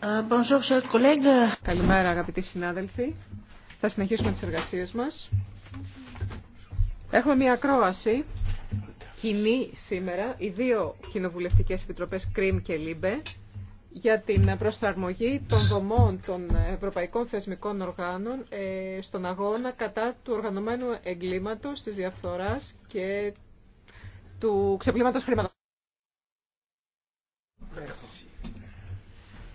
Euh, Καλημέρα αγαπητοί συνάδελφοι. Θα συνεχίσουμε τις εργασίες μας. Έχουμε μια ακρόαση κοινή σήμερα, οι δύο κοινοβουλευτικές επιτροπές ΚΡΙΜ και ΛΥΜΠΕ για την προσαρμογή των δομών των ευρωπαϊκών θεσμικών οργάνων ε, στον αγώνα κατά του οργανωμένου εγκλήματος, της διαφθοράς και του ξεπλήματος χρήματος.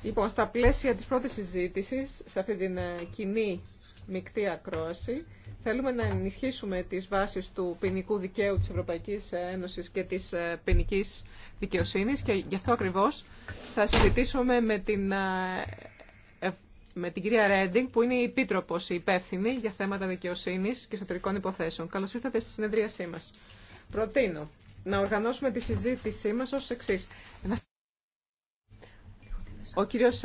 Λοιπόν, στα πλαίσια της πρώτης συζήτηση, σε αυτή την ε, κοινή μεικτή ακρόαση, θέλουμε να ενισχύσουμε τις βάσεις του ποινικού δικαίου της Ευρωπαϊκής Ένωσης και της ε, ποινική δικαιοσύνης και γι' αυτό ακριβώς θα συζητήσουμε με την, ε, με την κυρία Ρέντινγκ, που είναι η επίτροπος υπεύθυνη για θέματα δικαιοσύνης και εσωτερικών υποθέσεων. Καλώς ήρθατε στη συνεδρίασή μας. Προτείνω να οργανώσουμε τη συζήτησή μας ως εξής. Ο κύριος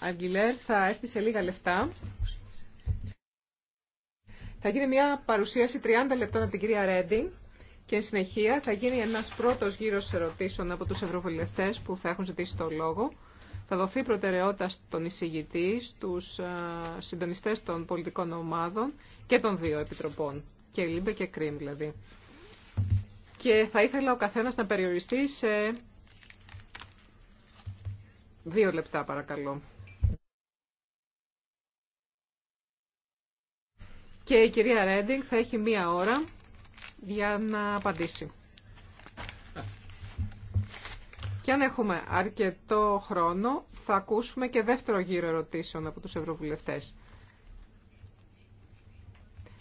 Αγγιλέρ θα έρθει σε λίγα λεφτά. Θα γίνει μια παρουσίαση 30 λεπτών από την κυρία Ρέντινγκ και συνεχεία θα γίνει ένας πρώτος γύρος ερωτήσεων από τους ευρωβουλευτές που θα έχουν ζητήσει το λόγο. Θα δοθεί προτεραιότητα στον εισηγητή, στους συντονιστές των πολιτικών ομάδων και των δύο επιτροπών, και Λίμπε και Κρίμ δηλαδή. Και θα ήθελα ο καθένας να περιοριστεί σε Δύο λεπτά παρακαλώ. Και η κυρία Ρέντινγκ θα έχει μία ώρα για να απαντήσει. Και αν έχουμε αρκετό χρόνο, θα ακούσουμε και δεύτερο γύρο ερωτήσεων από τους ευρωβουλευτές.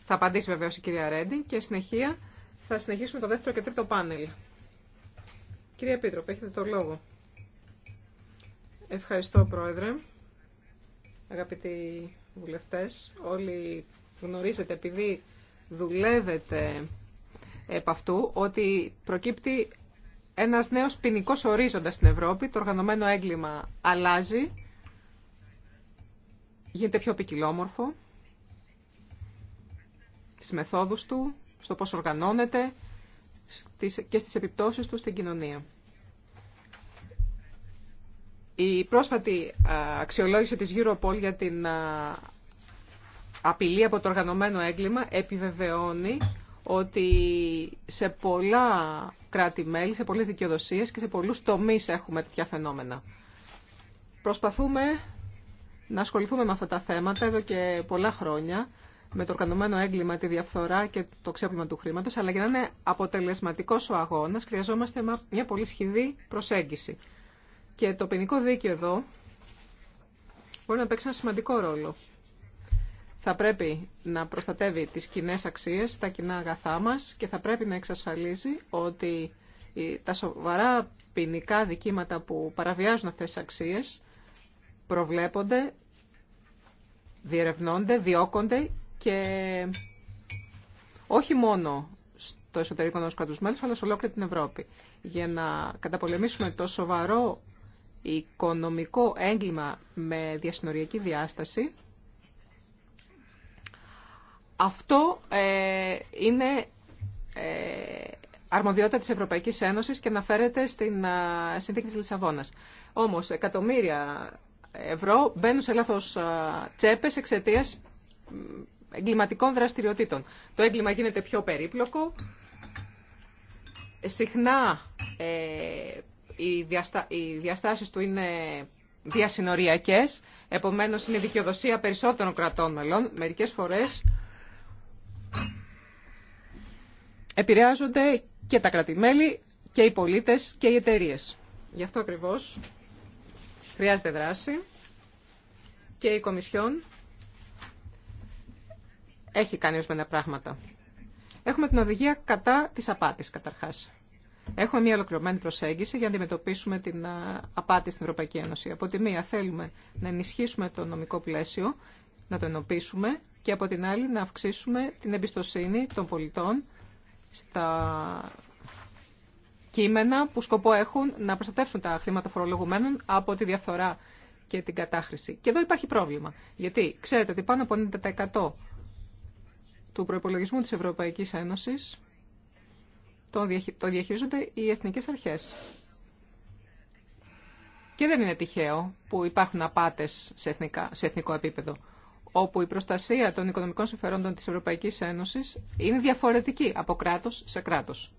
Θα απαντήσει βεβαίω η κυρία Ρέντινγκ και συνεχεία θα συνεχίσουμε το δεύτερο και τρίτο πάνελ. Κυρία Πίτροπ, έχετε το λόγο. Ευχαριστώ, Πρόεδρε. Αγαπητοί βουλευτές, όλοι γνωρίζετε επειδή δουλεύετε επ' αυτού ότι προκύπτει ένας νέος ποινικό ορίζοντας στην Ευρώπη. Το οργανωμένο έγκλημα αλλάζει, γίνεται πιο ποικιλόμορφο τις μεθόδους του, στο πώς οργανώνεται και στις επιπτώσεις του στην κοινωνία. Η πρόσφατη αξιολόγηση της Europol για την απειλή από το οργανωμένο έγκλημα επιβεβαιώνει ότι σε πολλά κράτη-μέλη, σε πολλές δικαιοδοσίες και σε πολλούς τομείς έχουμε τέτοια φαινόμενα. Προσπαθούμε να ασχοληθούμε με αυτά τα θέματα εδώ και πολλά χρόνια με το οργανωμένο έγκλημα, τη διαφθορά και το ξέπλυμα του χρήματο, αλλά για να είναι αποτελεσματικό ο αγώνα, χρειαζόμαστε μια πολύ σχηδή προσέγγιση. Και το ποινικό δίκαιο εδώ μπορεί να παίξει ένα σημαντικό ρόλο. Θα πρέπει να προστατεύει τις κοινέ αξίες, τα κοινά αγαθά μας και θα πρέπει να εξασφαλίζει ότι τα σοβαρά ποινικά δικήματα που παραβιάζουν αυτές τις αξίες προβλέπονται, διερευνώνται, διώκονται και όχι μόνο στο εσωτερικό ενός κράτους μέλους, αλλά σε ολόκληρη την Ευρώπη. Για να καταπολεμήσουμε το σοβαρό οικονομικό έγκλημα με διασυνοριακή διάσταση, αυτό ε, είναι ε, αρμοδιότητα της Ευρωπαϊκής Ένωσης και αναφέρεται στην α, ε, Συνθήκη της Λισαβόνας. Όμως, εκατομμύρια ευρώ μπαίνουν σε λάθος α, τσέπες εξαιτίας εγκληματικών δραστηριοτήτων. Το έγκλημα γίνεται πιο περίπλοκο. Συχνά οι, διαστα... διαστάσεις του είναι διασυνοριακές, επομένως είναι δικαιοδοσία περισσότερων κρατών μελών. Μερικές φορές επηρεάζονται και τα κρατημέλη και οι πολίτες και οι εταιρείε. Γι' αυτό ακριβώς χρειάζεται δράση και η Κομισιόν έχει κάνει ορισμένα πράγματα. Έχουμε την οδηγία κατά της απάτης καταρχάς. Έχουμε μια ολοκληρωμένη προσέγγιση για να αντιμετωπίσουμε την απάτη στην Ευρωπαϊκή Ένωση. Από τη μία θέλουμε να ενισχύσουμε το νομικό πλαίσιο, να το ενοποιήσουμε και από την άλλη να αυξήσουμε την εμπιστοσύνη των πολιτών στα κείμενα που σκοπό έχουν να προστατεύσουν τα χρήματα φορολογουμένων από τη διαφθορά και την κατάχρηση. Και εδώ υπάρχει πρόβλημα. Γιατί ξέρετε ότι πάνω από 90% του προπολογισμού της Ευρωπαϊκής Ένωσης το διαχειρίζονται οι εθνικές αρχές. Και δεν είναι τυχαίο που υπάρχουν απάτες σε, εθνικά, σε εθνικό επίπεδο, όπου η προστασία των οικονομικών συμφερόντων της Ευρωπαϊκής Ένωσης είναι διαφορετική από κράτος σε κράτος.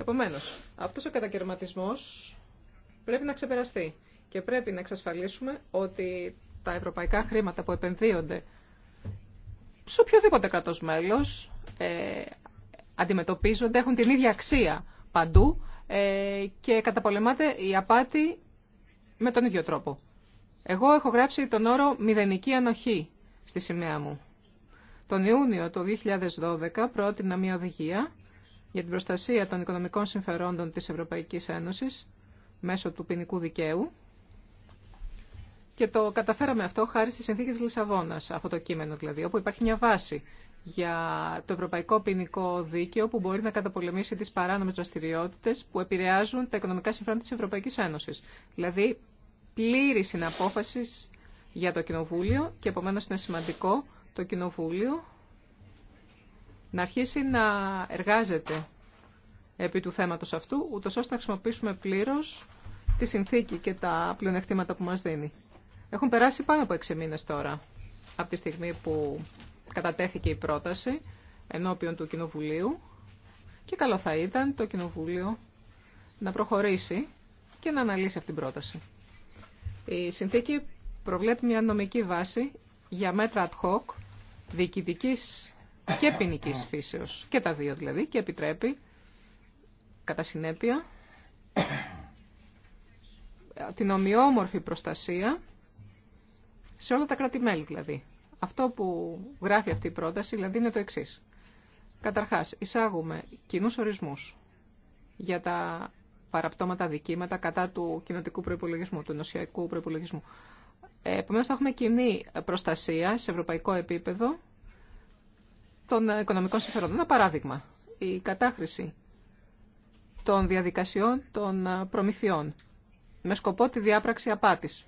Επομένως, αυτός ο κατακαιρματισμός πρέπει να ξεπεραστεί και πρέπει να εξασφαλίσουμε ότι τα ευρωπαϊκά χρήματα που επενδύονται σε οποιοδήποτε κράτος μέλος ε, αντιμετωπίζονται έχουν την ίδια αξία παντού ε, και καταπολεμάται η απάτη με τον ίδιο τρόπο. Εγώ έχω γράψει τον όρο «Μηδενική ανοχή» στη σημαία μου. Τον Ιούνιο του 2012 πρότεινα μια οδηγία για την προστασία των οικονομικών συμφερόντων της Ευρωπαϊκής Ένωσης μέσω του ποινικού δικαίου και το καταφέραμε αυτό χάρη στη συνθήκη της Λισαβόνας, αυτό το κείμενο δηλαδή, όπου υπάρχει μια βάση για το Ευρωπαϊκό Ποινικό Δίκαιο που μπορεί να καταπολεμήσει τις παράνομες δραστηριότητες που επηρεάζουν τα οικονομικά συμφέροντα της Ευρωπαϊκής Ένωσης. Δηλαδή, πλήρη συναπόφαση για το Κοινοβούλιο και επομένω είναι σημαντικό το Κοινοβούλιο να αρχίσει να εργάζεται επί του θέματος αυτού, ούτω ώστε να χρησιμοποιήσουμε πλήρω τη συνθήκη και τα πλεονεκτήματα που μας δίνει. Έχουν περάσει πάνω από 6 μήνες τώρα, από τη στιγμή που κατατέθηκε η πρόταση ενώπιον του Κοινοβουλίου και καλό θα ήταν το Κοινοβούλιο να προχωρήσει και να αναλύσει αυτή την πρόταση. Η συνθήκη προβλέπει μια νομική βάση για μέτρα ad hoc, διοικητικής και ποινική φύσεως, και τα δύο δηλαδή, και επιτρέπει κατά συνέπεια την ομοιόμορφη προστασία σε όλα τα κράτη-μέλη δηλαδή. Αυτό που γράφει αυτή η πρόταση δηλαδή είναι το εξή. Καταρχάς, εισάγουμε κοινού ορισμού για τα παραπτώματα δικήματα κατά του κοινοτικού προπολογισμού, του νοσιακού προπολογισμού. Επομένω, θα έχουμε κοινή προστασία σε ευρωπαϊκό επίπεδο των οικονομικών συμφερόντων. Ένα παράδειγμα, η κατάχρηση των διαδικασιών των προμηθειών με σκοπό τη διάπραξη απάτης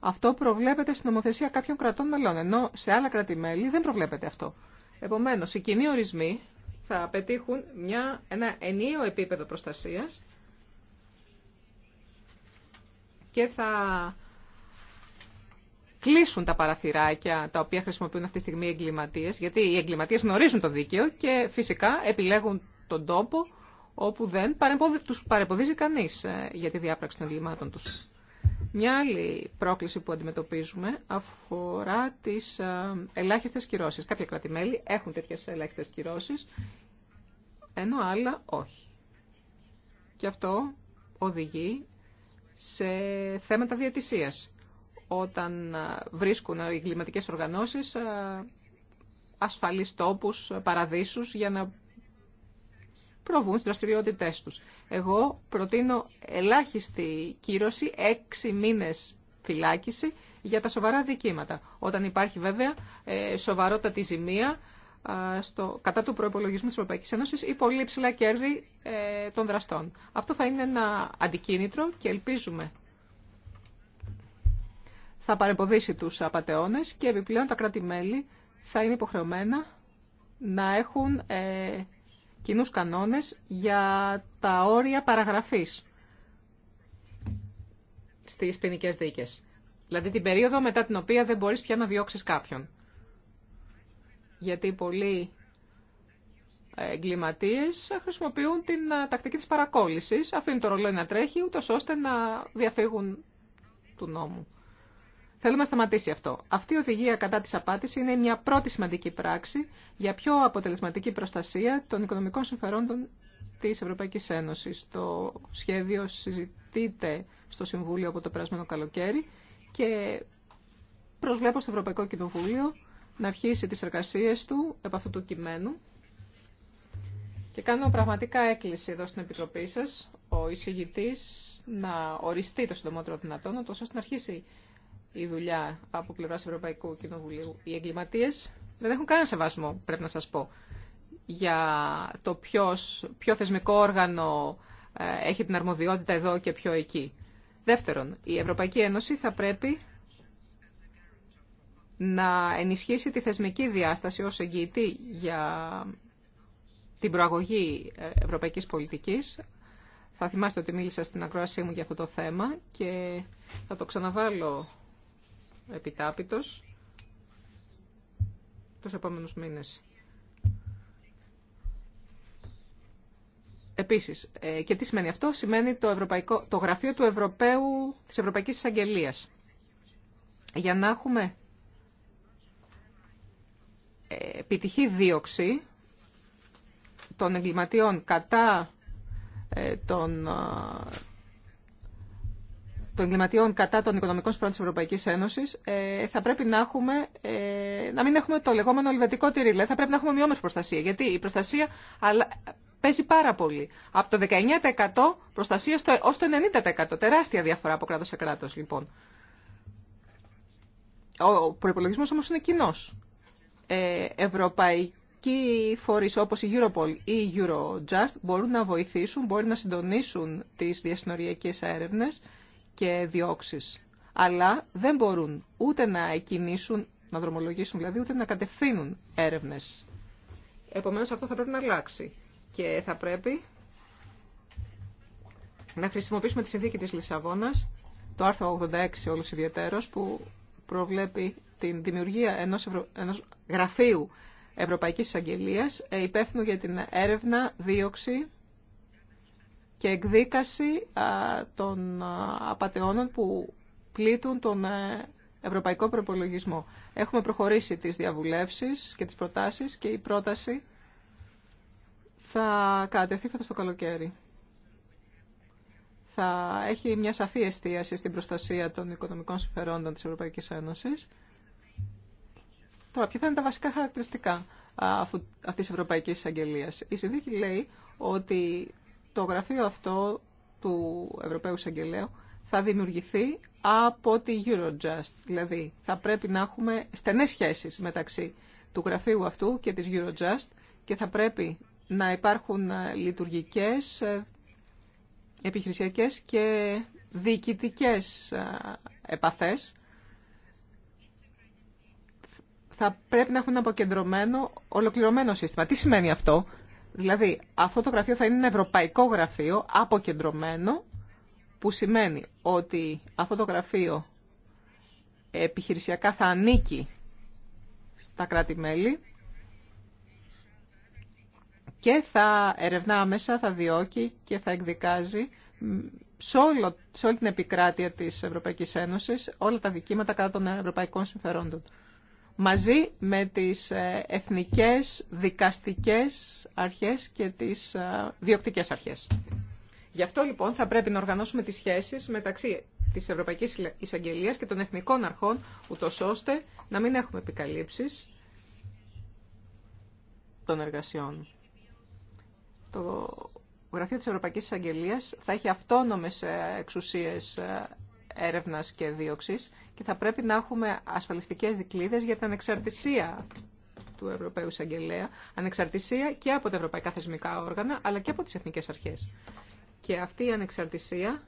αυτό προβλέπεται στην νομοθεσία κάποιων κρατών μελών, ενώ σε άλλα κράτη-μέλη δεν προβλέπεται αυτό. Επομένω, οι κοινοί ορισμοί θα πετύχουν μια, ένα ενίο επίπεδο προστασία και θα κλείσουν τα παραθυράκια τα οποία χρησιμοποιούν αυτή τη στιγμή οι εγκληματίες, γιατί οι εγκληματίες γνωρίζουν το δίκαιο και φυσικά επιλέγουν τον τόπο όπου δεν τους παρεμποδίζει κανείς ε, για τη διάπραξη των εγκλημάτων τους. Μια άλλη πρόκληση που αντιμετωπίζουμε αφορά τις ε, ελάχιστες κυρώσεις. Κάποια κράτη-μέλη έχουν τέτοιες ελάχιστες κυρώσεις, ενώ άλλα όχι. Και αυτό οδηγεί σε θέματα διατησίας. Όταν ε, βρίσκουν οι εγκληματικές οργανώσεις ε, ασφαλείς τόπους, παραδείσους για να προβούν στι δραστηριότητε τους. Εγώ προτείνω ελάχιστη κύρωση, έξι μήνες φυλάκιση για τα σοβαρά δικήματα. Όταν υπάρχει βέβαια ε, σοβαρότατη ζημία στο, κατά του προπολογισμού τη Ευρωπαϊκή Ένωση ή πολύ υψηλά κέρδη ε, των δραστών. Αυτό θα είναι ένα αντικίνητρο και ελπίζουμε θα παρεμποδίσει τους απαταιώνες και επιπλέον τα κράτη-μέλη θα είναι υποχρεωμένα να έχουν ε, κοινού κανόνες για τα όρια παραγραφής στις ποινικέ δίκες. Δηλαδή την περίοδο μετά την οποία δεν μπορείς πια να διώξεις κάποιον. Γιατί πολλοί εγκληματίε χρησιμοποιούν την ε, τακτική της παρακόλλησης, αφήνουν το ρολόι να τρέχει, ούτως ώστε να διαφύγουν του νόμου. Θέλουμε να σταματήσει αυτό. Αυτή η οδηγία κατά τη απάτηση είναι μια πρώτη σημαντική πράξη για πιο αποτελεσματική προστασία των οικονομικών συμφερόντων τη Ευρωπαϊκή Ένωση. Το σχέδιο συζητείται στο Συμβούλιο από το περασμένο καλοκαίρι και προσβλέπω στο Ευρωπαϊκό Κοινοβούλιο να αρχίσει τις εργασίες του επ' αυτού του κειμένου. Και κάνω πραγματικά έκκληση εδώ στην Επιτροπή σας, ο εισηγητής να οριστεί το συντομότερο δυνατόν, ώστε να αρχίσει η δουλειά από πλευρά Ευρωπαϊκού Κοινοβουλίου. Οι εγκληματίε δεν έχουν κανένα σεβασμό, πρέπει να σα πω, για το ποιος, ποιο θεσμικό όργανο ε, έχει την αρμοδιότητα εδώ και ποιο εκεί. Δεύτερον, η Ευρωπαϊκή Ένωση θα πρέπει να ενισχύσει τη θεσμική διάσταση ως εγγυητή για την προαγωγή ε, ευρωπαϊκής πολιτικής. Θα θυμάστε ότι μίλησα στην ακρόασή μου για αυτό το θέμα και θα το ξαναβάλω επιτάπητος τους επόμενους μήνες. Επίσης, ε, και τι σημαίνει αυτό, σημαίνει το, Ευρωπαϊκό, το γραφείο του Ευρωπαίου, της Ευρωπαϊκής Εισαγγελίας. Για να έχουμε ε, επιτυχή δίωξη των εγκληματιών κατά ε, των των εγκληματιών κατά των οικονομικών σπρών της Ευρωπαϊκής Ένωσης, ε, θα πρέπει να, έχουμε, ε, να μην έχουμε το λεγόμενο ελβετικό τυρί. Δηλαδή θα πρέπει να έχουμε μειώμενη προστασία. Γιατί η προστασία παίζει πάρα πολύ. Από το 19% προστασία στο, ως το 90%. Τεράστια διαφορά από κράτος σε κράτος λοιπόν. Ο προπολογισμό όμως είναι κοινό. Ε, ευρωπαϊκοί φορείς όπως η Europol ή η Eurojust μπορούν να βοηθήσουν, μπορεί να συντονίσουν τις διασυνοριακέ έρευνε και διώξεις. Αλλά δεν μπορούν ούτε να εκκινήσουν, να δρομολογήσουν δηλαδή, ούτε να κατευθύνουν έρευνες. Επομένως αυτό θα πρέπει να αλλάξει. Και θα πρέπει να χρησιμοποιήσουμε τη συνθήκη της Λισαβόνας, το άρθρο 86 όλους ιδιαίτερος, που προβλέπει την δημιουργία ενός, ενός γραφείου Ευρωπαϊκής Αγγελίας, ε, υπεύθυνου για την έρευνα, δίωξη και εκδίκαση των απαταιώνων που πλήττουν τον ε, ευρωπαϊκό προπολογισμό. Έχουμε προχωρήσει τις διαβουλεύσεις και τις προτάσεις και η πρόταση θα κατευθύνεται στο καλοκαίρι. Θα έχει μια σαφή εστίαση στην προστασία των οικονομικών συμφερόντων της Ευρωπαϊκής Ένωσης. Τώρα, ποια θα είναι τα βασικά χαρακτηριστικά αυτής της Ευρωπαϊκής Αγγελίας. Η συνθήκη λέει ότι το γραφείο αυτό του Ευρωπαίου Εισαγγελέου θα δημιουργηθεί από τη Eurojust. Δηλαδή, θα πρέπει να έχουμε στενές σχέσεις μεταξύ του γραφείου αυτού και της Eurojust και θα πρέπει να υπάρχουν ε, λειτουργικές, ε, επιχειρησιακές και διοικητικές ε, επαφές. Θα πρέπει να έχουν αποκεντρωμένο, ολοκληρωμένο σύστημα. Τι σημαίνει αυτό? Δηλαδή, αυτό το γραφείο θα είναι ένα ευρωπαϊκό γραφείο, αποκεντρωμένο, που σημαίνει ότι αυτό το γραφείο επιχειρησιακά θα ανήκει στα κράτη-μέλη και θα ερευνά άμεσα, θα διώκει και θα εκδικάζει σε, όλη την επικράτεια της Ευρωπαϊκής Ένωσης όλα τα δικήματα κατά των ευρωπαϊκών συμφερόντων μαζί με τις ε, εθνικές δικαστικές αρχές και τις ε, διοκτικές αρχές. Γι' αυτό λοιπόν θα πρέπει να οργανώσουμε τις σχέσεις μεταξύ της Ευρωπαϊκής Εισαγγελίας και των εθνικών αρχών, ούτως ώστε να μην έχουμε επικαλύψεις των εργασιών. Το Γραφείο της Ευρωπαϊκής Εισαγγελίας θα έχει αυτόνομες ε, εξουσίες έρευνας και δίωξης και θα πρέπει να έχουμε ασφαλιστικές δικλείδες για την ανεξαρτησία του Ευρωπαίου Εισαγγελέα, ανεξαρτησία και από τα ευρωπαϊκά θεσμικά όργανα, αλλά και από τις εθνικές αρχές. Και αυτή η ανεξαρτησία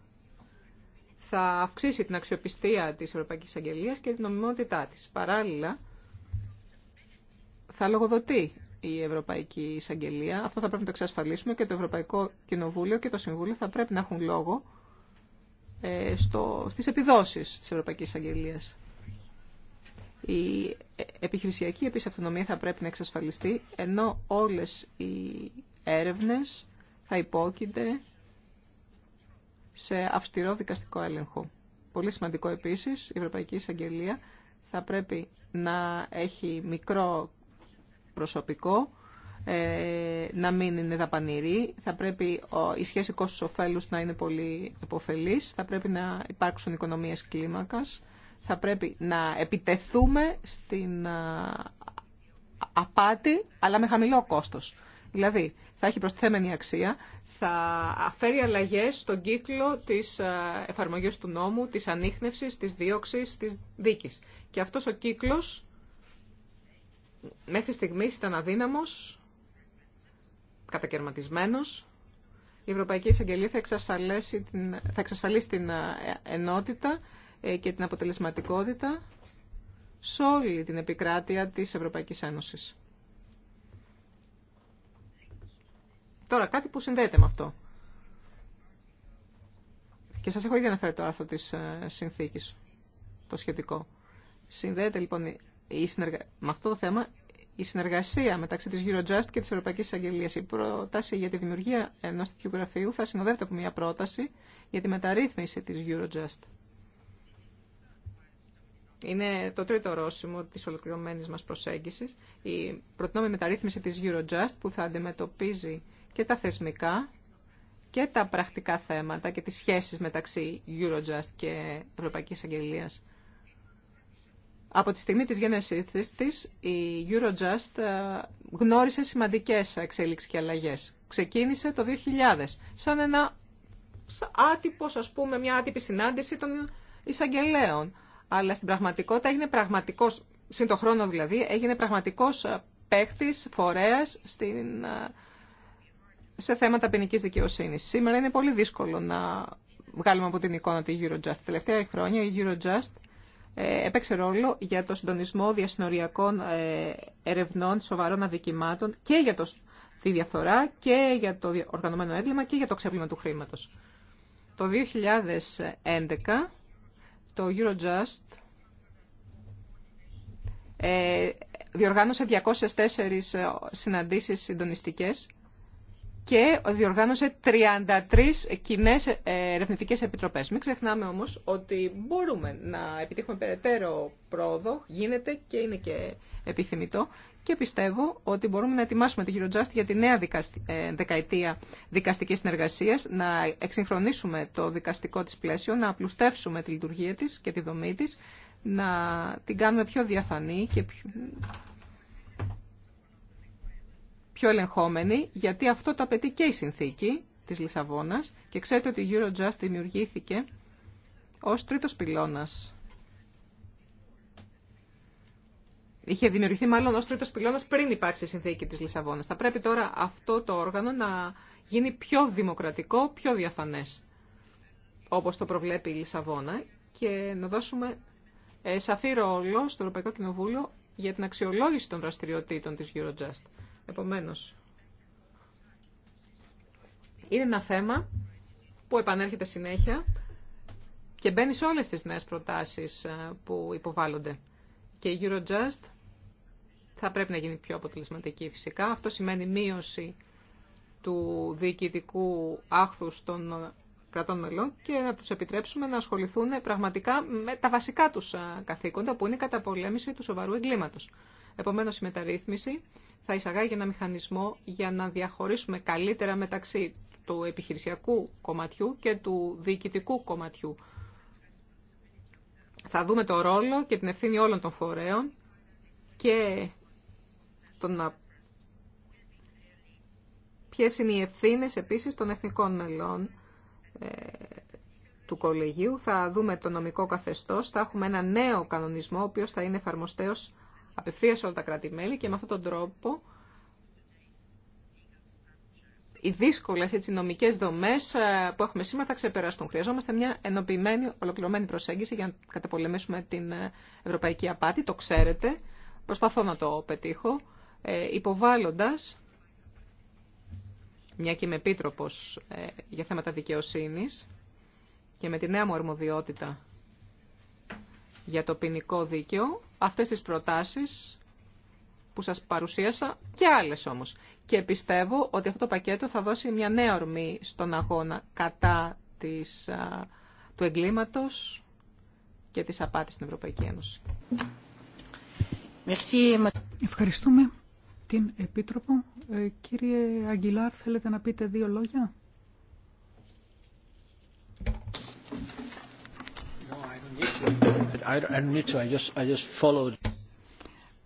θα αυξήσει την αξιοπιστία της Ευρωπαϊκής Εισαγγελίας και την νομιμότητά της. Παράλληλα, θα λογοδοτεί η Ευρωπαϊκή Εισαγγελία. Αυτό θα πρέπει να το εξασφαλίσουμε και το Ευρωπαϊκό Κοινοβούλιο και το Συμβούλιο θα πρέπει να έχουν λόγο ε, στο, στις επιδόσεις της Ευρωπαϊκής Αγγελίας. Η επιχειρησιακή επίσης αυτονομία θα πρέπει να εξασφαλιστεί, ενώ όλες οι έρευνες θα υπόκεινται σε αυστηρό δικαστικό έλεγχο. Πολύ σημαντικό επίσης, η Ευρωπαϊκή Αγγελία θα πρέπει να έχει μικρό προσωπικό, ε, να μην είναι δαπανηρή. Θα πρέπει η σχέση κοστος ωφέλους να είναι πολύ επωφελής. Θα πρέπει να υπάρξουν οικονομίες κλίμακας. Θα πρέπει να επιτεθούμε στην απάτη, αλλά με χαμηλό κόστος. Δηλαδή, θα έχει προσθέμενη αξία, θα φέρει αλλαγές στον κύκλο της εφαρμογής του νόμου, της ανείχνευσης, της δίωξης, της δίκης. Και αυτός ο κύκλος μέχρι στιγμής ήταν αδύναμος κατακαιρματισμένος. Η Ευρωπαϊκή Εισαγγελία θα εξασφαλίσει την, θα εξασφαλίσει την ε, ενότητα ε, και την αποτελεσματικότητα σε όλη την επικράτεια της Ευρωπαϊκής Ένωσης. Τώρα, κάτι που συνδέεται με αυτό. Και σας έχω ήδη αναφέρει το άρθρο της ε, συνθήκης, το σχετικό. Συνδέεται λοιπόν η συνεργα... με αυτό το θέμα η συνεργασία μεταξύ της Eurojust και της Ευρωπαϊκής Αγγελία. Η πρόταση για τη δημιουργία ενός τέτοιου γραφείου θα συνοδεύεται από μια πρόταση για τη μεταρρύθμιση της Eurojust. Είναι το τρίτο ορόσημο της ολοκληρωμένης μας προσέγγισης, η προτινόμενη μεταρρύθμιση της Eurojust που θα αντιμετωπίζει και τα θεσμικά και τα πρακτικά θέματα και τις σχέσεις μεταξύ Eurojust και Ευρωπαϊκής Αγγελίας. Από τη στιγμή της γέννησης της, η Eurojust ε, γνώρισε σημαντικές εξέλιξεις και αλλαγές. Ξεκίνησε το 2000, σαν ένα άτυπος, ας πούμε, μια άτυπη συνάντηση των εισαγγελέων. Αλλά στην πραγματικότητα έγινε πραγματικός, σύν το χρόνο δηλαδή, έγινε πραγματικός ε, παίχτης, φορέας στην, ε, σε θέματα ποινική δικαιοσύνη. Σήμερα είναι πολύ δύσκολο να βγάλουμε από την εικόνα τη Eurojust. τελευταία χρόνια η Eurojust ε, έπαιξε ρόλο για το συντονισμό διασυνοριακών ε, ερευνών σοβαρών αδικημάτων και για το, τη διαφθορά και για το οργανωμένο έγκλημα και για το ξέπλυμα του χρήματος. Το 2011 το Eurojust ε, διοργάνωσε 204 συναντήσεις συντονιστικές και διοργάνωσε 33 κοινέ ε, ερευνητικέ επιτροπέ. Μην ξεχνάμε όμω ότι μπορούμε να επιτύχουμε περαιτέρω πρόοδο, γίνεται και είναι και επιθυμητό και πιστεύω ότι μπορούμε να ετοιμάσουμε τη Eurojust για τη νέα ε, δεκαετία δικαστική συνεργασία, να εξυγχρονίσουμε το δικαστικό τη πλαίσιο, να απλουστεύσουμε τη λειτουργία τη και τη δομή τη, να την κάνουμε πιο διαφανή και πιο πιο ελεγχόμενη, γιατί αυτό το απαιτεί και η συνθήκη της Λισαβόνας και ξέρετε ότι η Eurojust δημιουργήθηκε ως τρίτος πυλώνας. Είχε δημιουργηθεί μάλλον ως τρίτος πυλώνας πριν υπάρξει η συνθήκη της Λισαβόνας. Θα πρέπει τώρα αυτό το όργανο να γίνει πιο δημοκρατικό, πιο διαφανές, όπως το προβλέπει η Λισαβόνα και να δώσουμε ε, σαφή ρόλο στο Ευρωπαϊκό Κοινοβούλιο για την αξιολόγηση των δραστηριοτήτων της Eurojust. Επομένως, είναι ένα θέμα που επανέρχεται συνέχεια και μπαίνει σε όλες τις νέες προτάσεις ε, που υποβάλλονται. Και η Eurojust θα πρέπει να γίνει πιο αποτελεσματική φυσικά. Αυτό σημαίνει μείωση του διοικητικού άχθους των ε, κρατών μελών και να τους επιτρέψουμε να ασχοληθούν πραγματικά με τα βασικά τους ε, καθήκοντα που είναι η καταπολέμηση του σοβαρού εγκλήματος. Επομένως, η μεταρρύθμιση θα εισαγάγει ένα μηχανισμό για να διαχωρίσουμε καλύτερα μεταξύ του επιχειρησιακού κομματιού και του διοικητικού κομματιού. Θα δούμε το ρόλο και την ευθύνη όλων των φορέων και τον ποιες είναι οι ευθύνες επίσης των εθνικών μελών ε, του κολεγίου. Θα δούμε το νομικό καθεστώς, θα έχουμε ένα νέο κανονισμό, ο οποίος θα είναι εφαρμοστέως απευθείας όλα τα κράτη-μέλη και με αυτόν τον τρόπο οι δύσκολε νομικέ δομέ ε, που έχουμε σήμερα θα ξεπεραστούν. Χρειαζόμαστε μια ενοποιημένη, ολοκληρωμένη προσέγγιση για να καταπολεμήσουμε την ε, ευρωπαϊκή απάτη. Το ξέρετε. Προσπαθώ να το πετύχω. Ε, Υποβάλλοντα, μια και είμαι επίτροπο ε, για θέματα δικαιοσύνη και με τη νέα μου αρμοδιότητα για το ποινικό δίκαιο, αυτές τις προτάσεις που σας παρουσίασα και άλλες όμως. Και πιστεύω ότι αυτό το πακέτο θα δώσει μια νέα ορμή στον αγώνα κατά της, του εγκλήματος και της απάτης στην Ευρωπαϊκή Ένωση. Ευχαριστούμε την Επίτροπο. Ε, κύριε Αγγιλάρ, θέλετε να πείτε δύο λόγια.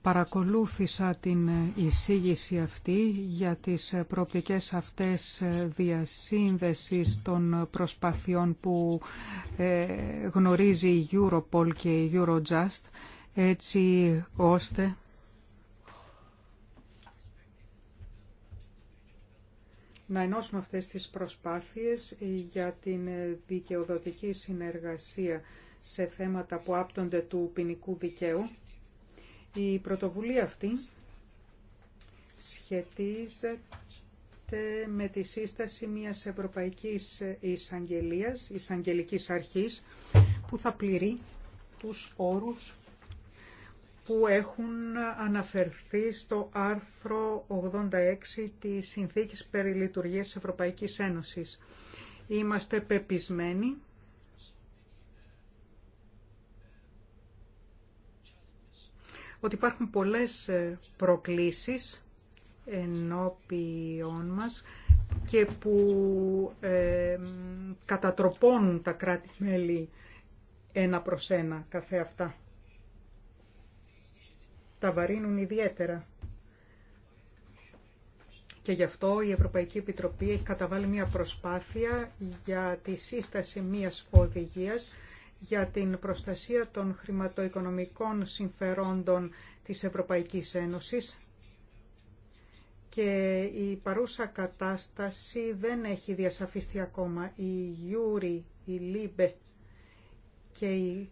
Παρακολούθησα την εισήγηση αυτή για τις προοπτικές αυτές διασύνδεσης των προσπαθειών που ε, γνωρίζει η Europol και η Eurojust, έτσι ώστε να ενώσουμε αυτές τις προσπάθειες για την δικαιοδοτική συνεργασία σε θέματα που άπτονται του ποινικού δικαίου. Η πρωτοβουλία αυτή σχετίζεται με τη σύσταση μιας Ευρωπαϊκής Εισαγγελίας, Εισαγγελικής Αρχής, που θα πληρεί τους όρους που έχουν αναφερθεί στο άρθρο 86 της Συνθήκης Περιλειτουργίας Ευρωπαϊκής Ένωσης. Είμαστε πεπισμένοι ότι υπάρχουν πολλές ε, προκλήσεις ενώπιον μας και που ε, κατατροπώνουν τα κράτη-μέλη ένα προς ένα καθε αυτά. Τα βαρύνουν ιδιαίτερα. Και γι' αυτό η Ευρωπαϊκή Επιτροπή έχει καταβάλει μια προσπάθεια για τη σύσταση μιας οδηγίας για την προστασία των χρηματοοικονομικών συμφερόντων της Ευρωπαϊκής Ένωσης και η παρούσα κατάσταση δεν έχει διασαφιστεί ακόμα. Η Γιούρι, η Λίμπε και η...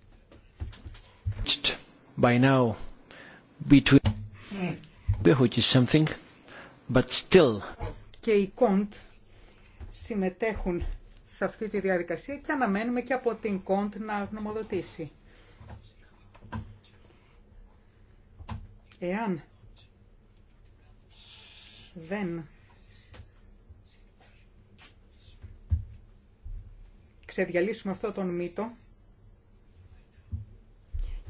By Και Κοντ συμμετέχουν σε αυτή τη διαδικασία και αναμένουμε και από την ΚΟΝΤ να γνωμοδοτήσει. Εάν δεν ξεδιαλύσουμε αυτό τον μύτο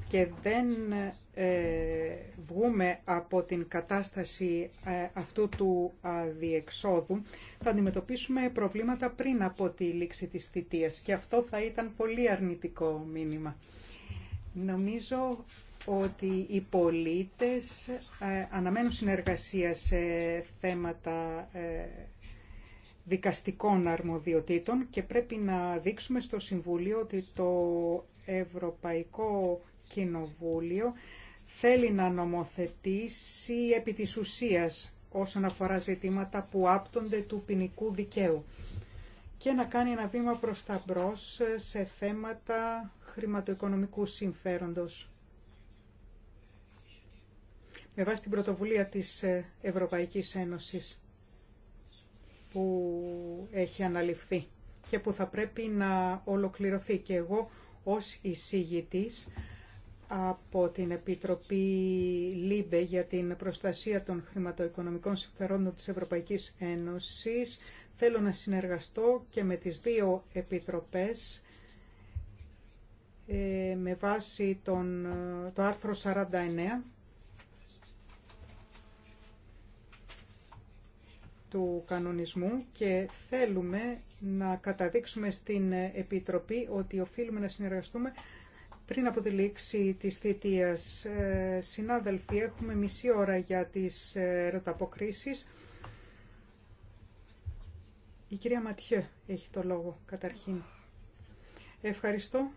και δεν ε, βγούμε από την κατάσταση ε, αυτού του αδιεξόδου, θα αντιμετωπίσουμε προβλήματα πριν από τη λήξη της θητείας και αυτό θα ήταν πολύ αρνητικό μήνυμα. Νομίζω ότι οι πολίτες ε, αναμένουν συνεργασία σε θέματα δικαστικών αρμοδιοτήτων και πρέπει να δείξουμε στο Συμβουλίο ότι το Ευρωπαϊκό Κοινοβούλιο θέλει να νομοθετήσει επί της ουσίας όσον αφορά ζητήματα που άπτονται του ποινικού δικαίου και να κάνει ένα βήμα προς τα μπρος σε θέματα χρηματοοικονομικού συμφέροντος. Με βάση την πρωτοβουλία της Ευρωπαϊκής Ένωσης που έχει αναλυφθεί και που θα πρέπει να ολοκληρωθεί και εγώ ως εισηγητής από την Επιτροπή ΛΥΜΠΕ για την προστασία των χρηματοοικονομικών συμφερόντων της Ευρωπαϊκής Ένωσης. Θέλω να συνεργαστώ και με τις δύο επιτροπές ε, με βάση τον, το άρθρο 49 του κανονισμού και θέλουμε να καταδείξουμε στην Επιτροπή ότι οφείλουμε να συνεργαστούμε πριν από τη λήξη της θητείας, ε, συνάδελφοι, έχουμε μισή ώρα για τις ε, ερωταποκρίσεις. Η κυρία Ματιέ έχει το λόγο καταρχήν. Ευχαριστώ.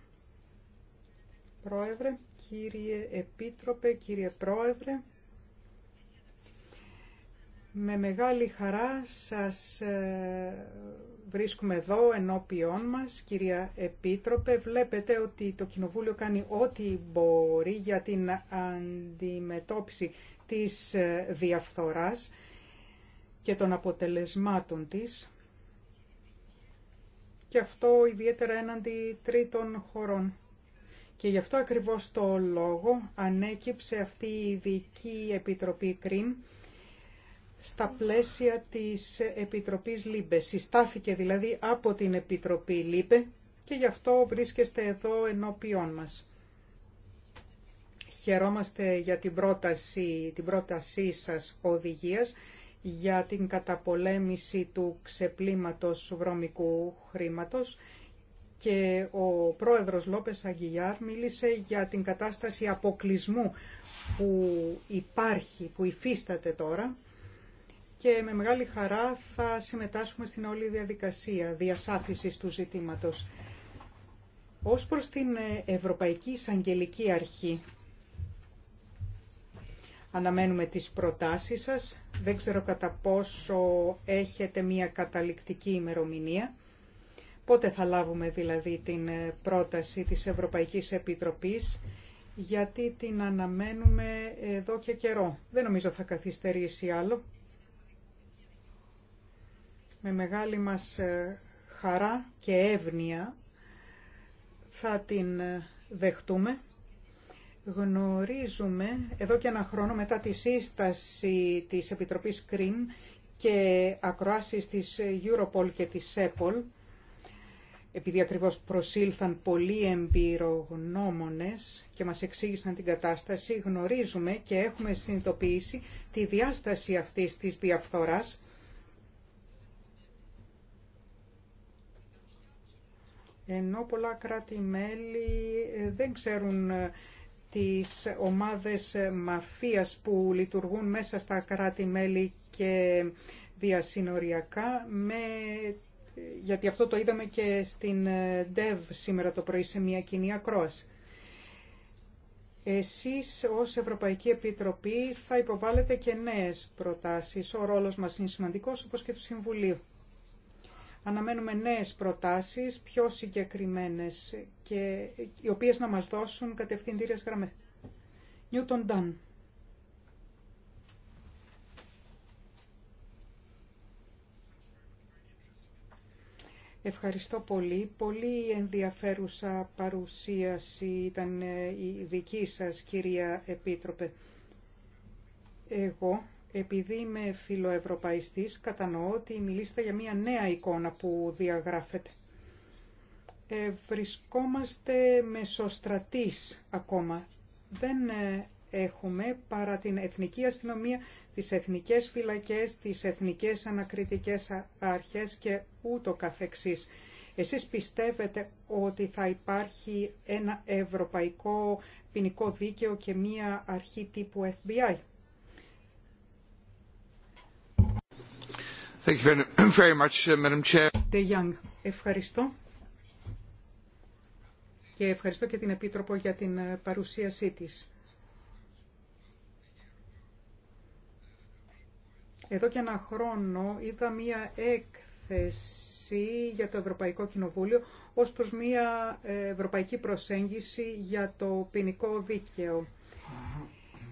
Πρόεδρε, κύριε Επίτροπε, κύριε Πρόεδρε, με μεγάλη χαρά σας ε, βρίσκουμε εδώ ενώπιόν μας, κυρία Επίτροπε. Βλέπετε ότι το Κοινοβούλιο κάνει ό,τι μπορεί για την αντιμετώπιση της ε, διαφθοράς και των αποτελεσμάτων της. Και αυτό ιδιαίτερα έναντι τρίτων χωρών. Και γι' αυτό ακριβώς το λόγο ανέκυψε αυτή η Ειδική Επιτροπή Κρίν στα πλαίσια της Επιτροπής ΛΥΠΕ. Συστάθηκε δηλαδή από την Επιτροπή ΛΥΠΕ και γι' αυτό βρίσκεστε εδώ ενώπιόν μας. Χαιρόμαστε για την πρόταση, την πρότασή σας οδηγίας για την καταπολέμηση του ξεπλήματος βρώμικου χρήματος και ο πρόεδρος Λόπες Αγγιγιάρ μίλησε για την κατάσταση αποκλεισμού που υπάρχει, που υφίσταται τώρα και με μεγάλη χαρά θα συμμετάσχουμε στην όλη διαδικασία διασάφησης του ζητήματος. Ως προς την Ευρωπαϊκή Εισαγγελική Αρχή, αναμένουμε τις προτάσεις σας. Δεν ξέρω κατά πόσο έχετε μία καταληκτική ημερομηνία. Πότε θα λάβουμε δηλαδή την πρόταση της Ευρωπαϊκής Επιτροπής, γιατί την αναμένουμε εδώ και καιρό. Δεν νομίζω θα καθυστερήσει άλλο με μεγάλη μας ε, χαρά και εύνοια θα την ε, δεχτούμε. Γνωρίζουμε εδώ και ένα χρόνο μετά τη σύσταση της Επιτροπής ΚΡΙΜ και ακροάσεις της Europol και της ΕΠΟΛ, επειδή ακριβώς προσήλθαν πολλοί εμπειρογνώμονες και μας εξήγησαν την κατάσταση, γνωρίζουμε και έχουμε συνειδητοποιήσει τη διάσταση αυτής της διαφθοράς ενώ πολλά κράτη-μέλη ε, δεν ξέρουν ε, τις ομάδες ε, μαφίας που λειτουργούν μέσα στα κράτη-μέλη και διασυνοριακά με γιατί αυτό το είδαμε και στην ΔΕΒ σήμερα το πρωί σε μια κοινή ακρόαση. Εσείς ως Ευρωπαϊκή Επιτροπή θα υποβάλλετε και νέες προτάσεις. Ο ρόλος μας είναι σημαντικός όπως και του Συμβουλίου. Αναμένουμε νέες προτάσεις, πιο συγκεκριμένες, και οι οποίες να μας δώσουν κατευθυντήριες γραμμές. Νιούτον Ντάν. Ευχαριστώ πολύ. Πολύ ενδιαφέρουσα παρουσίαση ήταν η δική σας, κυρία Επίτροπε. Εγώ επειδή είμαι φιλοευρωπαϊστής, κατανοώ ότι μιλήσετε για μια νέα εικόνα που διαγράφεται. Ε, βρισκόμαστε μεσοστρατής ακόμα. Δεν ε, έχουμε παρά την εθνική αστυνομία, τις εθνικές φυλακές, τις εθνικές ανακριτικές αρχές και ούτω καθεξής. Εσείς πιστεύετε ότι θα υπάρχει ένα ευρωπαϊκό ποινικό δίκαιο και μία αρχή τύπου FBI. Ευχαριστώ. Και ευχαριστώ και την Επίτροπο για την ε, παρουσίασή της. Εδώ και ένα χρόνο είδα μία έκθεση για το Ευρωπαϊκό Κοινοβούλιο ως προς μία ε, ευρωπαϊκή προσέγγιση για το ποινικό δίκαιο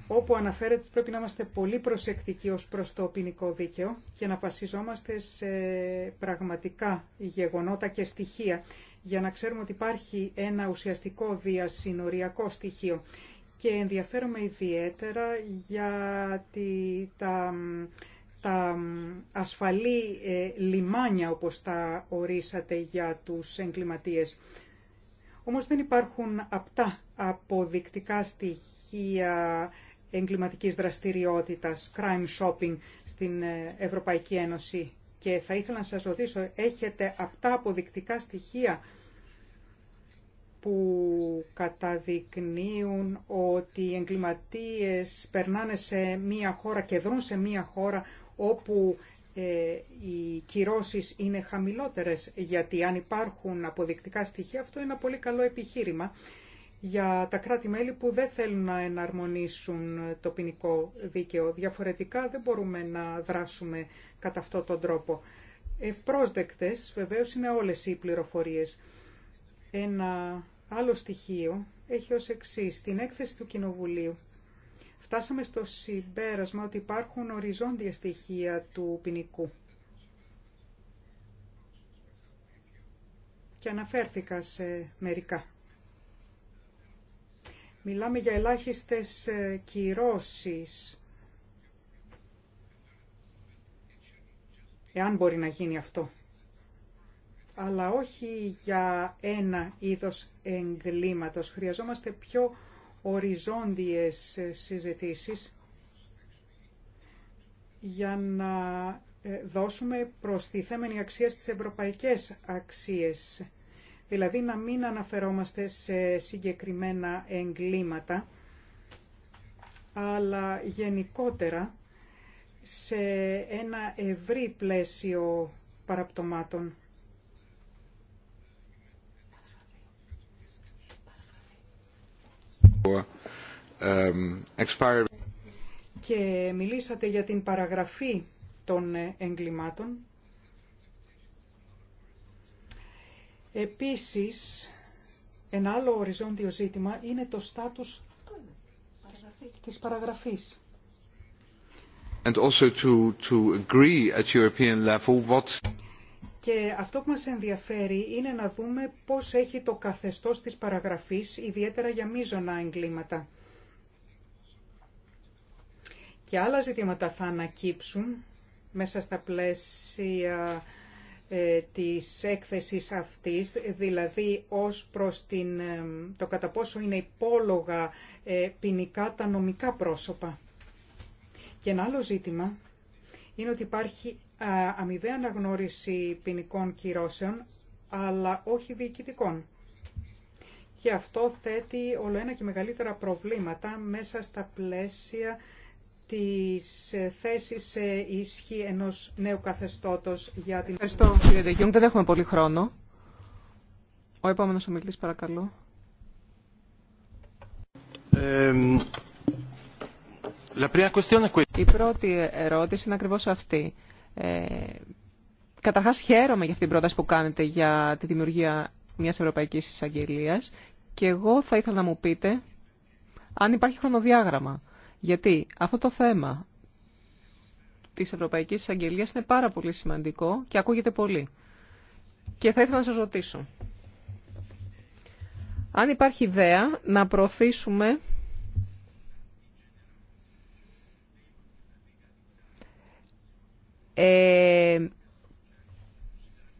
όπου αναφέρεται ότι πρέπει να είμαστε πολύ προσεκτικοί ως προς το ποινικό δίκαιο και να βασιζόμαστε σε πραγματικά γεγονότα και στοιχεία για να ξέρουμε ότι υπάρχει ένα ουσιαστικό διασυνοριακό στοιχείο. Και ενδιαφέρομαι ιδιαίτερα για τα, τα ασφαλή ε, λιμάνια, όπως τα ορίσατε για τους εγκληματίες. Όμως δεν υπάρχουν απτά αποδεικτικά στοιχεία εγκληματικής δραστηριότητας, crime shopping στην ε, Ευρωπαϊκή Ένωση. Και θα ήθελα να σας ρωτήσω, έχετε αυτά αποδεικτικά στοιχεία που καταδεικνύουν ότι οι εγκληματίες περνάνε σε μία χώρα και δρούν σε μία χώρα όπου ε, οι κυρώσεις είναι χαμηλότερες, γιατί αν υπάρχουν αποδεικτικά στοιχεία αυτό είναι ένα πολύ καλό επιχείρημα για τα κράτη-μέλη που δεν θέλουν να εναρμονίσουν το ποινικό δίκαιο. Διαφορετικά δεν μπορούμε να δράσουμε κατά αυτόν τον τρόπο. Ευπρόσδεκτες βεβαίως είναι όλες οι πληροφορίες. Ένα άλλο στοιχείο έχει ως εξή. Στην έκθεση του Κοινοβουλίου φτάσαμε στο συμπέρασμα ότι υπάρχουν οριζόντια στοιχεία του ποινικού. Και αναφέρθηκα σε μερικά. Μιλάμε για ελάχιστες ε, κυρώσεις. Εάν μπορεί να γίνει αυτό. Αλλά όχι για ένα είδος εγκλήματος. Χρειαζόμαστε πιο οριζόντιες ε, συζητήσεις για να ε, δώσουμε προστιθέμενη αξία στις ευρωπαϊκές αξίες δηλαδή να μην αναφερόμαστε σε συγκεκριμένα εγκλήματα, αλλά γενικότερα σε ένα ευρύ πλαίσιο παραπτωμάτων. Και μιλήσατε για την παραγραφή των εγκλημάτων. Επίσης, ένα άλλο οριζόντιο ζήτημα είναι το στάτους της παραγραφής. And also to, to agree at European level what... Και αυτό που μας ενδιαφέρει είναι να δούμε πώς έχει το καθεστώς της παραγραφής, ιδιαίτερα για μείζωνα εγκλήματα. Και άλλα ζητήματα θα ανακύψουν μέσα στα πλαίσια ε, της έκθεσης αυτής, δηλαδή ως προς την, ε, το κατά πόσο είναι υπόλογα ε, ποινικά τα νομικά πρόσωπα. Και ένα άλλο ζήτημα είναι ότι υπάρχει αμοιβαία αναγνώριση ποινικών κυρώσεων, αλλά όχι διοικητικών. Και αυτό θέτει όλο ένα και μεγαλύτερα προβλήματα μέσα στα πλαίσια τις θέσεις σε ισχύ ενός νέου καθεστώτος για την... Ευχαριστώ κύριε Ντεγιούγκ, δεν έχουμε πολύ χρόνο. Ο επόμενος ομιλητής παρακαλώ. η πρώτη ερώτηση είναι ακριβώς αυτή. Ε, καταρχάς χαίρομαι για αυτή την πρόταση που κάνετε για τη δημιουργία μιας Ευρωπαϊκής Εισαγγελίας και εγώ θα ήθελα να μου πείτε αν υπάρχει χρονοδιάγραμμα γιατί αυτό το θέμα της Ευρωπαϊκής Εισαγγελίας είναι πάρα πολύ σημαντικό και ακούγεται πολύ. Και θα ήθελα να σας ρωτήσω. Αν υπάρχει ιδέα να προωθήσουμε ε,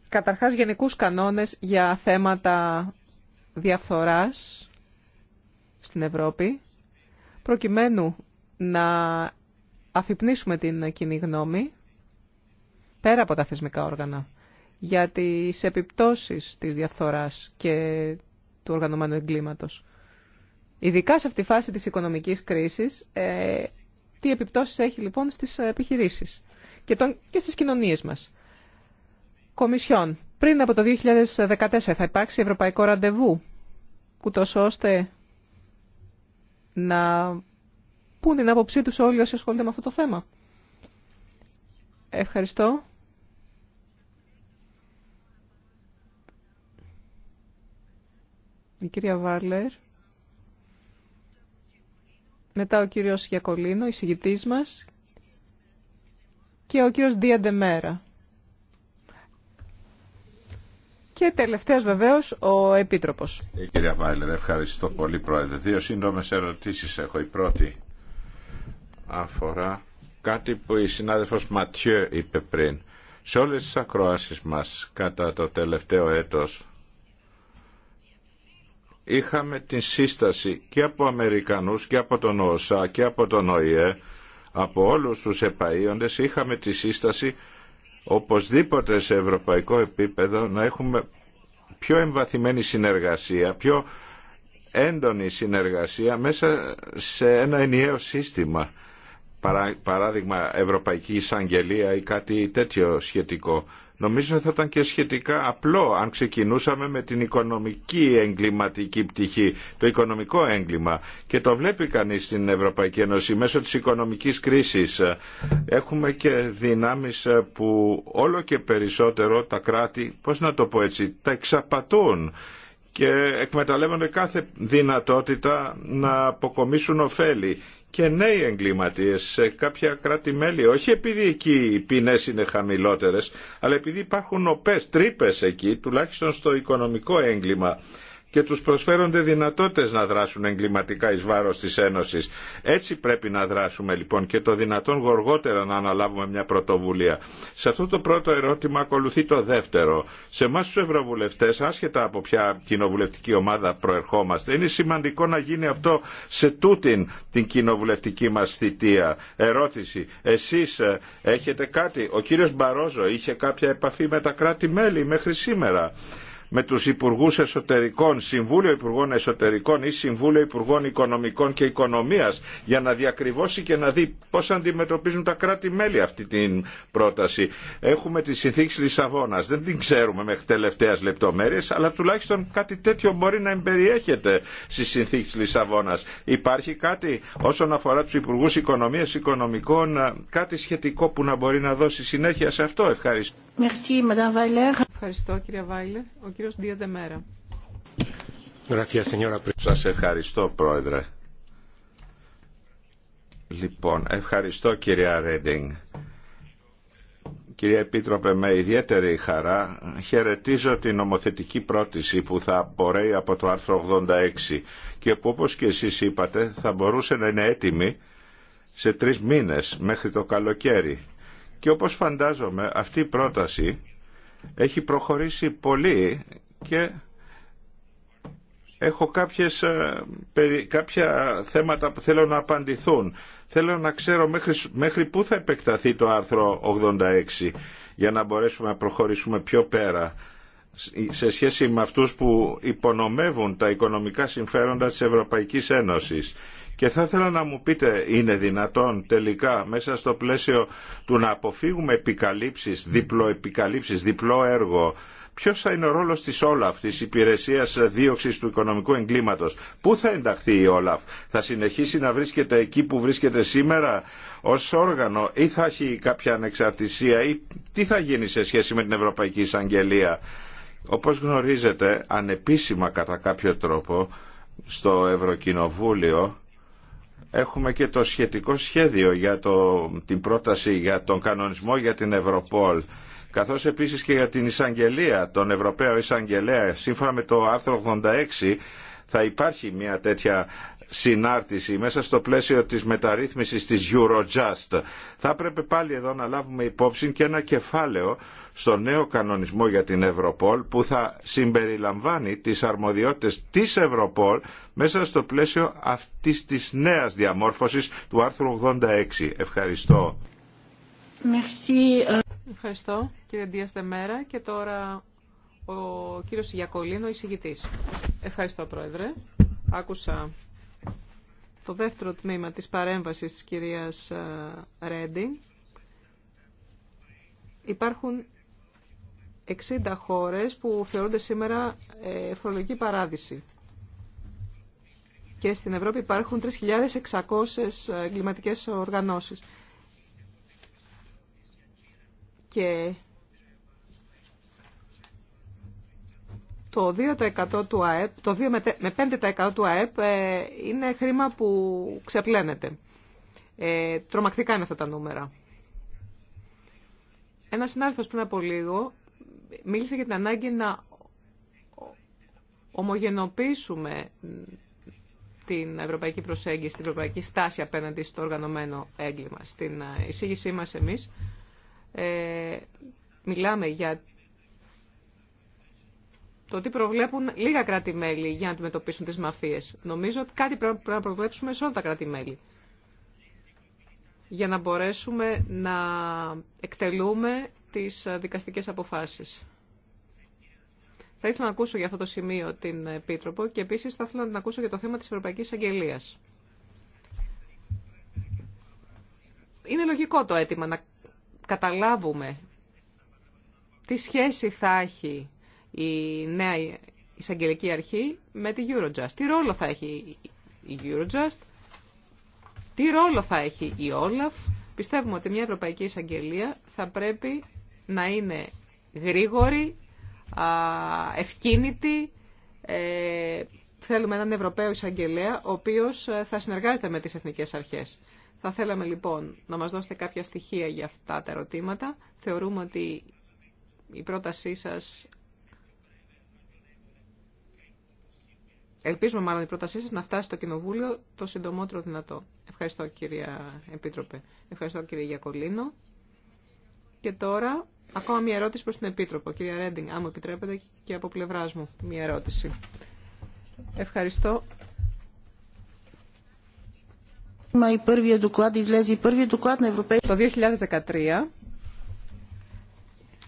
καταρχάς γενικούς κανόνες για θέματα διαφθοράς στην Ευρώπη, προκειμένου να αφυπνίσουμε την κοινή γνώμη πέρα από τα θεσμικά όργανα για τις επιπτώσεις της διαφθοράς και του οργανωμένου εγκλήματος. Ειδικά σε αυτή τη φάση της οικονομικής κρίσης, ε, τι επιπτώσεις έχει λοιπόν στις επιχειρήσεις και, τον, και στις κοινωνίες μας. Κομισιόν, πριν από το 2014 θα υπάρξει ευρωπαϊκό ραντεβού, ούτως ώστε να είναι την άποψή του όλοι όσοι ασχολούνται με αυτό το θέμα. Ευχαριστώ. Η κυρία Βάρλερ. Μετά ο κύριος Γιακολίνο, εισηγητής μας. Και ο κύριος Μέρα. Και τελευταίος βεβαίω ο Επίτροπο. Ε, κυρία Βάιλερ, ευχαριστώ πολύ, Πρόεδρε. Δύο σύντομε ερωτήσει έχω. Η πρώτη αφορά κάτι που η συνάδελφος Ματιέ είπε πριν. Σε όλες τις ακροάσεις μας κατά το τελευταίο έτος είχαμε την σύσταση και από Αμερικανούς και από τον ΟΣΑ και από τον ΟΗΕ από όλους τους επαΐοντες είχαμε τη σύσταση οπωσδήποτε σε ευρωπαϊκό επίπεδο να έχουμε πιο εμβαθυμένη συνεργασία, πιο έντονη συνεργασία μέσα σε ένα ενιαίο σύστημα παράδειγμα Ευρωπαϊκή Εισαγγελία ή κάτι τέτοιο σχετικό. Νομίζω θα ήταν και σχετικά απλό αν ξεκινούσαμε με την οικονομική εγκληματική πτυχή, το οικονομικό έγκλημα. Και το βλέπει κανείς στην Ευρωπαϊκή Ένωση μέσω της οικονομικής κρίσης. Έχουμε και δυνάμεις που όλο και περισσότερο τα κράτη, πώς να το πω έτσι, τα εξαπατούν και εκμεταλλεύονται κάθε δυνατότητα να αποκομίσουν ωφέλη και νέοι εγκληματίες σε κάποια κράτη-μέλη. Όχι επειδή εκεί οι ποινέ είναι χαμηλότερες, αλλά επειδή υπάρχουν οπές, τρύπες εκεί, τουλάχιστον στο οικονομικό έγκλημα και τους προσφέρονται δυνατότητες να δράσουν εγκληματικά εις βάρος της Ένωσης. Έτσι πρέπει να δράσουμε λοιπόν και το δυνατόν γοργότερα να αναλάβουμε μια πρωτοβουλία. Σε αυτό το πρώτο ερώτημα ακολουθεί το δεύτερο. Σε εμά τους Ευρωβουλευτές, άσχετα από ποια κοινοβουλευτική ομάδα προερχόμαστε, είναι σημαντικό να γίνει αυτό σε τούτην την κοινοβουλευτική μας θητεία. Ερώτηση, εσείς ε, έχετε κάτι, ο κύριος Μπαρόζο είχε κάποια επαφή με τα κράτη-μέλη μέχρι σήμερα με τους Υπουργούς Εσωτερικών, Συμβούλιο Υπουργών Εσωτερικών ή Συμβούλιο Υπουργών Οικονομικών και Οικονομίας για να διακριβώσει και να δει πώς αντιμετωπίζουν τα κράτη-μέλη αυτή την πρόταση. Έχουμε τη συνθήκη Λισαβόνας, δεν την ξέρουμε μέχρι τελευταίας λεπτομέρειες αλλά τουλάχιστον κάτι τέτοιο μπορεί να εμπεριέχεται στη συνθήκη Λισαβόνας. Υπάρχει κάτι όσον αφορά τους Υπουργούς Οικονομίας Οικονομικών, κάτι σχετικό που να μπορεί να δώσει συνέχεια σε αυτό. Ευχαριστώ. Ευχαριστώ, Βάιλερ κύριος Σας ευχαριστώ πρόεδρε. Λοιπόν, ευχαριστώ κυρία Ρέντινγκ. Κυρία Επίτροπε, με ιδιαίτερη χαρά χαιρετίζω την νομοθετική πρόταση που θα απορρέει από το άρθρο 86 και που όπως και εσείς είπατε θα μπορούσε να είναι έτοιμη σε τρεις μήνες μέχρι το καλοκαίρι. Και όπως φαντάζομαι αυτή η πρόταση έχει προχωρήσει πολύ και έχω κάποιες, ε, κάποια θέματα που θέλω να απαντηθούν. Θέλω να ξέρω μέχρι, μέχρι πού θα επεκταθεί το άρθρο 86 για να μπορέσουμε να προχωρήσουμε πιο πέρα σε σχέση με αυτούς που υπονομεύουν τα οικονομικά συμφέροντα της Ευρωπαϊκής Ένωσης. Και θα ήθελα να μου πείτε, είναι δυνατόν τελικά μέσα στο πλαίσιο του να αποφύγουμε επικαλύψεις, διπλό επικαλύψεις, διπλό έργο, Ποιο θα είναι ο ρόλο τη Όλαφ, τη υπηρεσία δίωξη του οικονομικού εγκλήματο, πού θα ενταχθεί η Όλαφ, θα συνεχίσει να βρίσκεται εκεί που βρίσκεται σήμερα ω όργανο ή θα έχει κάποια ανεξαρτησία ή τι θα γίνει σε σχέση με την Ευρωπαϊκή Εισαγγελία. Όπω γνωρίζετε, ανεπίσημα κατά κάποιο τρόπο στο Ευρωκοινοβούλιο έχουμε και το σχετικό σχέδιο για το, την πρόταση για τον κανονισμό για την Ευρωπόλ καθώς επίσης και για την εισαγγελία, τον Ευρωπαίο εισαγγελέα. Σύμφωνα με το άρθρο 86 θα υπάρχει μια τέτοια συνάρτηση μέσα στο πλαίσιο της μεταρρύθμισης της Eurojust. Θα έπρεπε πάλι εδώ να λάβουμε υπόψη και ένα κεφάλαιο στο νέο κανονισμό για την Ευρωπόλ που θα συμπεριλαμβάνει τις αρμοδιότητες της Ευρωπόλ μέσα στο πλαίσιο αυτής της νέας διαμόρφωσης του άρθρου 86. Ευχαριστώ. Merci. Ευχαριστώ κύριε Ντίας μέρα και τώρα ο κύριος Γιακολίνο, εισηγητής. Ευχαριστώ πρόεδρε. Άκουσα το δεύτερο τμήμα της παρέμβασης της κυρίας ε, Ρέντι. Υπάρχουν 60 χώρες που θεωρούνται σήμερα ε, φορολογική παράδειση. Και στην Ευρώπη υπάρχουν 3.600 ε, εγκληματικές οργανώσεις. Και το 2% του ΑΕΠ, το 2 με 5% του ΑΕΠ ε, είναι χρήμα που ξεπλένεται. Ε, τρομακτικά είναι αυτά τα νούμερα. Ένας συνάδελφος πριν από λίγο μίλησε για την ανάγκη να ομογενοποιήσουμε την ευρωπαϊκή προσέγγιση, την ευρωπαϊκή στάση απέναντι στο οργανωμένο έγκλημα. Στην εισήγησή μας εμείς ε, μιλάμε για το ότι προβλέπουν λίγα κράτη-μέλη για να αντιμετωπίσουν τις μαφίες. Νομίζω ότι κάτι πρέπει να προβλέψουμε σε όλα τα κράτη-μέλη για να μπορέσουμε να εκτελούμε τις ε, δικαστικές αποφάσεις. Θα ήθελα να ακούσω για αυτό το σημείο την Επίτροπο και επίσης θα ήθελα να την ακούσω για το θέμα της Ευρωπαϊκής Αγγελίας. Είναι λογικό το αίτημα να καταλάβουμε τι σχέση θα έχει η νέα εισαγγελική αρχή με τη Eurojust. Τι ρόλο θα έχει η Eurojust, τι ρόλο θα έχει η OLAF. Πιστεύουμε ότι μια Ευρωπαϊκή Εισαγγελία θα πρέπει να είναι γρήγορη, ευκίνητη. Ε, θέλουμε έναν Ευρωπαίο εισαγγελέα, ο οποίος ε, θα συνεργάζεται με τις εθνικές αρχές. Θα θέλαμε λοιπόν να μας δώσετε κάποια στοιχεία για αυτά τα ερωτήματα. Θεωρούμε ότι η πρότασή σας... Ελπίζουμε μάλλον η πρότασή σας να φτάσει στο Κοινοβούλιο το συντομότερο δυνατό. Ευχαριστώ κυρία Επίτροπε. Ευχαριστώ κύριε Γιακολίνο. Και τώρα Ακόμα μια ερώτηση προς την Επίτροπο. Κυρία Ρέντινγκ, αν μου επιτρέπετε και από πλευρά μου μια ερώτηση. Ευχαριστώ. Το 2013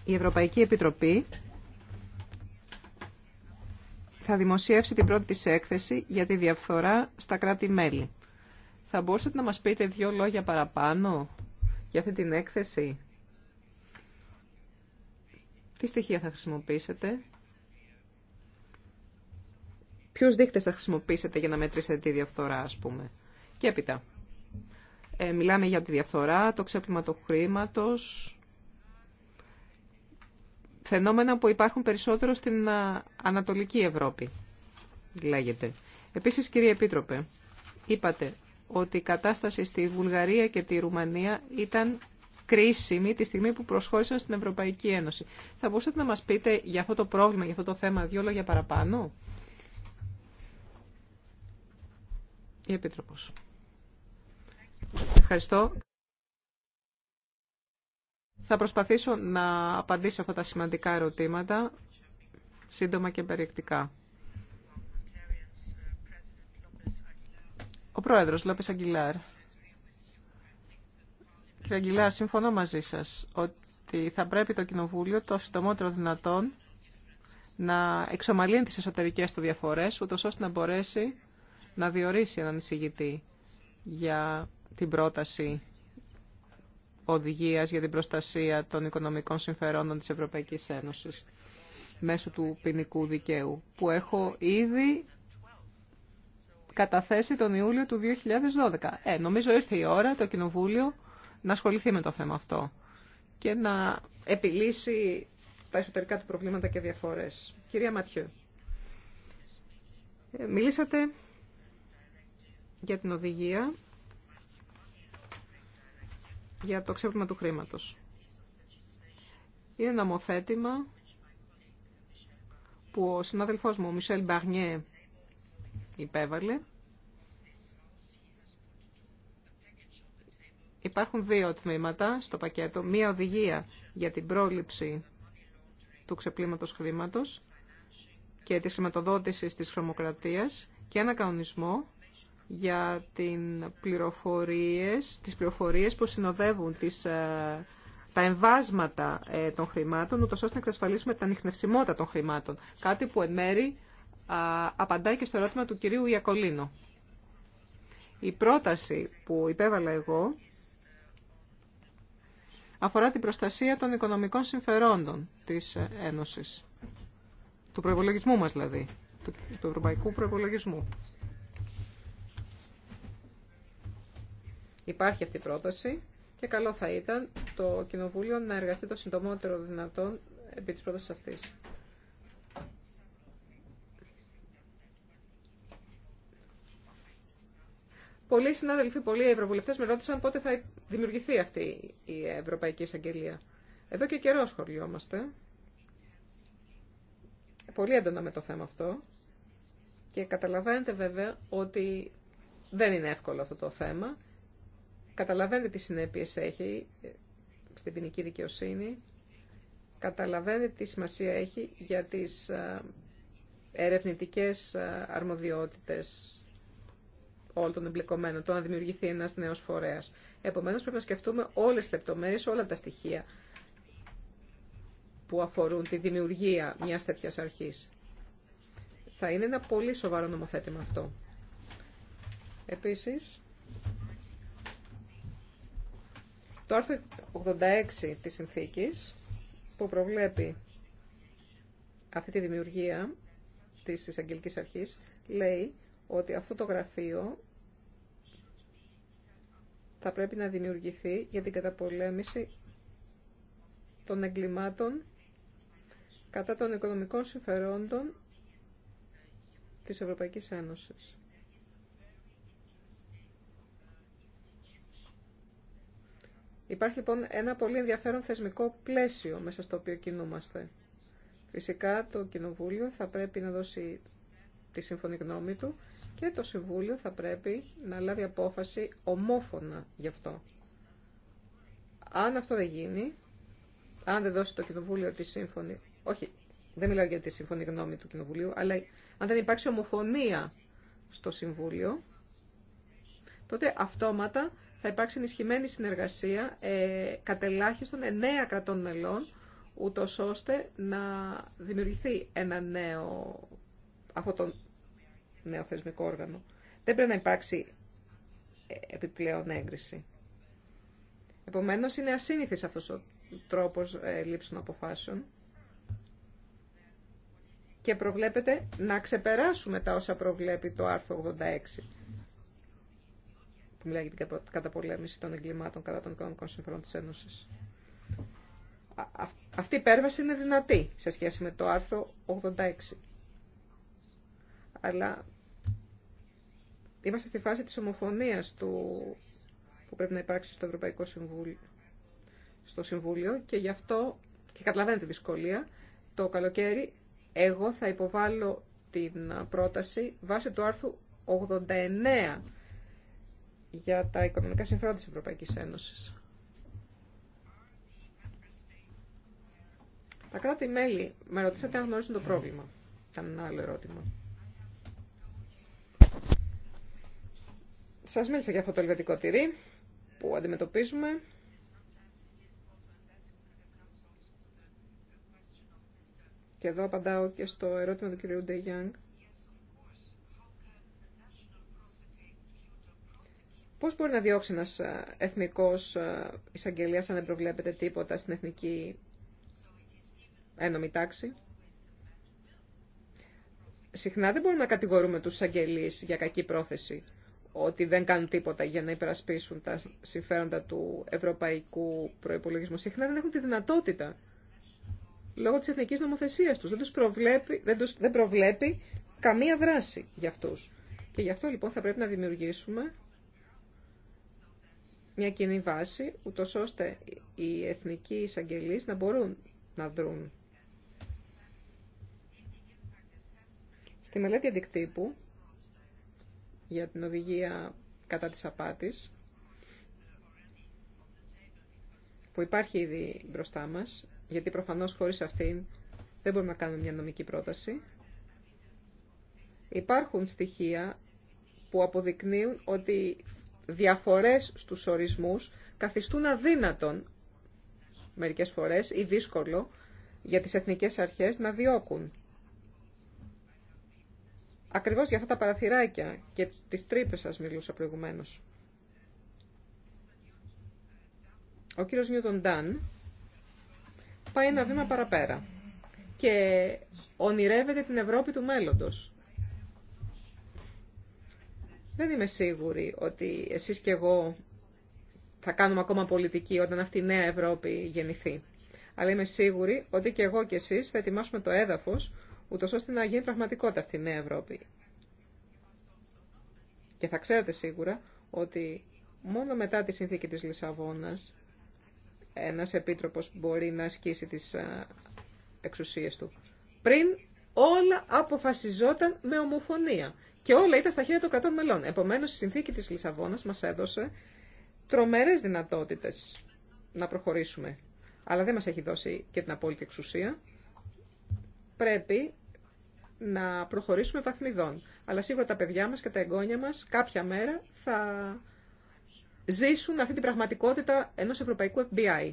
η Ευρωπαϊκή Επιτροπή θα δημοσιεύσει την πρώτη της έκθεση για τη διαφθορά στα κράτη-μέλη. Θα μπορούσατε να μας πείτε δύο λόγια παραπάνω για αυτή την έκθεση τι στοιχεία θα χρησιμοποιήσετε, ποιους δείχτες θα χρησιμοποιήσετε για να μετρήσετε τη διαφθορά, ας πούμε. Και έπειτα, ε, μιλάμε για τη διαφθορά, το ξέπλυμα του χρήματος, φαινόμενα που υπάρχουν περισσότερο στην Ανατολική Ευρώπη, λέγεται. Επίσης, κύριε Επίτροπε, είπατε ότι η κατάσταση στη Βουλγαρία και τη Ρουμανία ήταν κρίσιμη τη στιγμή που προσχώρησαν στην Ευρωπαϊκή Ένωση. Θα μπορούσατε να μας πείτε για αυτό το πρόβλημα, για αυτό το θέμα, δύο λόγια παραπάνω. Η Επίτροπος. Ευχαριστώ. Θα προσπαθήσω να απαντήσω αυτά τα σημαντικά ερωτήματα, σύντομα και περιεκτικά. Ο πρόεδρος Λόπες Αγγιλάρ Κύριε Αγγιλάρ, συμφωνώ μαζί σας ότι θα πρέπει το Κοινοβούλιο το συντομότερο δυνατόν να εξομαλύνει τις εσωτερικές του διαφορές, ούτως ώστε να μπορέσει να διορίσει έναν εισηγητή για την πρόταση οδηγίας για την προστασία των οικονομικών συμφερόντων της Ευρωπαϊκής Ένωσης μέσω του ποινικού δικαίου, που έχω ήδη καταθέσει τον Ιούλιο του 2012. Ε, νομίζω ήρθε η ώρα το Κοινοβούλιο να ασχοληθεί με το θέμα αυτό και να επιλύσει τα εσωτερικά του προβλήματα και διαφορές. Κυρία Ματιού, ε, μιλήσατε για την οδηγία για το ξέπλυμα του χρήματος. Είναι ένα μοθέτημα που ο συνάδελφός μου, ο Μισελ Μπαγνιέ, υπέβαλε Υπάρχουν δύο τμήματα στο πακέτο. Μία οδηγία για την πρόληψη του ξεπλήματος χρήματος και της χρηματοδότησης της χρομοκρατίας και ένα κανονισμό για την πληροφορίες, τις πληροφορίες που συνοδεύουν τις, ε, τα εμβάσματα ε, των χρημάτων, ούτως ώστε να εξασφαλίσουμε τα ανιχνευσιμότητα των χρημάτων. Κάτι που εν μέρη απαντάει και στο ερώτημα του κυρίου Ιακολίνο. Η πρόταση που υπέβαλα εγώ αφορά την προστασία των οικονομικών συμφερόντων της Ένωσης. Του προϋπολογισμού μας δηλαδή, του, ευρωπαϊκού προϋπολογισμού. Υπάρχει αυτή η πρόταση και καλό θα ήταν το Κοινοβούλιο να εργαστεί το συντομότερο δυνατόν επί της πρότασης αυτής. Πολλοί συνάδελφοι, πολλοί ευρωβουλευτέ με ρώτησαν πότε θα δημιουργηθεί αυτή η Ευρωπαϊκή Εισαγγελία. Εδώ και καιρό σχολιόμαστε. Πολύ έντονα με το θέμα αυτό. Και καταλαβαίνετε βέβαια ότι δεν είναι εύκολο αυτό το θέμα. Καταλαβαίνετε τι συνέπειες έχει στην ποινική δικαιοσύνη. Καταλαβαίνετε τι σημασία έχει για τις ε, ερευνητικές ε, αρμοδιότητες όλων των εμπλεκομένων το να δημιουργηθεί ένα νέο φορέα. Επομένω, πρέπει να σκεφτούμε όλε τι λεπτομέρειε, όλα τα στοιχεία που αφορούν τη δημιουργία μια τέτοια αρχή. Θα είναι ένα πολύ σοβαρό νομοθέτημα αυτό. Επίσης, το άρθρο 86 της συνθήκης που προβλέπει αυτή τη δημιουργία της εισαγγελικής αρχής λέει ότι αυτό το γραφείο θα πρέπει να δημιουργηθεί για την καταπολέμηση των εγκλημάτων κατά των οικονομικών συμφερόντων της Ευρωπαϊκής Ένωσης. Υπάρχει λοιπόν ένα πολύ ενδιαφέρον θεσμικό πλαίσιο μέσα στο οποίο κινούμαστε. Φυσικά το Κοινοβούλιο θα πρέπει να δώσει τη σύμφωνη γνώμη του και το Συμβούλιο θα πρέπει να λάβει απόφαση ομόφωνα γι' αυτό. Αν αυτό δεν γίνει, αν δεν δώσει το Κοινοβούλιο τη σύμφωνη, όχι, δεν μιλάω για τη σύμφωνη γνώμη του Κοινοβουλίου, αλλά αν δεν υπάρξει ομοφωνία στο Συμβούλιο, τότε αυτόματα θα υπάρξει ενισχυμένη συνεργασία ε, κατελάχιστον εννέα κρατών μελών, ούτω ώστε να δημιουργηθεί ένα νέο, αυτό το νέο θεσμικό όργανο. Δεν πρέπει να υπάρξει ε, επιπλέον έγκριση. Επομένως, είναι ασύνηθης αυτός ο τρόπος ε, λήψης των αποφάσεων και προβλέπεται να ξεπεράσουμε τα όσα προβλέπει το άρθρο 86 που μιλάει για την καταπολέμηση των εγκλημάτων κατά των οικονομικών συμφερόντων της Ένωσης. Αυτή η υπέρβαση είναι δυνατή σε σχέση με το άρθρο 86 αλλά είμαστε στη φάση της ομοφωνίας του, που πρέπει να υπάρξει στο Ευρωπαϊκό Συμβούλιο, στο και γι' αυτό, και καταλαβαίνετε τη δυσκολία, το καλοκαίρι εγώ θα υποβάλω την πρόταση βάσει του άρθρου 89 για τα οικονομικά συμφέροντα της Ευρωπαϊκής Ένωσης. Τα κράτη-μέλη με ρωτήσατε αν γνωρίζουν το πρόβλημα. Ήταν ένα άλλο ερώτημα. Σας μίλησα για αυτό το ελβετικό τυρί που αντιμετωπίζουμε. Και εδώ απαντάω και στο ερώτημα του κυρίου Ντεγιάνγκ. Πώς μπορεί να διώξει ένας ε, εθνικός ε, εισαγγελία αν δεν προβλέπεται τίποτα στην εθνική ένομη τάξη. Συχνά δεν μπορούμε να κατηγορούμε τους εισαγγελείς για κακή πρόθεση ότι δεν κάνουν τίποτα για να υπερασπίσουν τα συμφέροντα του ευρωπαϊκού προπολογισμού. Συχνά δεν έχουν τη δυνατότητα λόγω της εθνικής νομοθεσίας τους. Δεν, προβλέπει, δεν, δεν προβλέπει καμία δράση για αυτού. Και γι' αυτό λοιπόν θα πρέπει να δημιουργήσουμε μια κοινή βάση, ούτω ώστε οι εθνικοί εισαγγελείς να μπορούν να δρουν. Στη μελέτη αντικτύπου για την οδηγία κατά της απάτης που υπάρχει ήδη μπροστά μας, γιατί προφανώς χωρίς αυτήν δεν μπορούμε να κάνουμε μια νομική πρόταση. Υπάρχουν στοιχεία που αποδεικνύουν ότι διαφορές στους ορισμούς καθιστούν αδύνατον μερικές φορές ή δύσκολο για τις εθνικές αρχές να διώκουν Ακριβώς για αυτά τα παραθυράκια και τις τρύπες σας μιλούσα προηγουμένως. Ο κύριος Νιούτον Ντάν πάει ένα βήμα παραπέρα και ονειρεύεται την Ευρώπη του μέλλοντος. Δεν είμαι σίγουρη ότι εσείς και εγώ θα κάνουμε ακόμα πολιτική όταν αυτή η νέα Ευρώπη γεννηθεί. Αλλά είμαι σίγουρη ότι και εγώ και εσείς θα ετοιμάσουμε το έδαφος ούτως ώστε να γίνει πραγματικότητα αυτή η νέα Ευρώπη. Και θα ξέρετε σίγουρα ότι μόνο μετά τη συνθήκη της Λισαβόνας ένας επίτροπος μπορεί να ασκήσει τις εξουσίες του. Πριν όλα αποφασιζόταν με ομοφωνία και όλα ήταν στα χέρια των κρατών μελών. Επομένως η συνθήκη της Λισαβόνας μας έδωσε τρομερές δυνατότητες να προχωρήσουμε. Αλλά δεν μας έχει δώσει και την απόλυτη εξουσία πρέπει να προχωρήσουμε βαθμιδών. Αλλά σίγουρα τα παιδιά μας και τα εγγόνια μας κάποια μέρα θα ζήσουν αυτή την πραγματικότητα ενός ευρωπαϊκού FBI.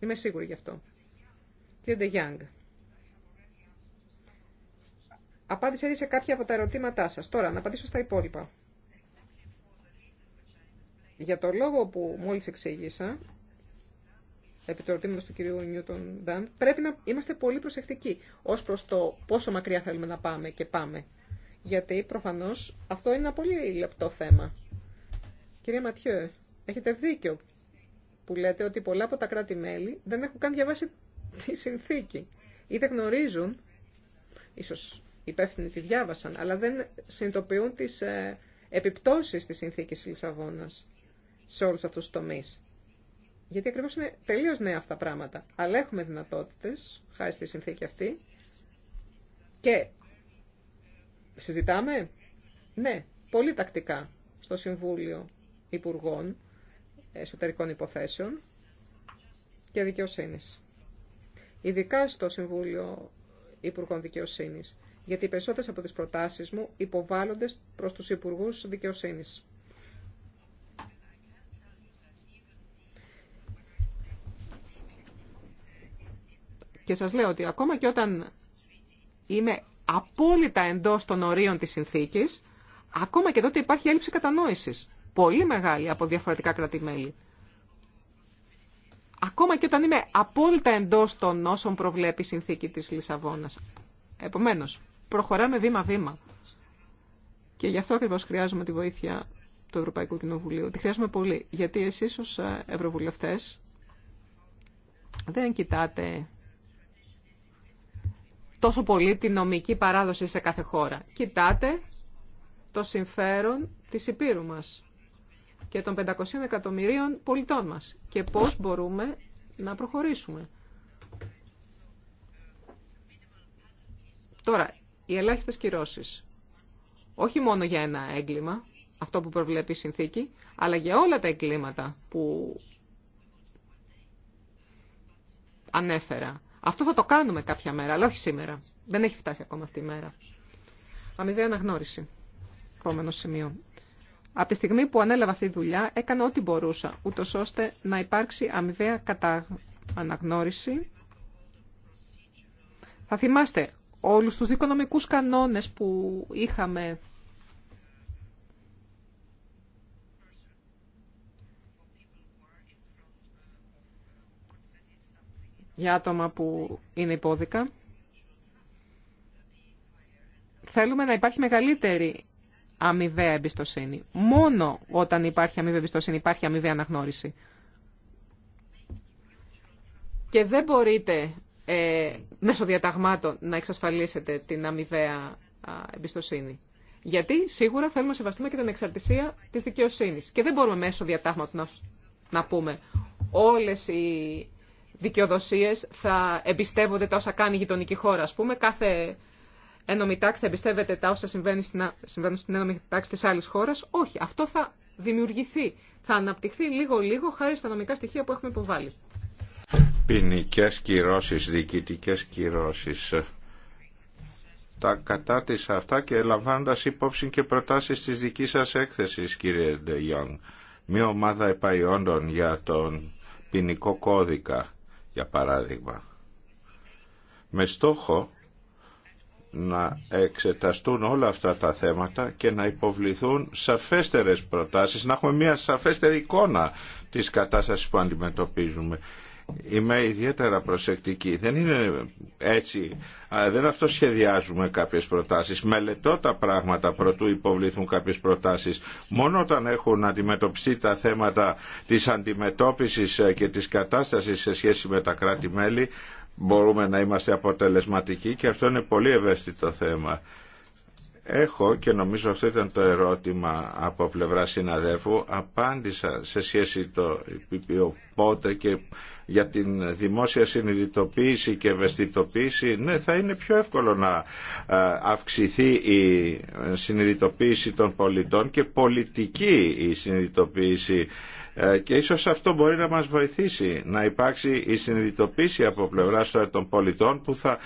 Είμαι σίγουρη γι' αυτό. Κύριε Ντεγιάνγκ, απάντησε ήδη σε κάποια από τα ερωτήματά σας. Τώρα, να απαντήσω στα υπόλοιπα. Για το λόγο που μόλις εξήγησα, επί του ερωτήματος του κυρίου Νιούτον Ντάν, πρέπει να είμαστε πολύ προσεκτικοί ω προ το πόσο μακριά θέλουμε να πάμε και πάμε. Γιατί προφανώ αυτό είναι ένα πολύ λεπτό θέμα. Κυρία Ματιέ, έχετε δίκιο που λέτε ότι πολλά από τα κράτη-μέλη δεν έχουν καν διαβάσει τη συνθήκη ή δεν γνωρίζουν, ίσω υπεύθυνοι τη διάβασαν, αλλά δεν συνειδητοποιούν τι ε, επιπτώσεις της συνθήκης συνθήκη Λισαβόνα σε όλου αυτού του τομεί γιατί ακριβώς είναι τελείω νέα αυτά τα πράγματα. Αλλά έχουμε δυνατότητες, χάρη στη συνθήκη αυτή, και συζητάμε, ναι, πολύ τακτικά στο Συμβούλιο Υπουργών Εσωτερικών Υποθέσεων και δικαιοσύνη. Ειδικά στο Συμβούλιο Υπουργών Δικαιοσύνη, γιατί οι περισσότερε από τι προτάσει μου υποβάλλονται προς τους υπουργού δικαιοσύνη. Και σας λέω ότι ακόμα και όταν είμαι απόλυτα εντός των ορίων της συνθήκης, ακόμα και τότε υπάρχει έλλειψη κατανόησης. Πολύ μεγάλη από διαφορετικά κρατημέλη. Ακόμα και όταν είμαι απόλυτα εντός των όσων προβλέπει η συνθήκη της Λισαβόνας. Επομένως, προχωράμε βήμα-βήμα. Και γι' αυτό ακριβώς χρειάζομαι τη βοήθεια του Ευρωπαϊκού Κοινοβουλίου. Τη χρειάζομαι πολύ. Γιατί εσείς ως ευρωβουλευτές δεν κοιτάτε τόσο πολύ την νομική παράδοση σε κάθε χώρα. Κοιτάτε το συμφέρον της Υπήρου μας και των 500 εκατομμυρίων πολιτών μας και πώς μπορούμε να προχωρήσουμε. Τώρα, οι ελάχιστες κυρώσεις. Όχι μόνο για ένα έγκλημα, αυτό που προβλέπει η συνθήκη, αλλά για όλα τα εγκλήματα που ανέφερα. Αυτό θα το κάνουμε κάποια μέρα, αλλά όχι σήμερα. Δεν έχει φτάσει ακόμα αυτή η μέρα. Αμοιβαία αναγνώριση. Επόμενο σημείο. Από τη στιγμή που ανέλαβα αυτή τη δουλειά, έκανα ό,τι μπορούσα, ούτω ώστε να υπάρξει αμοιβαία κατά αναγνώριση. Θα θυμάστε όλους τους δικονομικούς κανόνες που είχαμε για άτομα που είναι υπόδικα. Θέλουμε να υπάρχει μεγαλύτερη αμοιβαία εμπιστοσύνη. Μόνο όταν υπάρχει αμοιβαία εμπιστοσύνη υπάρχει αμοιβαία αναγνώριση. Και δεν μπορείτε ε, μέσω διαταγμάτων να εξασφαλίσετε την αμοιβαία εμπιστοσύνη. Γιατί σίγουρα θέλουμε να σεβαστούμε και την εξαρτησία της δικαιοσύνη. Και δεν μπορούμε μέσω διατάγματων να, να πούμε όλες οι Δικαιοδοσίε θα εμπιστεύονται τα όσα κάνει η γειτονική χώρα. α πούμε, κάθε ένωμη τάξη θα εμπιστεύεται τα όσα συμβαίνουν στην, συμβαίνουν ένωμη τάξη τη άλλη χώρα. Όχι, αυτό θα δημιουργηθεί, θα αναπτυχθεί λίγο-λίγο χάρη στα νομικά στοιχεία που έχουμε υποβάλει. Ποινικέ κυρώσει, διοικητικέ κυρώσει. Τα τη αυτά και λαμβάνοντα υπόψη και προτάσει τη δική σα έκθεση, κύριε Ντε Μια ομάδα επαϊόντων για τον ποινικό κώδικα για παράδειγμα, με στόχο να εξεταστούν όλα αυτά τα θέματα και να υποβληθούν σαφέστερες προτάσεις, να έχουμε μια σαφέστερη εικόνα της κατάστασης που αντιμετωπίζουμε Είμαι ιδιαίτερα προσεκτική. Δεν είναι έτσι. Δεν αυτό σχεδιάζουμε κάποιες προτάσεις. Μελετώ τα πράγματα προτού υποβληθούν κάποιες προτάσεις. Μόνο όταν έχουν αντιμετωπιστεί τα θέματα της αντιμετώπισης ε, και της κατάστασης σε σχέση με τα κράτη-μέλη μπορούμε να είμαστε αποτελεσματικοί και αυτό είναι πολύ ευαίσθητο θέμα. Έχω και νομίζω αυτό ήταν το ερώτημα από πλευρά συναδέλφου. Απάντησα σε σχέση το πότε και για την δημόσια συνειδητοποίηση και ευαισθητοποίηση. Ναι, θα είναι πιο εύκολο να ε, αυξηθεί η συνειδητοποίηση των πολιτών και πολιτική η συνειδητοποίηση ε, και ίσως αυτό μπορεί να μας βοηθήσει να υπάρξει η συνειδητοποίηση από πλευρά των πολιτών που θα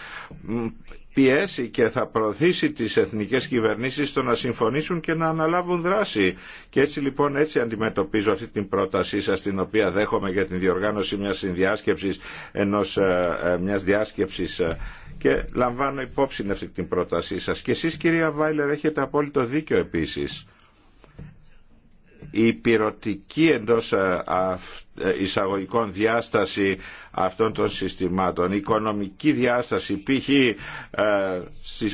πιέσει και θα προωθήσει τις εθνικές κυβερνήσεις στο να συμφωνήσουν και να αναλάβουν δράση. Και έτσι λοιπόν έτσι αντιμετωπίζω αυτή την πρότασή σας την οποία δέχομαι για την διοργάνωση μιας συνδιάσκεψης ενός, ε, ε, μιας διάσκεψης ε, και λαμβάνω υπόψη αυτή την πρότασή σας. Και εσείς κυρία Βάιλερ έχετε απόλυτο δίκιο επίσης. Η πυρωτική εντός εισαγωγικών διάσταση αυτών των συστημάτων. Η οικονομική διάσταση π.χ. Ε,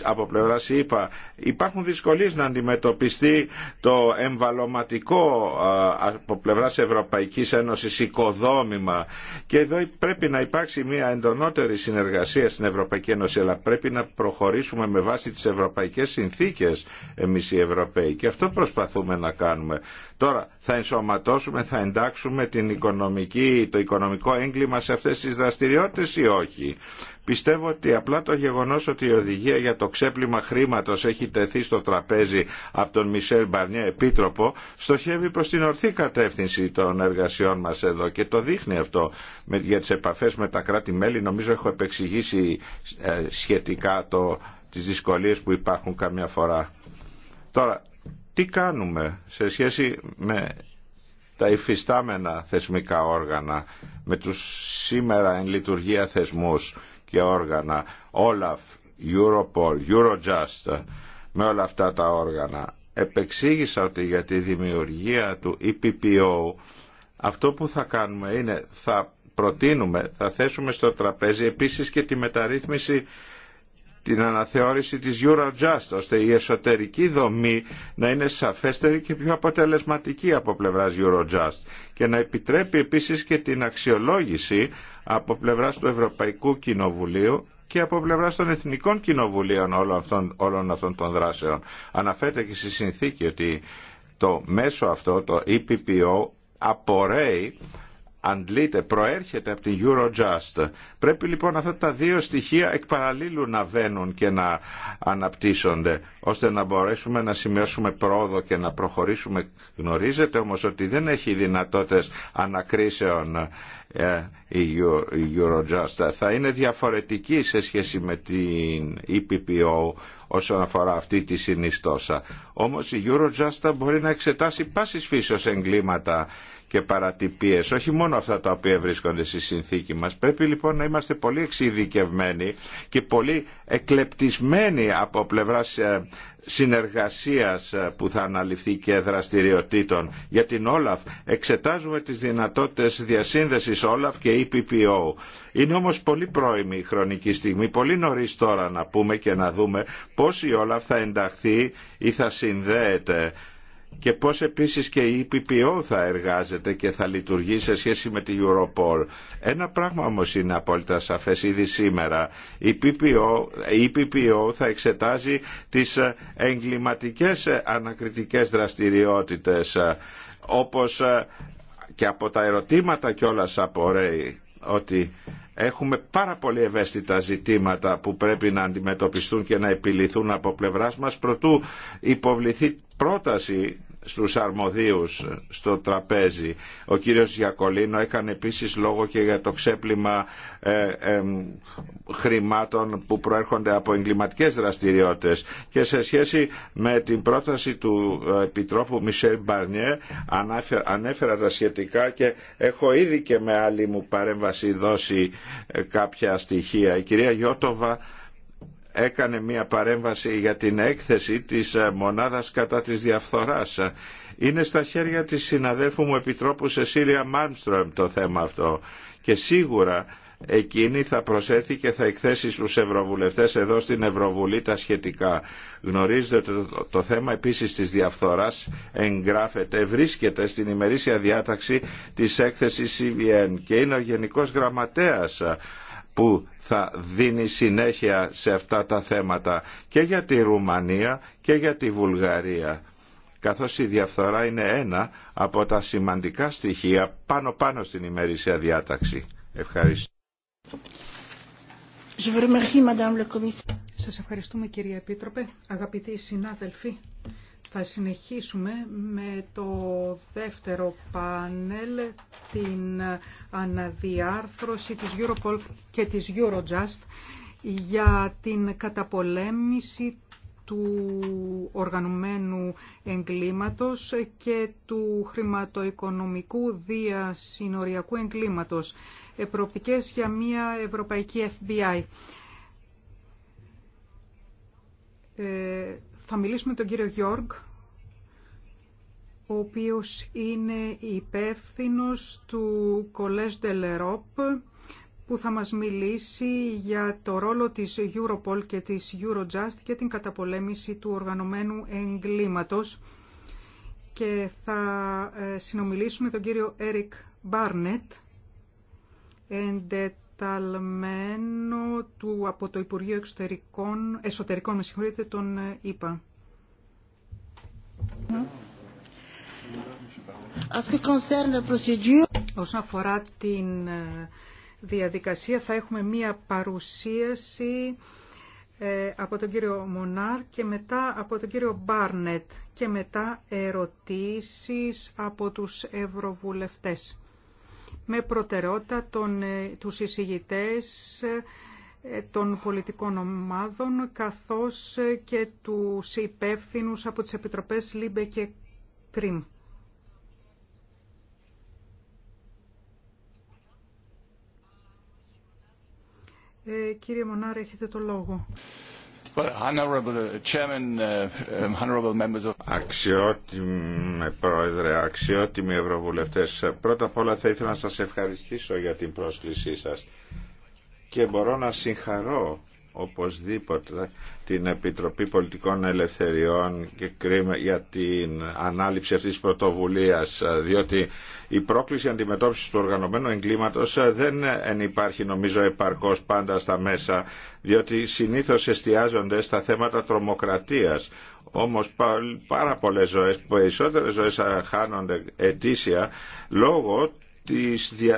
από πλευρά ΗΠΑ υπάρχουν δυσκολίες να αντιμετωπιστεί το εμβαλωματικό από πλευράς Ευρωπαϊκής Ένωσης οικοδόμημα και εδώ πρέπει να υπάρξει μια εντονότερη συνεργασία στην Ευρωπαϊκή Ένωση αλλά πρέπει να προχωρήσουμε με βάση τις ευρωπαϊκές συνθήκες εμείς οι Ευρωπαίοι και αυτό προσπαθούμε να κάνουμε. Τώρα θα ενσωματώσουμε, θα εντάξουμε την οικονομική, το οικονομικό έγκλημα σε αυτές τις δραστηριότητες ή όχι. Πιστεύω ότι απλά το γεγονός ότι η οδηγία για το ξέπλυμα χρήματος έχει τεθεί στο τραπέζι από τον Μισελ Μπαρνιέ Επίτροπο στοχεύει προς την ορθή κατεύθυνση των εργασιών μας εδώ και το δείχνει αυτό για τις επαφές με τα κράτη-μέλη. Νομίζω έχω επεξηγήσει ε, σχετικά το, τις δυσκολίες που υπάρχουν καμιά φορά. Τώρα, τι κάνουμε σε σχέση με τα υφιστάμενα θεσμικά όργανα, με τους σήμερα εν λειτουργία θεσμούς και όργανα, OLAF, Europol, Eurojust, με όλα αυτά τα όργανα. Επεξήγησα ότι για τη δημιουργία του EPPO αυτό που θα κάνουμε είναι θα προτείνουμε, θα θέσουμε στο τραπέζι επίσης και τη μεταρρύθμιση την αναθεώρηση της Eurojust ώστε η εσωτερική δομή να είναι σαφέστερη και πιο αποτελεσματική από πλευράς Eurojust και να επιτρέπει επίσης και την αξιολόγηση από πλευράς του Ευρωπαϊκού Κοινοβουλίου και από πλευρά των Εθνικών Κοινοβουλίων όλων αυτών, όλων αυτών των δράσεων. Αναφέρεται και στη συνθήκη ότι το μέσο αυτό, το EPPO, απορρέει αντλείται, προέρχεται από την Eurojust. Πρέπει λοιπόν αυτά τα δύο στοιχεία εκ παραλίλου να βαίνουν και να αναπτύσσονται, ώστε να μπορέσουμε να σημειώσουμε πρόοδο και να προχωρήσουμε. Γνωρίζετε όμως ότι δεν έχει δυνατότητες ανακρίσεων ε, η Eurojust. Θα είναι διαφορετική σε σχέση με την EPPO όσον αφορά αυτή τη συνιστόσα. Όμως η Eurojust μπορεί να εξετάσει πάσης φύσεως εγκλήματα και παρατυπίες, όχι μόνο αυτά τα οποία βρίσκονται στη συνθήκη μας. Πρέπει λοιπόν να είμαστε πολύ εξειδικευμένοι και πολύ εκλεπτισμένοι από πλευράς ε, συνεργασίας ε, που θα αναλυθεί και δραστηριοτήτων για την Όλαφ. Εξετάζουμε τις δυνατότητες διασύνδεσης Όλαφ και EPPO. Είναι όμως πολύ πρώιμη η χρονική στιγμή, πολύ νωρίς τώρα να πούμε και να δούμε πώς η Όλαφ θα ενταχθεί ή θα συνδέεται και πώς επίσης και η PPO θα εργάζεται και θα λειτουργεί σε σχέση με την Europol. Ένα πράγμα όμως είναι απόλυτα σαφές ήδη σήμερα. Η ΠΠΟ, η PPO θα εξετάζει τις ε, εγκληματικές ε, ανακριτικές δραστηριότητες ε, όπως και από τα ερωτήματα κιόλας απορρέει ότι έχουμε πάρα πολύ ευαίσθητα ζητήματα που πρέπει να αντιμετωπιστούν και να επιληθούν από πλευράς μας προτού υποβληθεί πρόταση στους αρμοδίους στο τραπέζι. Ο κύριος Γιακολίνο έκανε επίσης λόγο και για το ξέπλυμα ε, ε, χρημάτων που προέρχονται από εγκληματικές δραστηριότητες και σε σχέση με την πρόταση του ε, Επιτρόπου Μισελ Μπαρνιέ ανέφερα τα σχετικά και έχω ήδη και με άλλη μου παρέμβαση δώσει ε, κάποια στοιχεία. Η κυρία Γιώτοβα έκανε μια παρέμβαση για την έκθεση της ε, μονάδας κατά της διαφθοράς. Είναι στα χέρια της συναδέλφου μου επιτρόπου Σεσίλια Μάνστρομ το θέμα αυτό και σίγουρα εκείνη θα προσέθει και θα εκθέσει στους ευρωβουλευτές εδώ στην Ευρωβουλή τα σχετικά. Γνωρίζετε ότι το, θέμα επίσης της διαφθοράς εγγράφεται, βρίσκεται στην ημερήσια διάταξη της έκθεσης CVN και είναι ο Γενικός Γραμματέας που θα δίνει συνέχεια σε αυτά τα θέματα και για τη Ρουμανία και για τη Βουλγαρία καθώς η διαφθορά είναι ένα από τα σημαντικά στοιχεία πάνω-πάνω στην ημερήσια διάταξη. Ευχαριστώ. Σας ευχαριστούμε κυρία Επίτροπε, αγαπητοί συνάδελφοι. Θα συνεχίσουμε με το δεύτερο πάνελ, την αναδιάρθρωση της Europol και της Eurojust για την καταπολέμηση του οργανωμένου εγκλήματος και του χρηματοοικονομικού διασυνοριακού εγκλήματος. Προοπτικές για μια ευρωπαϊκή FBI. Ε, θα μιλήσουμε τον κύριο Γιώργ ο οποίος είναι υπεύθυνο του de l'Europe, που θα μας μιλήσει για το ρόλο της Europol και της Eurojust και την καταπολέμηση του οργανωμένου εγκλήματος και θα ε, συνομιλήσουμε τον κύριο Έρικ Μπάρνετ εντεταλμένο του από το Υπουργείο Εξωτερικών, Εσωτερικών με συγχωρείτε, τον ΙΠΑ. Ε, Όσον αφορά την ε, διαδικασία θα έχουμε μία παρουσίαση ε, από τον κύριο Μονάρ και μετά από τον κύριο Μπάρνετ και μετά ερωτήσεις από τους ευρωβουλευτές. Με προτεραιότητα των, ε, τους εισηγητές των πολιτικών ομάδων καθώς και τους υπεύθυνους από τις Επιτροπές ΛΥΜΠΕ και ΚΡΙΜ. Ε, κύριε Μονάρα, έχετε το λόγο. Uh, uh, um, Αξιότιμε Πρόεδρε, αξιότιμοι Ευρωβουλευτές, ε, πρώτα απ' όλα θα ήθελα να σας ευχαριστήσω για την πρόσκλησή σας και μπορώ να συγχαρώ οπωσδήποτε την Επιτροπή Πολιτικών Ελευθεριών και κρίμα για την ανάληψη αυτής της πρωτοβουλίας διότι η πρόκληση αντιμετώπισης του οργανωμένου εγκλήματος δεν υπάρχει νομίζω επαρκώς πάντα στα μέσα διότι συνήθως εστιάζονται στα θέματα τρομοκρατίας όμως πάρα πολλές ζωές, περισσότερες ζωές χάνονται ετήσια λόγω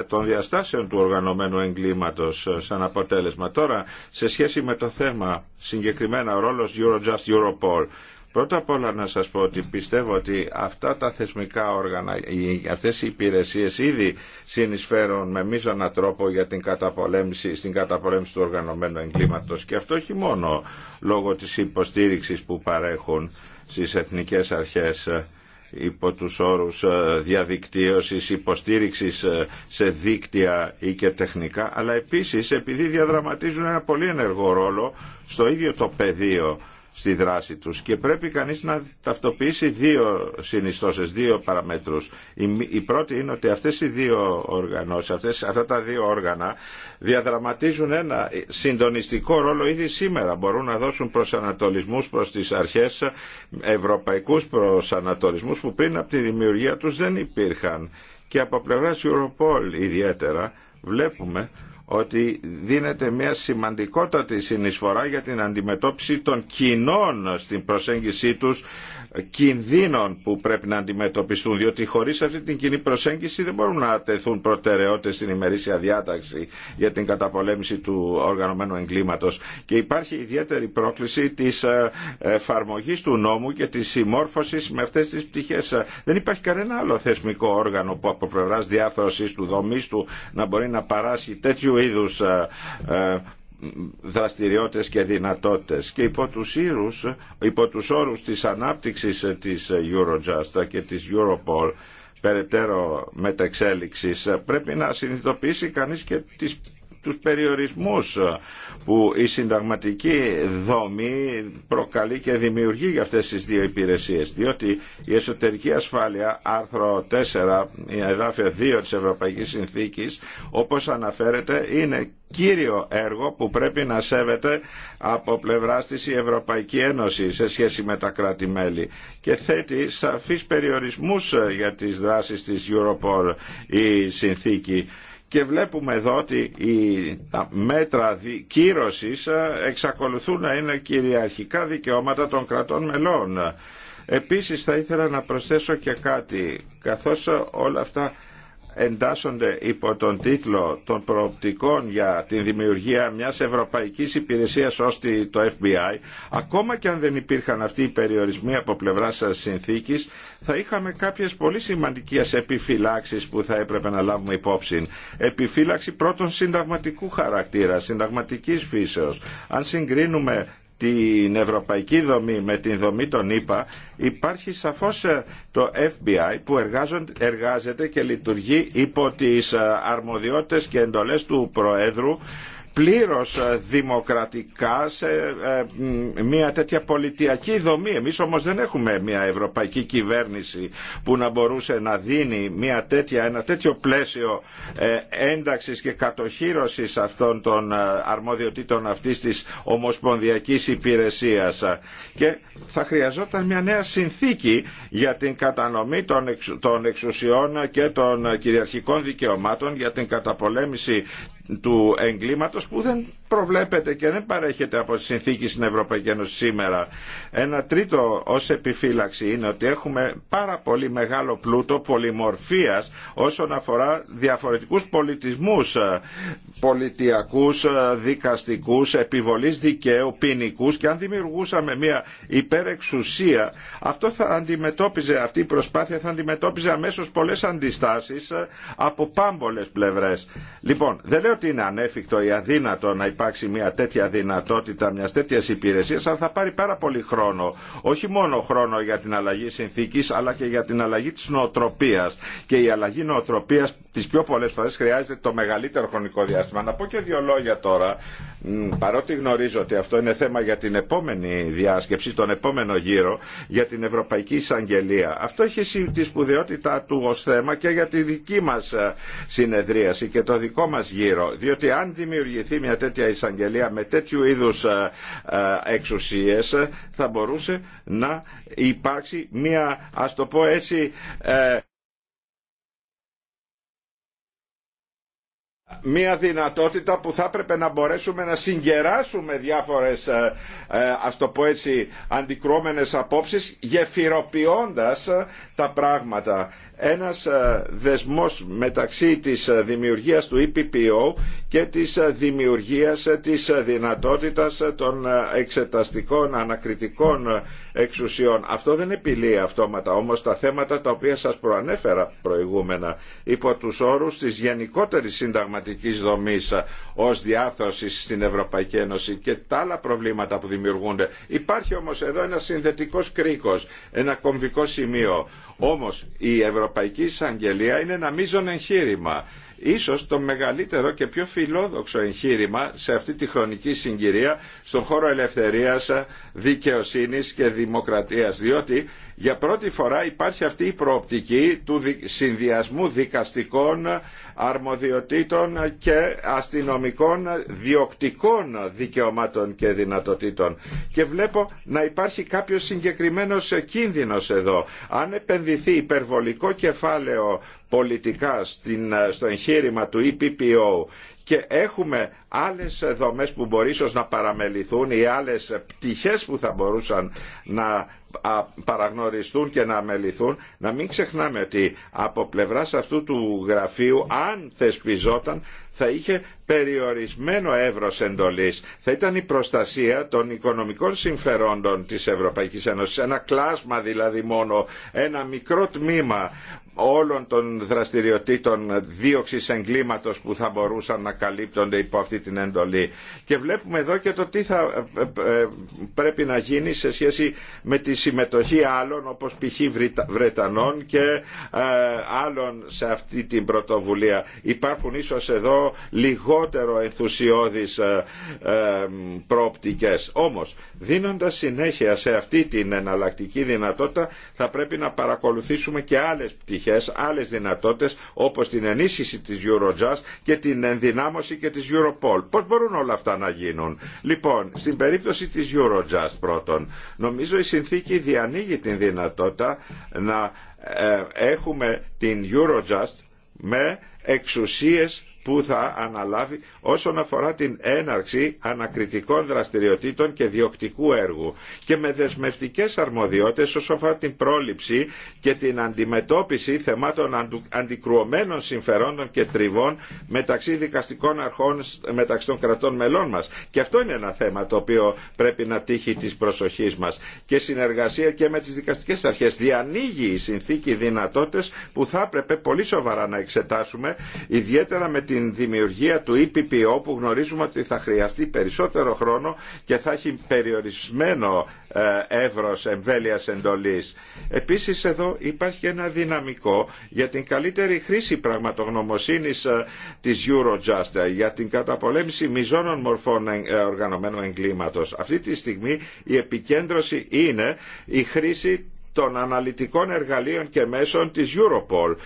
των διαστάσεων του οργανωμένου εγκλήματος ε, σαν αποτέλεσμα. Τώρα, σε σχέση με το θέμα, συγκεκριμένα ο ρόλος Eurojust Europol, Πρώτα απ' όλα να σας πω ότι πιστεύω ότι αυτά τα θεσμικά όργανα, αυτές οι υπηρεσίες ήδη συνεισφέρουν με μείζωνα τρόπο για την καταπολέμηση, στην καταπολέμηση του οργανωμένου εγκλήματος και αυτό όχι μόνο λόγω της υποστήριξης που παρέχουν στις εθνικές αρχές ε, υπό τους όρους ε, διαδικτύωσης, υποστήριξης ε, σε δίκτυα ή και τεχνικά, αλλά επίσης επειδή διαδραματίζουν ένα πολύ ενεργό ρόλο στο ίδιο το πεδίο στη δράση τους και πρέπει κανείς να ταυτοποιήσει δύο συνιστώσεις, δύο παραμέτρους. Η, πρώτη είναι ότι αυτές οι δύο οργανώσεις, αυτές, αυτά τα δύο όργανα διαδραματίζουν ένα συντονιστικό ρόλο ήδη σήμερα. Μπορούν να δώσουν προσανατολισμούς προς τις αρχές, ευρωπαϊκούς προσανατολισμούς που πριν από τη δημιουργία τους δεν υπήρχαν. Και από πλευράς Europol ιδιαίτερα βλέπουμε ότι δίνεται μια σημαντικότατη συνεισφορά για την αντιμετώπιση των κοινών στην προσέγγιση τους κινδύνων που πρέπει να αντιμετωπιστούν διότι χωρίς αυτή την κοινή προσέγγιση δεν μπορούν να τεθούν προτεραιότητες στην ημερήσια διάταξη για την καταπολέμηση του οργανωμένου εγκλήματος και υπάρχει ιδιαίτερη πρόκληση της ε, εφαρμογή του νόμου και τη συμμόρφωσης με αυτές τις πτυχές. Δεν υπάρχει κανένα άλλο θεσμικό όργανο που από πλευρά του δομής του να μπορεί να παράσει τέτοιου είδους ε, ε, δραστηριότητες και δυνατότητες και υπό τους, ήρους, υπό τους όρους της ανάπτυξης της Eurojust και της Europol περαιτέρω μεταξέλιξης πρέπει να συνειδητοποιήσει κανείς και τις τους περιορισμούς που η συνταγματική δομή προκαλεί και δημιουργεί για αυτές τις δύο υπηρεσίες διότι η εσωτερική ασφάλεια άρθρο 4 η εδάφια 2 της Ευρωπαϊκής Συνθήκης όπως αναφέρεται είναι κύριο έργο που πρέπει να σέβεται από πλευρά της η Ευρωπαϊκή Ένωση σε σχέση με τα κράτη-μέλη και θέτει σαφείς περιορισμούς για τις δράσεις της Europol η συνθήκη και βλέπουμε εδώ ότι τα μέτρα κύρωσης ε, εξακολουθούν να είναι κυριαρχικά δικαιώματα των κρατών μελών. Επίσης θα ήθελα να προσθέσω και κάτι, καθώς όλα αυτά εντάσσονται υπό τον τίτλο των προοπτικών για την δημιουργία μιας ευρωπαϊκής υπηρεσίας ως το FBI, ακόμα και αν δεν υπήρχαν αυτοί οι περιορισμοί από πλευρά σας συνθήκης, θα είχαμε κάποιες πολύ σημαντικές επιφυλάξεις που θα έπρεπε να λάβουμε υπόψη. Επιφύλαξη πρώτον συνταγματικού χαρακτήρα, συνταγματικής φύσεως. Αν συγκρίνουμε την ευρωπαϊκή δομή με την δομή των ΗΠΑ υπάρχει σαφώς ε, το FBI που εργάζεται και λειτουργεί υπό τις ε, αρμοδιότητες και εντολές του Προέδρου πλήρως ε, δημοκρατικά σε ε, μια τέτοια πολιτιακή δομή. Εμείς όμως δεν έχουμε μια ευρωπαϊκή κυβέρνηση που να μπορούσε να δίνει μια τέτοια, ένα τέτοιο πλαίσιο ε, ένταξης και κατοχήρωσης αυτών των αρμοδιοτήτων αυτής της ομοσπονδιακής υπηρεσίας. Και θα χρειαζόταν μια νέα συνθήκη για την κατανομή των εξουσιών και των κυριαρχικών δικαιωμάτων για την καταπολέμηση του εγκλήματος που δεν προβλέπεται και δεν παρέχεται από τη συνθήκη στην Ευρωπαϊκή Ένωση σήμερα. Ένα τρίτο ως επιφύλαξη είναι ότι έχουμε πάρα πολύ μεγάλο πλούτο πολυμορφίας όσον αφορά διαφορετικούς πολιτισμούς ε, πολιτιακούς, ε, δικαστικούς, επιβολής δικαίου, ποινικού και αν δημιουργούσαμε μια υπερεξουσία αυτό θα αντιμετώπιζε, αυτή η προσπάθεια θα αντιμετώπιζε αμέσως πολλές αντιστάσεις ε, από πάμπολες πλευρές. Λοιπόν, δεν λέω ότι είναι ανέφικτο ή αδύνατο να υπάρξει μια τέτοια δυνατότητα μια τέτοια υπηρεσία, αλλά θα πάρει πάρα πολύ χρόνο. Όχι μόνο χρόνο για την αλλαγή συνθήκη, αλλά και για την αλλαγή τη νοοτροπία. Και η αλλαγή νοοτροπία τι πιο πολλέ φορέ χρειάζεται το μεγαλύτερο χρονικό διάστημα. Να πω και δύο λόγια τώρα, παρότι γνωρίζω ότι αυτό είναι θέμα για την επόμενη διάσκεψη, τον επόμενο γύρο, για την Ευρωπαϊκή Εισαγγελία. Αυτό έχει τη σπουδαιότητά του ω θέμα και για τη δική μα ε, συνεδρίαση και το δικό μα γύρο. Διότι αν δημιουργηθεί μια τέτοια εισαγγελία με τέτοιου είδους ε, ε, εξουσίες ε, θα μπορούσε να υπάρξει μια ας το πω έτσι μια δυνατότητα που θα έπρεπε να μπορέσουμε να συγκεράσουμε διάφορες ας το πω έτσι αντικρώμενες απόψεις γεφυροποιώντας τα πράγματα ένας ε, δεσμός μεταξύ της ε, δημιουργίας του EPPO και της ε, δημιουργίας της δυνατότητας των εξεταστικών ανακριτικών εξουσιών. Αυτό δεν επιλύει αυτόματα όμως τα θέματα τα οποία σας προανέφερα προηγούμενα υπό τους όρους της γενικότερης συνταγματικής δομής ως διάρθρωση στην Ευρωπαϊκή Ένωση και τα άλλα προβλήματα που δημιουργούνται. Υπάρχει όμως εδώ ένα συνδετικός κρίκος, ένα κομβικό σημείο. Όμως η Ευρωπαϊκή Εισαγγελία είναι ένα μείζον εγχείρημα ίσως το μεγαλύτερο και πιο φιλόδοξο εγχείρημα σε αυτή τη χρονική συγκυρία στον χώρο ελευθερίας, δικαιοσύνης και δημοκρατίας, διότι για πρώτη φορά υπάρχει αυτή η προοπτική του συνδυασμού δικαστικών αρμοδιοτήτων και αστυνομικών διοκτικών δικαιωμάτων και δυνατοτήτων. Και βλέπω να υπάρχει κάποιος συγκεκριμένος κίνδυνος εδώ. Αν επενδυθεί υπερβολικό κεφάλαιο πολιτικά ε, στο εγχείρημα του EPPO και έχουμε άλλες δομές που μπορεί ίσως να παραμεληθούν ή άλλες πτυχές που θα μπορούσαν να παραγνωριστούν και να αμεληθούν, να μην ξεχνάμε ότι από πλευράς αυτού του γραφείου, αν θεσπιζόταν, θα είχε περιορισμένο εύρος εντολής. Θα ήταν η προστασία των οικονομικών συμφερόντων της Ευρωπαϊκής Ένωσης. Ένα κλάσμα δηλαδή μόνο, ένα μικρό τμήμα όλων των δραστηριοτήτων δίωξη εγκλήματο που θα μπορούσαν να καλύπτονται υπό αυτή την εντολή. Και βλέπουμε εδώ και το τι θα ε, ε, πρέπει να γίνει σε σχέση με τη συμμετοχή άλλων όπως π.χ. Βρετανών και ε, άλλων σε αυτή την πρωτοβουλία. Υπάρχουν ίσω εδώ λιγότερο ενθουσιώδεις πρόπτικες. Όμως, δίνοντα συνέχεια σε αυτή την εναλλακτική δυνατότητα θα πρέπει να παρακολουθήσουμε και άλλε πτυχέ πτυχές, άλλες δυνατότητες όπως την ενίσχυση της Eurojust και την ενδυνάμωση και της Europol. Πώς μπορούν όλα αυτά να γίνουν. Λοιπόν, στην περίπτωση της Eurojust πρώτον, νομίζω η συνθήκη διανοίγει την δυνατότητα να ε, έχουμε την Eurojust με εξουσίες που θα αναλάβει όσον αφορά την έναρξη ανακριτικών δραστηριοτήτων και διοκτικού έργου και με δεσμευτικές αρμοδιότητες όσον αφορά την πρόληψη και την αντιμετώπιση θεμάτων αντικρουωμένων συμφερόντων και τριβών μεταξύ δικαστικών αρχών μεταξύ των κρατών μελών μας. Και αυτό είναι ένα θέμα το οποίο πρέπει να τύχει της προσοχής μας και συνεργασία και με τις δικαστικές αρχές. Διανοίγει η συνθήκη δυνατότητες που θα έπρεπε πολύ σοβαρά να εξετάσουμε ιδιαίτερα με τη στην δημιουργία του ΕΠΠΟ που γνωρίζουμε ότι θα χρειαστεί περισσότερο χρόνο και θα έχει περιορισμένο ε, εύρος εμβέλειας εντολής. Επίσης εδώ υπάρχει ένα δυναμικό για την καλύτερη χρήση πραγματογνωμοσύνης ε, της Eurojust ε, για την καταπολέμηση μιζώνων μορφών οργανωμένου εγκλήματος. Αυτή τη στιγμή η επικέντρωση είναι η χρήση των αναλυτικών εργαλείων και μέσων της Europol.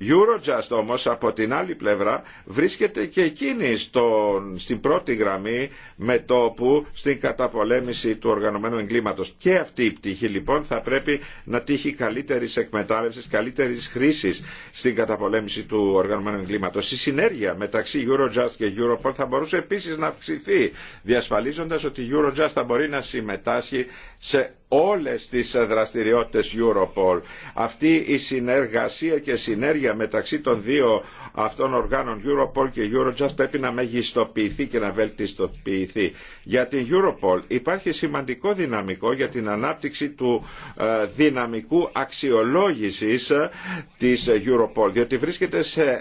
Eurojust όμως από την άλλη πλευρά βρίσκεται και εκείνη στον, στην πρώτη γραμμή με τόπου στην καταπολέμηση του οργανωμένου εγκλήματος. Και αυτή η πτυχή λοιπόν θα πρέπει να τύχει καλύτερη εκμετάλλευση, καλύτερη χρήση στην καταπολέμηση του οργανωμένου εγκλήματος. Η συνέργεια μεταξύ Eurojust και Europol θα μπορούσε επίσης να αυξηθεί διασφαλίζοντας ότι Eurojust θα μπορεί να συμμετάσχει σε όλες τις ε, δραστηριότητες Europol. Αυτή η συνεργασία και συνέργεια μεταξύ των δύο αυτών οργάνων Europol και Eurojust πρέπει να μεγιστοποιηθεί και να βελτιστοποιηθεί. Για την Europol υπάρχει σημαντικό δυναμικό για την ανάπτυξη του ε, δυναμικού αξιολόγησης ε, της Europol, διότι βρίσκεται σε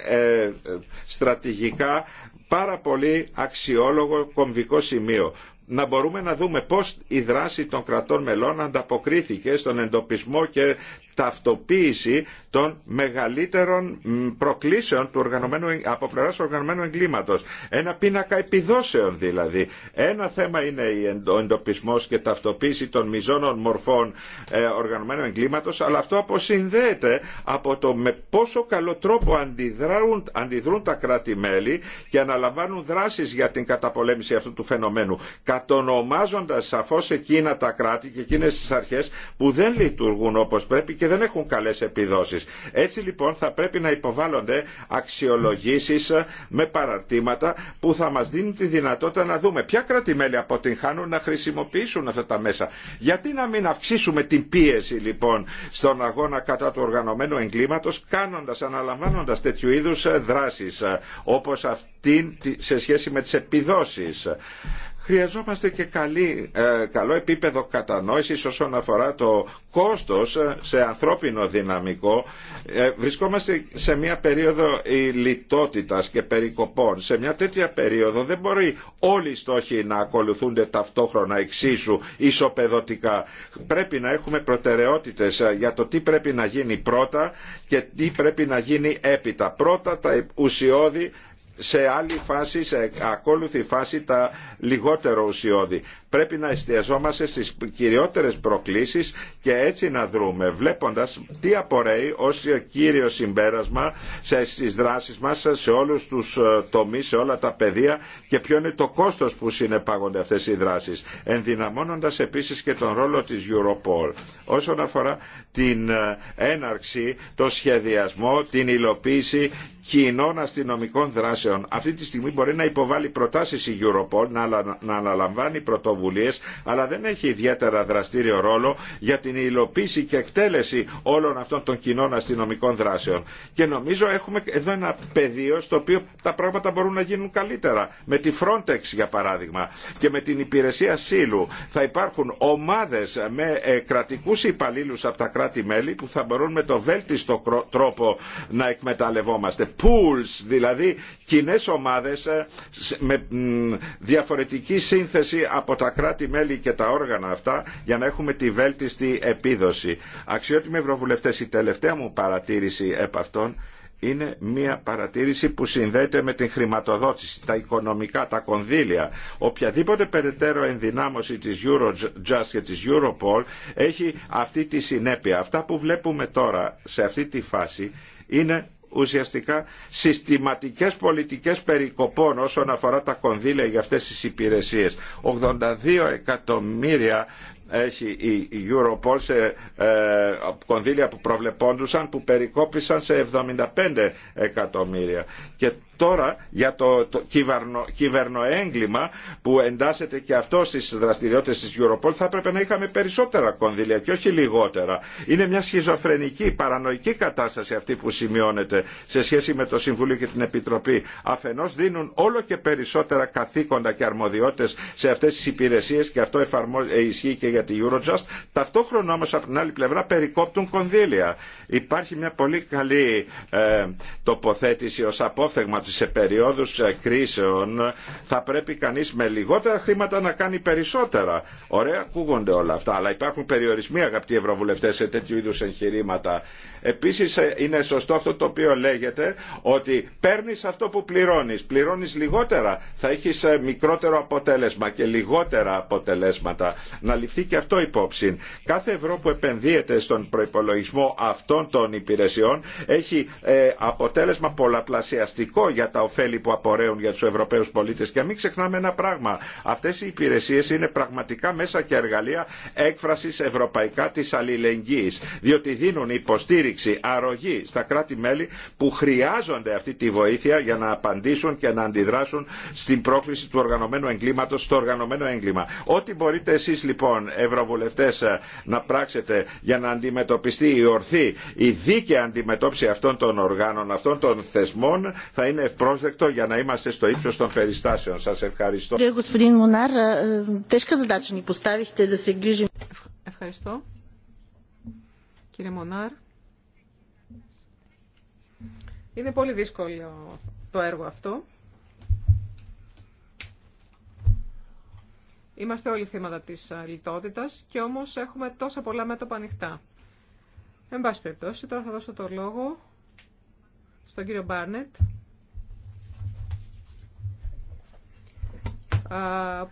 στρατηγικά πάρα πολύ αξιόλογο κομβικό σημείο να μπορούμε να δούμε πώς η δράση των κρατών μελών ανταποκρίθηκε στον εντοπισμό και ταυτοποίηση των μεγαλύτερων προκλήσεων του οργανωμένου, από πλευρά οργανωμένου εγκλήματος. Ένα πίνακα επιδόσεων δηλαδή. Ένα θέμα είναι ο εντοπισμό και ταυτοποίηση των μιζώνων μορφών ε, οργανωμένου εγκλήματος, αλλά αυτό αποσυνδέεται από το με πόσο καλό τρόπο αντιδρούν, αντιδρούν τα κράτη-μέλη και αναλαμβάνουν δράσεις για την καταπολέμηση αυτού του φαινομένου, κατονομάζοντας σαφώς εκείνα τα κράτη και εκείνες τις αρχές που δεν λειτουργούν όπως πρέπει και δεν έχουν καλές επιδόσεις. Έτσι λοιπόν θα πρέπει να υποβάλλονται αξιολογήσεις με παραρτήματα που θα μας δίνουν τη δυνατότητα να δούμε ποια κρατημέλη αποτυγχάνουν να χρησιμοποιήσουν αυτά τα μέσα. Γιατί να μην αυξήσουμε την πίεση λοιπόν στον αγώνα κατά του οργανωμένου εγκλήματος κάνοντας, αναλαμβάνοντας τέτοιου είδους δράσεις όπως αυτή σε σχέση με τις επιδόσεις χρειαζόμαστε και καλή, ε, καλό επίπεδο κατανόησης όσον αφορά το κόστος ε, σε ανθρώπινο δυναμικό. Ε, βρισκόμαστε σε μια περίοδο λιτότητας και περικοπών. Σε μια τέτοια περίοδο δεν μπορεί όλοι οι στόχοι να ακολουθούνται ταυτόχρονα εξίσου ισοπεδωτικά. Πρέπει να έχουμε προτεραιότητες για το τι πρέπει να γίνει πρώτα και τι πρέπει να γίνει έπειτα. Πρώτα τα ουσιώδη σε άλλη φάση, σε ακόλουθη φάση τα λιγότερο ουσιώδη. Πρέπει να εστιαζόμαστε στις κυριότερες προκλήσεις και έτσι να δρούμε, βλέποντας τι απορρέει ως κύριο συμπέρασμα στις δράσεις μας σε όλους τους ε, τομείς, σε όλα τα πεδία και ποιο είναι το κόστος που συνεπάγονται αυτές οι δράσεις, ενδυναμώνοντας επίσης και τον ρόλο της Europol. Όσον αφορά την ε, έναρξη, το σχεδιασμό, την υλοποίηση κοινών αστυνομικών δράσεων. Αυτή τη στιγμή μπορεί να υποβάλει προτάσεις η Europol, να αναλαμβάνει πρωτοβουλία αλλά δεν έχει ιδιαίτερα δραστήριο ρόλο για την υλοποίηση και εκτέλεση όλων αυτών των κοινών αστυνομικών δράσεων. Και νομίζω έχουμε εδώ ένα πεδίο στο οποίο τα πράγματα μπορούν να γίνουν καλύτερα. Με τη Frontex για παράδειγμα και με την υπηρεσία ΣΥΛΟΥ, θα υπάρχουν ομάδε με ε, κρατικού υπαλλήλου από τα κράτη-μέλη που θα μπορούν με το βέλτιστο τρόπο να εκμεταλλευόμαστε. Pools δηλαδή κοινέ ομάδες ε, με διαφορετική σύνθεση από τα κράτη-μέλη και τα όργανα αυτά για να έχουμε τη βέλτιστη επίδοση. Αξιότιμοι Ευρωβουλευτέ, η τελευταία μου παρατήρηση επ' αυτών είναι μια παρατήρηση που συνδέεται με την χρηματοδότηση, τα οικονομικά, τα κονδύλια. Οποιαδήποτε περαιτέρω ενδυνάμωση της Eurojust και της Europol έχει αυτή τη συνέπεια. Αυτά που βλέπουμε τώρα σε αυτή τη φάση είναι ουσιαστικά συστηματικές πολιτικές περικοπών όσον αφορά τα κονδύλια για αυτές τις υπηρεσίες. 82 εκατομμύρια έχει η Europol σε ε, κονδύλια που προβλεπόντουσαν που περικόπησαν σε 75 εκατομμύρια τώρα για το, το κυβερνο, κυβερνοέγκλημα που εντάσσεται και αυτό στις δραστηριότητες της Europol θα έπρεπε να είχαμε περισσότερα κονδύλια και όχι λιγότερα. Είναι μια σχιζοφρενική, παρανοϊκή κατάσταση αυτή που σημειώνεται σε σχέση με το Συμβούλιο και την Επιτροπή. Αφενός δίνουν όλο και περισσότερα καθήκοντα και αρμοδιότητες σε αυτές τις υπηρεσίες και αυτό ε, ισχύει και για τη Eurojust. Ταυτόχρονα όμως από την άλλη πλευρά περικόπτουν κονδύλια. Υπάρχει μια πολύ καλή ε, τοποθέτηση ως απόφθεγμα σε περιόδους ε, κρίσεων θα πρέπει κανείς με λιγότερα χρήματα να κάνει περισσότερα. Ωραία ακούγονται όλα αυτά, αλλά υπάρχουν περιορισμοί αγαπητοί ευρωβουλευτές σε τέτοιου είδους εγχειρήματα. Επίσης ε, είναι σωστό αυτό το οποίο λέγεται ότι παίρνεις αυτό που πληρώνεις, πληρώνεις λιγότερα, θα έχεις ε, μικρότερο αποτέλεσμα και λιγότερα αποτελέσματα. Να ληφθεί και αυτό υπόψη. Κάθε ευρώ που επενδύεται στον προπολογισμό αυτών των υπηρεσιών έχει αποτέλεσμα πολλαπλασιαστικό για τα ωφέλη που απορρέουν για τους Ευρωπαίους πολίτες. Και μην ξεχνάμε ένα πράγμα. Αυτές οι υπηρεσίες είναι πραγματικά μέσα και εργαλεία έκφρασης ευρωπαϊκά της αλληλεγγύης. Διότι δίνουν υποστήριξη, αρρωγή στα κράτη-μέλη που χρειάζονται αυτή τη βοήθεια για να απαντήσουν και να αντιδράσουν στην πρόκληση του οργανωμένου εγκλήματος στο οργανωμένο έγκλημα. Ό,τι μπορείτε εσείς λοιπόν ευρωβουλευτές ε, να πράξετε για να αντιμετωπιστεί η ορθή, η δίκαια αντιμετώπιση αυτών των οργάνων, αυτών των θεσμών θα είναι ευπρόσδεκτο για να είμαστε στο ύψο των περιστάσεων. Σα ευχαριστώ. Ε, ευχαριστώ. Κύριε Μονάρ, είναι πολύ δύσκολο το έργο αυτό. Είμαστε όλοι θύματα τη ε, λιτότητα και όμω έχουμε τόσα πολλά μέτωπα ανοιχτά. Εν πάση περιπτώσει, τώρα θα δώσω το λόγο στον κύριο Μπάρνετ.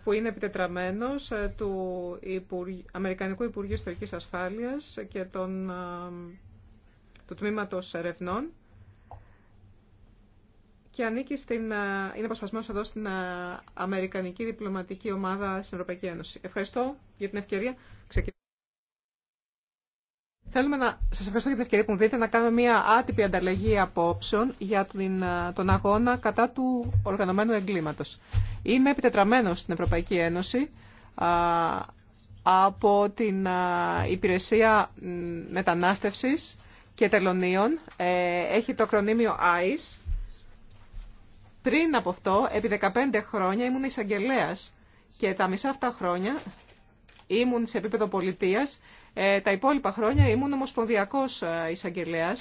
που είναι επιτετραμένος ε, του Αμερικανικού Υπουργείου Ιστορικής Ασφάλειας και των, του Τμήματος Ερευνών και ανήκει στην, είναι αποσπασμένος εδώ στην Αμερικανική Διπλωματική Ομάδα στην Ευρωπαϊκή Ένωση. Ευχαριστώ για την ευκαιρία. Θέλουμε να σας ευχαριστώ για την ευκαιρία που μου δείτε να κάνουμε μια άτυπη ανταλλαγή απόψεων για την, ε, τον αγώνα κατά του οργανωμένου εγκλήματος. Είμαι επιτετραμένος στην Ευρωπαϊκή Ένωση α, από την ε, Υπηρεσία Μετανάστευσης και Τελωνίων. Ε, έχει το ακρονίμιο ICE. Πριν από αυτό, επί 15 χρόνια ήμουν εισαγγελέα και τα μισά αυτά χρόνια ήμουν σε επίπεδο πολιτείας ε, τα υπόλοιπα χρόνια ήμουν ομοσπονδιακό ε, εισαγγελέα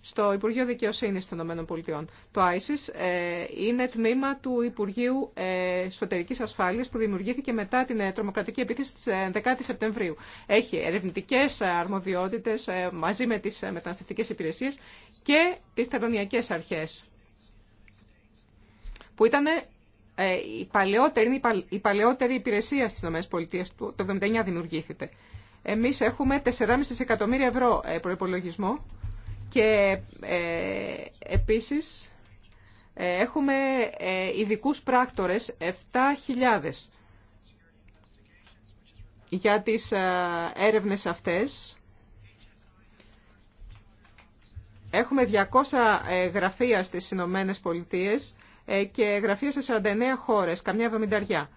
στο Υπουργείο Δικαιοσύνη των ΗΠΑ. Το ISIS ε, είναι τμήμα του Υπουργείου Εσωτερικής Ασφάλειας που δημιουργήθηκε μετά την τρομοκρατική επίθεση τη της 10 Σεπτεμβρίου. Έχει ερευνητικές αρμοδιότητες μαζί με τις μεταναστευτικέ υπηρεσίε και τι τελωνιακέ αρχέ. που ήταν η παλαιότερη, η παλαιότερη υπηρεσία στι ΗΠΑ, το 1979 δημιουργήθηκε. Εμείς έχουμε 4,5 εκατομμύρια ευρώ ε, προϋπολογισμό και ε, επίσης ε, έχουμε ειδικούς πράκτορες 7.000 για τις έρευνες αυτές. Έχουμε 200 γραφεία στις Ηνωμένε Πολιτείες και γραφεία σε 49 χώρες, καμιά εβδομηνταριά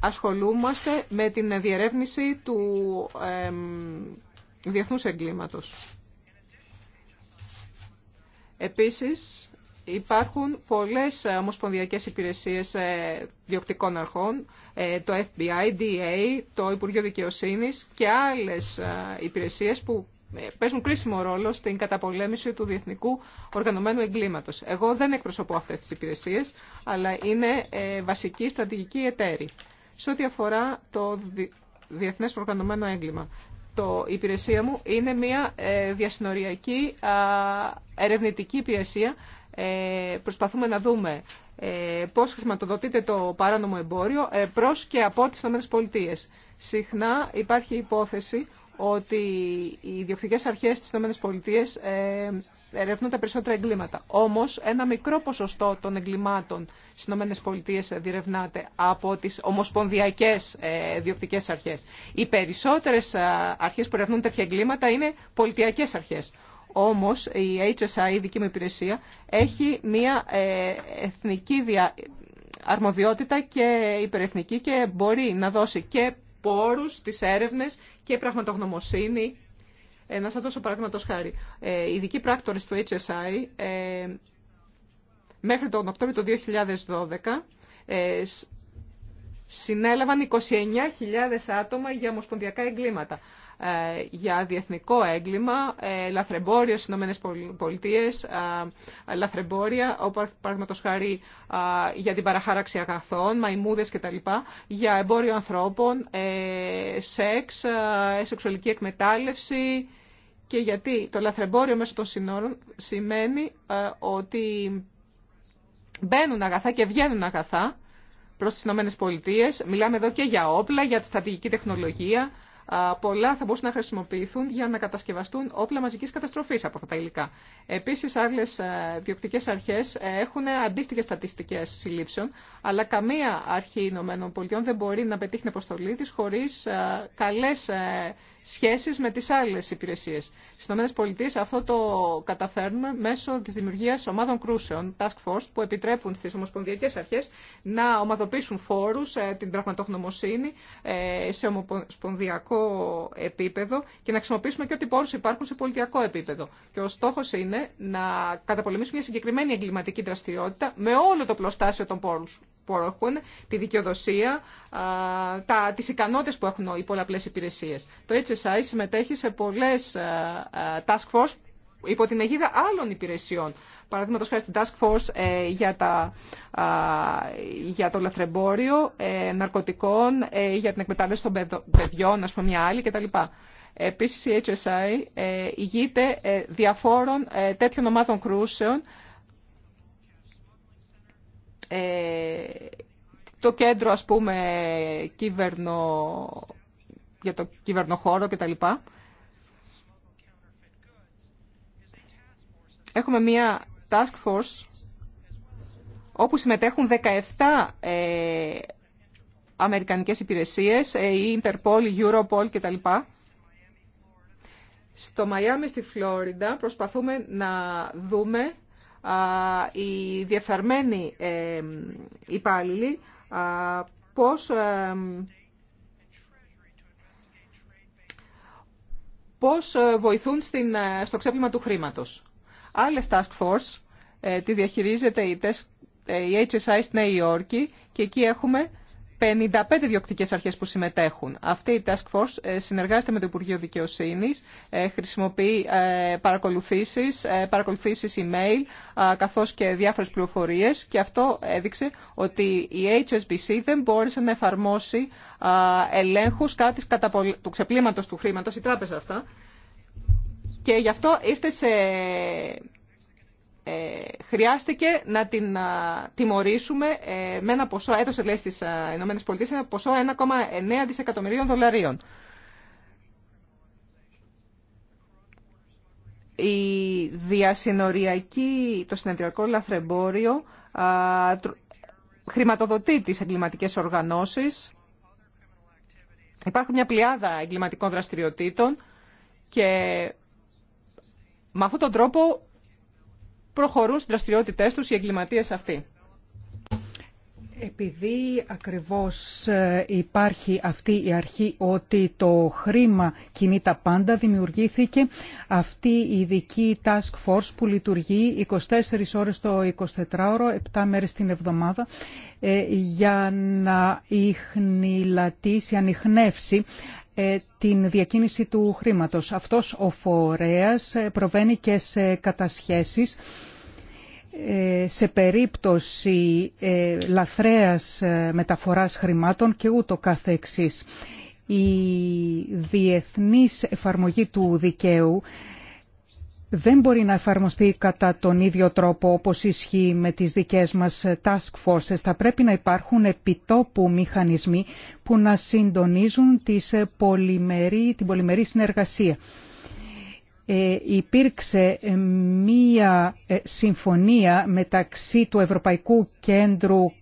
ασχολούμαστε με την διερεύνηση του ε, διεθνούς εγκλήματος. Επίσης, υπάρχουν πολλές ομοσπονδιακές υπηρεσίες ε, διοκτικών αρχών, ε, το FBI, DA, το Υπουργείο Δικαιοσύνης και άλλες ε, υπηρεσίες που παίζουν κρίσιμο ρόλο στην καταπολέμηση του διεθνικού οργανωμένου εγκλήματος. Εγώ δεν εκπροσωπώ αυτές τις υπηρεσίες, αλλά είναι βασική στρατηγική εταίρη. Σε ό,τι αφορά το διεθνές οργανωμένο έγκλημα, το, η υπηρεσία μου είναι μια ε, διασυνοριακή ερευνητική υπηρεσία. Ε, προσπαθούμε να δούμε ε, πώς χρηματοδοτείται το παράνομο εμπόριο ε, προς και από τις ΗΠΑ. Συχνά υπάρχει υπόθεση ότι οι διοκτικές αρχές της ΗΠΑ ε, ερευνούν τα περισσότερα εγκλήματα. Όμω, ένα μικρό ποσοστό των εγκλημάτων στι ΗΠΑ διερευνάται από τι ομοσπονδιακέ ε, διοκτικέ αρχέ. Οι περισσότερε ε, αρχέ που ερευνούν τέτοια εγκλήματα είναι πολιτιακέ αρχέ. Όμω, η HSI, η δική μου υπηρεσία, έχει μια ε, εθνική δια... αρμοδιότητα και υπερεθνική και μπορεί να δώσει και πόρους, τι έρευνες και πραγματογνωμοσύνη ε, να σας δώσω παραδείγματος χάρη. Ε, οι ειδικοί πράκτορες του HSI ε, μέχρι τον Οκτώβριο του 2012 ε, συνέλαβαν 29.000 άτομα για ομοσπονδιακά εγκλήματα. Ε, για διεθνικό έγκλημα, ε, λαθρεμπόριο στι ΗΠΑ, ε, λαθρεμπόρια, παραδείγματο χάρη για την παραχάραξη αγαθών, μαϊμούδε κτλ. Για εμπόριο ανθρώπων, ε, σεξ, ε, σεξουαλική εκμετάλλευση, και γιατί το λαθρεμπόριο μέσω των συνόρων σημαίνει ε, ότι μπαίνουν αγαθά και βγαίνουν αγαθά προς τις Ηνωμένες Πολιτείες. Μιλάμε εδώ και για όπλα, για τη στρατηγική τεχνολογία. Ε, πολλά θα μπορούσαν να χρησιμοποιηθούν για να κατασκευαστούν όπλα μαζικής καταστροφής από αυτά τα υλικά. Επίσης, άλλες ε, διοκτικές αρχές έχουν αντίστοιχες στατιστικές συλλήψεων, αλλά καμία αρχή Ηνωμένων Πολιτειών δεν μπορεί να πετύχει την αποστολή της χωρίς καλές Σχέσει με τις άλλες υπηρεσίες. Στι ΗΠΑ αυτό το καταφέρνουμε μέσω τη δημιουργία ομάδων κρούσεων, task force, που επιτρέπουν στι ομοσπονδιακέ αρχέ να ομαδοποιήσουν φόρου ε, την πραγματογνωμοσύνη ε, σε ομοσπονδιακό επίπεδο και να χρησιμοποιήσουμε και ό,τι πόρου υπάρχουν σε πολιτιακό επίπεδο. Και ο στόχο είναι να καταπολεμήσουμε μια συγκεκριμένη εγκληματική δραστηριότητα με όλο το πλωστάσιο των πόρου έχουν τη δικαιοδοσία, τα, τις ικανότητες που έχουν οι πολλαπλές υπηρεσίες. Το HSI συμμετέχει σε πολλές task force υπό την αιγίδα άλλων υπηρεσιών. Παραδείγματο χάρη στην Task Force ε, για, τα, για το λαθρεμπόριο ε, ναρκωτικών, ε, για την εκμετάλλευση των παιδιών, α πούμε, μια άλλη κτλ. Επίσης η HSI ηγείται διαφόρων τέτοιων ομάδων κρούσεων ε, το κέντρο, ας πούμε, κυβερνο, για το κυβερνοχώρο λοιπά. Έχουμε μία task force όπου συμμετέχουν 17 ε, αμερικανικές υπηρεσίες, ε, η Interpol, η Europol λοιπά. Στο Μαϊάμι, στη Φλόριντα, προσπαθούμε να δούμε οι διεφθαρμένοι ε, υπάλληλοι πώς ε, πώς ε, βοηθούν στην, στο ξέπλυμα του χρήματος. Άλλες task force ε, τις διαχειρίζεται η, η HSI στη Νέα Υόρκη και εκεί έχουμε 55 διοκτικέ αρχές που συμμετέχουν. Αυτή η Task Force ε, συνεργάζεται με το Υπουργείο Δικαιοσύνης, ε, χρησιμοποιεί ε, παρακολουθήσεις, παρακολουθήσει, email, καθώς και διάφορες πληροφορίε. και αυτό έδειξε ότι η HSBC δεν μπόρεσε να εφαρμόσει ελέγχους κάτι του ξεπλήματο του χρήματο, η τράπεζα αυτά, και γι' αυτό ήρθε σε ε, χρειάστηκε να την τιμωρήσουμε ε, με ένα ποσό, έδωσε λέει στις ένα ποσό 1,9 δισεκατομμυρίων δολαρίων. η διασυνοριακή, το συνεδριακό λαθρεμπόριο χρηματοδοτεί τις εγκληματικές οργανώσεις. Υπάρχουν μια πλειάδα εγκληματικών δραστηριοτήτων και με αυτόν τον τρόπο προχωρούν στις δραστηριότητές τους οι εγκληματίες αυτοί. Επειδή ακριβώς ε, υπάρχει αυτή η αρχή ότι το χρήμα κινεί τα πάντα, δημιουργήθηκε αυτή η ειδική task force που λειτουργεί 24 ώρες το 24ωρο, 7 μέρες την εβδομάδα, ε, για να ηχνηλατήσει, ανιχνεύσει ε, την διακίνηση του χρήματος. Αυτός ο φορέας προβαίνει και σε κατασχέσεις ε, σε περίπτωση ε, λαθρέας ε, μεταφοράς χρημάτων και ούτω καθεξής. Η διεθνής εφαρμογή του δικαίου δεν μπορεί να εφαρμοστεί κατά τον ίδιο τρόπο όπως ισχύει με τις δικές μας task forces. Θα πρέπει να υπάρχουν επιτόπου μηχανισμοί που να συντονίζουν την πολυμερή συνεργασία ε, υπήρξε ε, μία ε, συμφωνία μεταξύ του Ευρωπαϊκού Κέντρου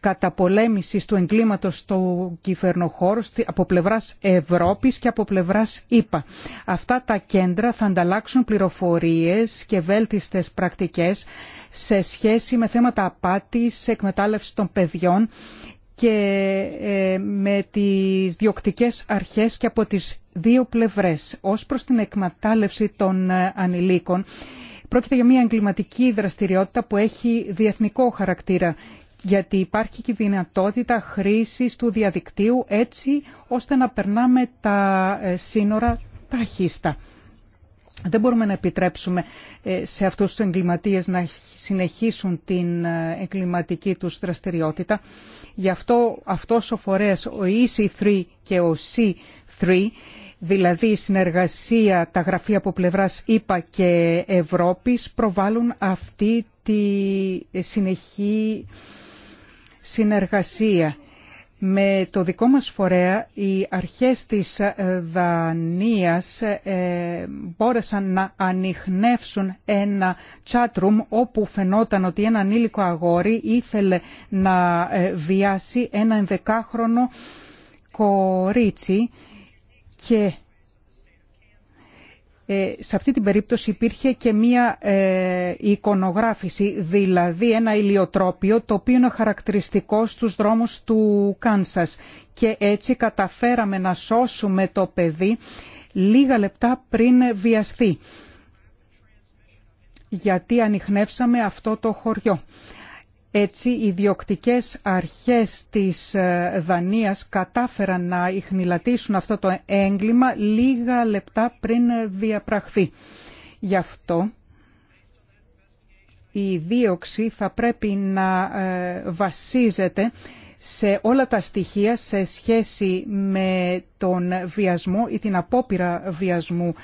καταπολέμησης του εγκλήματος στο κυβερνοχώρο από πλευράς Ευρώπης και από πλευράς ΗΠΑ. Αυτά τα κέντρα θα ανταλλάξουν πληροφορίες και βέλτιστες πρακτικές σε σχέση με θέματα απάτης, εκμετάλλευση των παιδιών και ε, με τις διοκτικές αρχές και από τις δύο πλευρές ως προς την εκμετάλλευση των ε, ανηλίκων. Πρόκειται για μια εγκληματική δραστηριότητα που έχει διεθνικό χαρακτήρα γιατί υπάρχει και δυνατότητα χρήσης του διαδικτύου έτσι ώστε να περνάμε τα ε, σύνορα ταχύστα. Δεν μπορούμε να επιτρέψουμε ε, σε αυτούς τους εγκληματίες να συνεχίσουν την ε, εγκληματική τους δραστηριότητα. Γι' αυτό αυτός ο φορέας, ο EC3 και ο C3, δηλαδή η συνεργασία τα γραφεία από πλευράς ΙΠΑ και Ευρώπης, προβάλλουν αυτή τη συνεχή συνεργασία με το δικό μας φορέα οι αρχές της ε, Δανίας ε, μπόρεσαν να ανοιχνεύσουν ένα room όπου φαινόταν ότι ένα ανήλικο αγόρι ήθελε να ε, βιάσει ένα ενδεκάχρονο κορίτσι και ε, σε αυτή την περίπτωση υπήρχε και μία ε, εικονογράφηση, δηλαδή ένα ηλιοτρόπιο το οποίο είναι χαρακτηριστικό στους δρόμους του Κάνσας. Και έτσι καταφέραμε να σώσουμε το παιδί λίγα λεπτά πριν βιαστεί, γιατί ανοιχνεύσαμε αυτό το χωριό. Έτσι οι διοκτικές αρχές της ε, Δανίας κατάφεραν να ιχνηλατήσουν αυτό το έγκλημα λίγα λεπτά πριν ε, διαπραχθεί. Γι' αυτό η δίωξη θα πρέπει να ε, βασίζεται σε όλα τα στοιχεία σε σχέση με τον βιασμό ή την απόπειρα βιασμού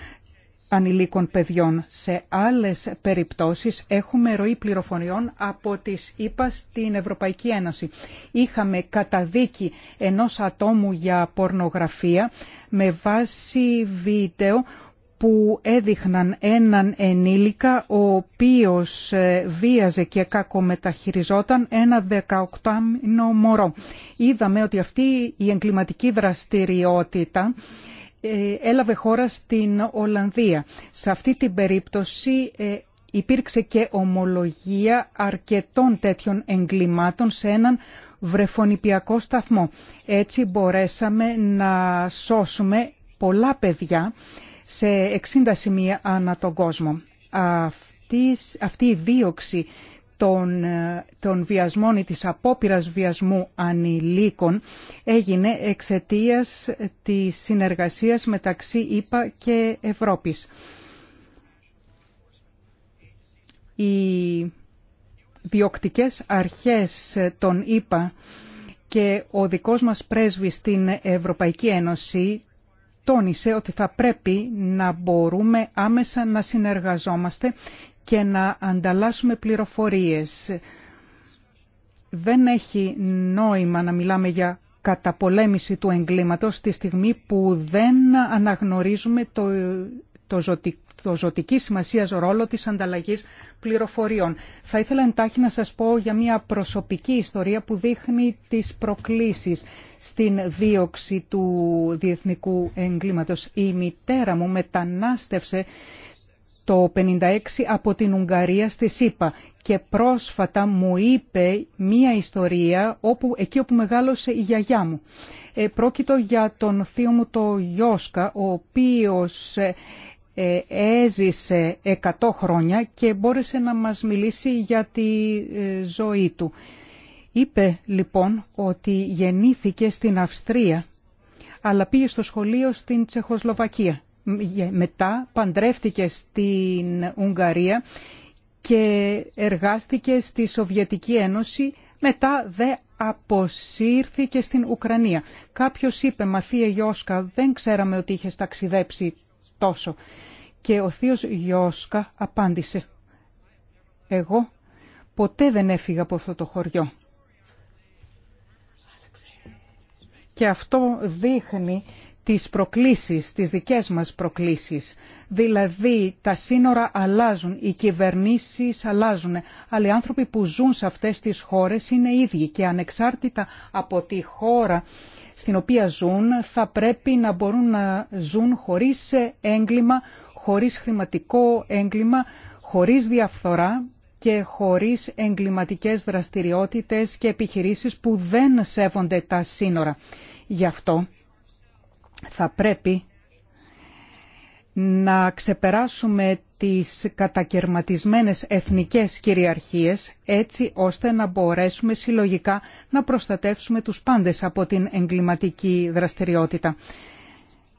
ανηλίκων παιδιών. Σε άλλες περιπτώσεις έχουμε ροή πληροφοριών από τις ΗΠΑ στην Ευρωπαϊκή Ένωση. Είχαμε καταδίκη ενός ατόμου για πορνογραφία με βάση βίντεο που έδειχναν έναν ενήλικα ο οποίος ε, βίαζε και κακομεταχειριζόταν ένα 18 μωρό. Είδαμε ότι αυτή η εγκληματική δραστηριότητα ε, έλαβε χώρα στην Ολλανδία. Σε αυτή την περίπτωση ε, υπήρξε και ομολογία αρκετών τέτοιων εγκλημάτων σε έναν βρεφονιπιακό σταθμό. Έτσι μπορέσαμε να σώσουμε πολλά παιδιά σε 60 σημεία ανά τον κόσμο. Αυτή, αυτή η δίωξη των, ε, των βιασμών ή της απόπειρας βιασμού ανηλίκων έγινε εξαιτίας της συνεργασίας μεταξύ ΙΠΑ και Ευρώπης. Οι διοκτικές αρχές των ΙΠΑ και ο δικός μας πρέσβης στην Ευρωπαϊκή Ένωση τόνισε ότι θα πρέπει να μπορούμε άμεσα να συνεργαζόμαστε και να ανταλλάσσουμε πληροφορίες. Δεν έχει νόημα να μιλάμε για καταπολέμηση του εγκλήματος τη στιγμή που δεν αναγνωρίζουμε το, το, το ζωτική σημασία ρόλο της ανταλλαγής πληροφοριών. Θα ήθελα εντάχει να σας πω για μια προσωπική ιστορία που δείχνει τις προκλήσεις στην δίωξη του διεθνικού εγκλήματος. Η μητέρα μου μετανάστευσε το 1956 από την Ουγγαρία στη ΣΥΠΑ και πρόσφατα μου είπε μία ιστορία όπου, εκεί όπου μεγάλωσε η γιαγιά μου. Ε, πρόκειτο για τον θείο μου το Γιώσκα, ο οποίος ε, ε, έζησε 100 χρόνια και μπόρεσε να μας μιλήσει για τη ε, ζωή του. Είπε λοιπόν ότι γεννήθηκε στην Αυστρία αλλά πήγε στο σχολείο στην Τσεχοσλοβακία ε, μετά παντρεύτηκε στην Ουγγαρία και εργάστηκε στη Σοβιετική Ένωση, μετά δε αποσύρθηκε στην Ουκρανία. Κάποιος είπε, μαθία Γιώσκα, δεν ξέραμε ότι είχες ταξιδέψει τόσο. Και ο θείος Γιώσκα απάντησε, εγώ ποτέ δεν έφυγα από αυτό το χωριό. Και αυτό δείχνει τις προκλήσεις, τις δικές μας προκλήσεις. Δηλαδή τα σύνορα αλλάζουν, οι κυβερνήσεις αλλάζουν, αλλά οι άνθρωποι που ζουν σε αυτές τις χώρες είναι ίδιοι και ανεξάρτητα από τη χώρα στην οποία ζουν θα πρέπει να μπορούν να ζουν χωρίς έγκλημα, χωρίς χρηματικό έγκλημα, χωρίς διαφθορά και χωρίς εγκληματικές δραστηριότητες και επιχειρήσεις που δεν σέβονται τα σύνορα. Γι' αυτό θα πρέπει να ξεπεράσουμε τις κατακερματισμένες εθνικές κυριαρχίες έτσι ώστε να μπορέσουμε συλλογικά να προστατεύσουμε τους πάντες από την εγκληματική δραστηριότητα.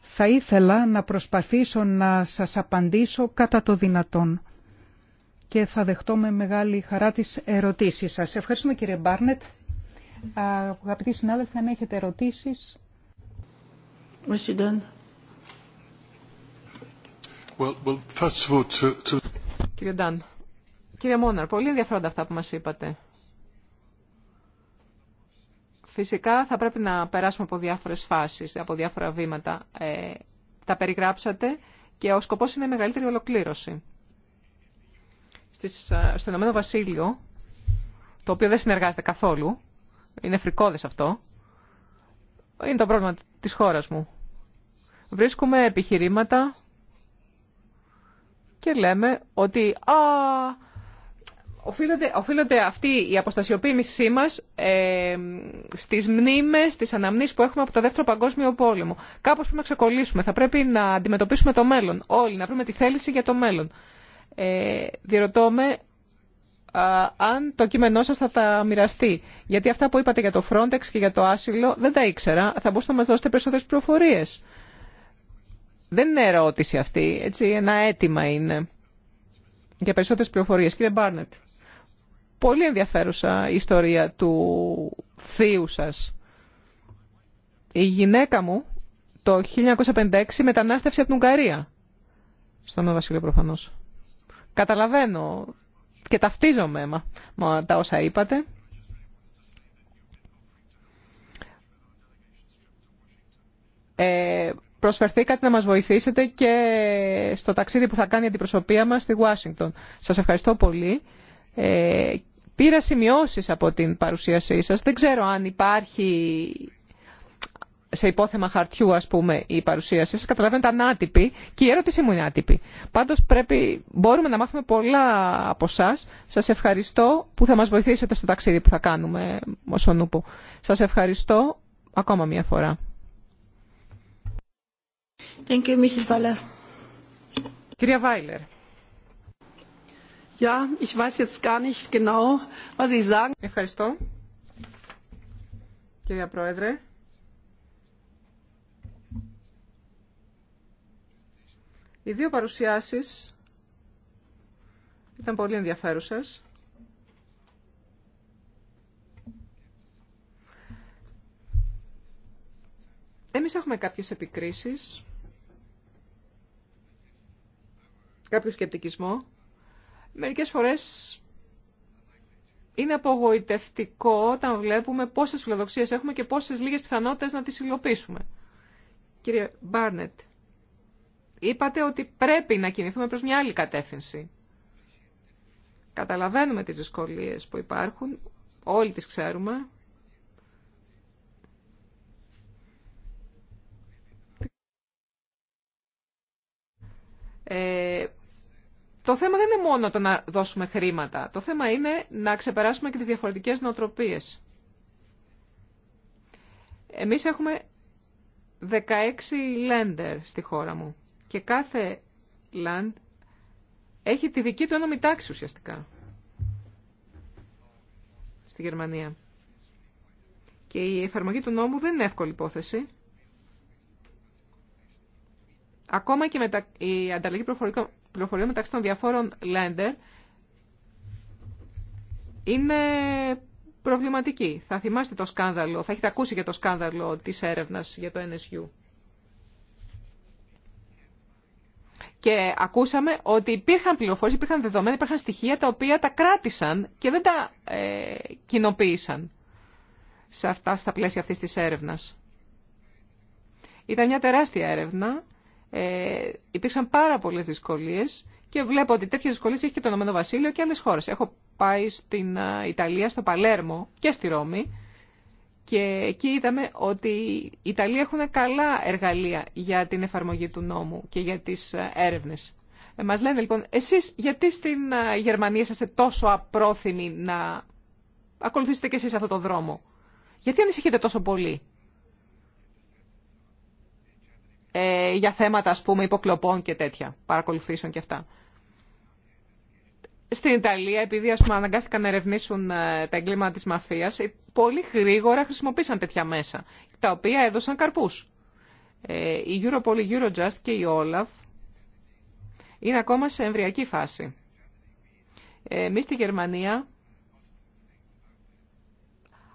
Θα ήθελα να προσπαθήσω να σας απαντήσω κατά το δυνατόν και θα δεχτώ με μεγάλη χαρά τις ερωτήσεις σας. Ευχαριστούμε κύριε Μπάρνετ. Αγαπητοί συνάδελφοι, αν έχετε ερωτήσεις... Mr. Dunn. Well, well, first of all, to, to... Κύριε Ντάν, κύριε Μόναρ, πολύ ενδιαφέροντα αυτά που μας είπατε. Φυσικά θα πρέπει να περάσουμε από διάφορες φάσεις, από διάφορα βήματα. Ε, τα περιγράψατε και ο σκοπός είναι η μεγαλύτερη ολοκλήρωση. Στις, ε, στο Ηνωμένο Βασίλειο, το οποίο δεν συνεργάζεται καθόλου, είναι φρικόδες αυτό, είναι το πρόβλημα της χώρας μου. Βρίσκουμε επιχειρήματα και λέμε ότι α, οφείλονται, οφείλονται αυτή η αποστασιοποίησή μας ε, στις μνήμες, στις αναμνήσεις που έχουμε από το Δεύτερο Παγκόσμιο Πόλεμο. Κάπως πρέπει να ξεκολλήσουμε, θα πρέπει να αντιμετωπίσουμε το μέλλον όλοι, να βρούμε τη θέληση για το μέλλον. Ε, διερωτώ με αν το κείμενό σα θα τα μοιραστεί. Γιατί αυτά που είπατε για το Frontex και για το άσυλο δεν τα ήξερα. Θα μπορούσατε να μα δώσετε περισσότερε πληροφορίε. Δεν είναι ερώτηση αυτή, έτσι, ένα αίτημα είναι. Για περισσότερε πληροφορίε. Κύριε Μπάρνετ, πολύ ενδιαφέρουσα η ιστορία του θείου σα. Η γυναίκα μου το 1956 μετανάστευσε από την Ουγγαρία. Στον Βασίλειο προφανώ. Καταλαβαίνω και ταυτίζομαι με, τα όσα είπατε. Ε, προσφερθήκατε να μας βοηθήσετε και στο ταξίδι που θα κάνει η αντιπροσωπεία μας στη Ουάσιγκτον. Σας ευχαριστώ πολύ. Ε, πήρα σημειώσεις από την παρουσίασή σας. Δεν ξέρω αν υπάρχει σε υπόθεμα χαρτιού, α πούμε, η παρουσίαση σας. Καταλαβαίνω ήταν άτυπη και η ερώτησή μου είναι άτυπη. Πάντως πρέπει, μπορούμε να μάθουμε πολλά από εσά. σα ευχαριστώ που θα μα βοηθήσετε στο ταξίδι που θα κάνουμε, ούπου. Σα ευχαριστώ ακόμα μία φορά. Thank you, Mrs. Κυρία Βάιλερ. ich weiß jetzt gar nicht genau, was ich sagen. Ευχαριστώ. Κυρία Πρόεδρε. Οι δύο παρουσιάσεις ήταν πολύ ενδιαφέρουσες. Εμείς έχουμε κάποιες επικρίσεις, κάποιο σκεπτικισμό. Μερικές φορές είναι απογοητευτικό όταν βλέπουμε πόσες φιλοδοξίες έχουμε και πόσες λίγες πιθανότητες να τις υλοποιήσουμε. Κύριε Μπάρνετ, είπατε ότι πρέπει να κινηθούμε προς μια άλλη κατεύθυνση. Καταλαβαίνουμε τις δυσκολίες που υπάρχουν, όλοι τις ξέρουμε. Ε, το θέμα δεν είναι μόνο το να δώσουμε χρήματα. Το θέμα είναι να ξεπεράσουμε και τις διαφορετικές νοοτροπίες. Εμείς έχουμε 16 lender στη χώρα μου. Και κάθε land έχει τη δική του ένωμη τάξη ουσιαστικά στη Γερμανία. Και η εφαρμογή του νόμου δεν είναι εύκολη υπόθεση. Ακόμα και μετα... η ανταλλαγή πληροφοριών μεταξύ των διαφόρων lender είναι προβληματική. Θα θυμάστε το σκάνδαλο, θα έχετε ακούσει για το σκάνδαλο της έρευνας για το NSU. Και ακούσαμε ότι υπήρχαν πληροφορίες, υπήρχαν δεδομένα, υπήρχαν στοιχεία τα οποία τα κράτησαν και δεν τα ε, κοινοποίησαν σε αυτά, στα πλαίσια αυτής της έρευνας. Ήταν μια τεράστια έρευνα, ε, υπήρξαν πάρα πολλές δυσκολίες και βλέπω ότι τέτοιες δυσκολίες έχει και το Ηνωμένο Βασίλειο και άλλες χώρες. Έχω πάει στην ε, Ιταλία, στο Παλέρμο και στη Ρώμη και εκεί είδαμε ότι οι Ιταλοί έχουν καλά εργαλεία για την εφαρμογή του νόμου και για τις ε, έρευνες. Ε, μας λένε λοιπόν, εσείς γιατί στην ε, Γερμανία είστε τόσο απρόθυμοι να ακολουθήσετε κι εσείς αυτό το δρόμο. Γιατί ανησυχείτε τόσο πολύ. Ε, για θέματα ας πούμε υποκλοπών και τέτοια, παρακολουθήσεων και αυτά στην Ιταλία, επειδή ας αναγκάστηκαν να ερευνήσουν ε, τα εγκλήματα της μαφίας, ε, πολύ γρήγορα χρησιμοποίησαν τέτοια μέσα, τα οποία έδωσαν καρπούς. Ε, η Europol, η Eurojust και η Olaf είναι ακόμα σε εμβριακή φάση. Εμείς στη Γερμανία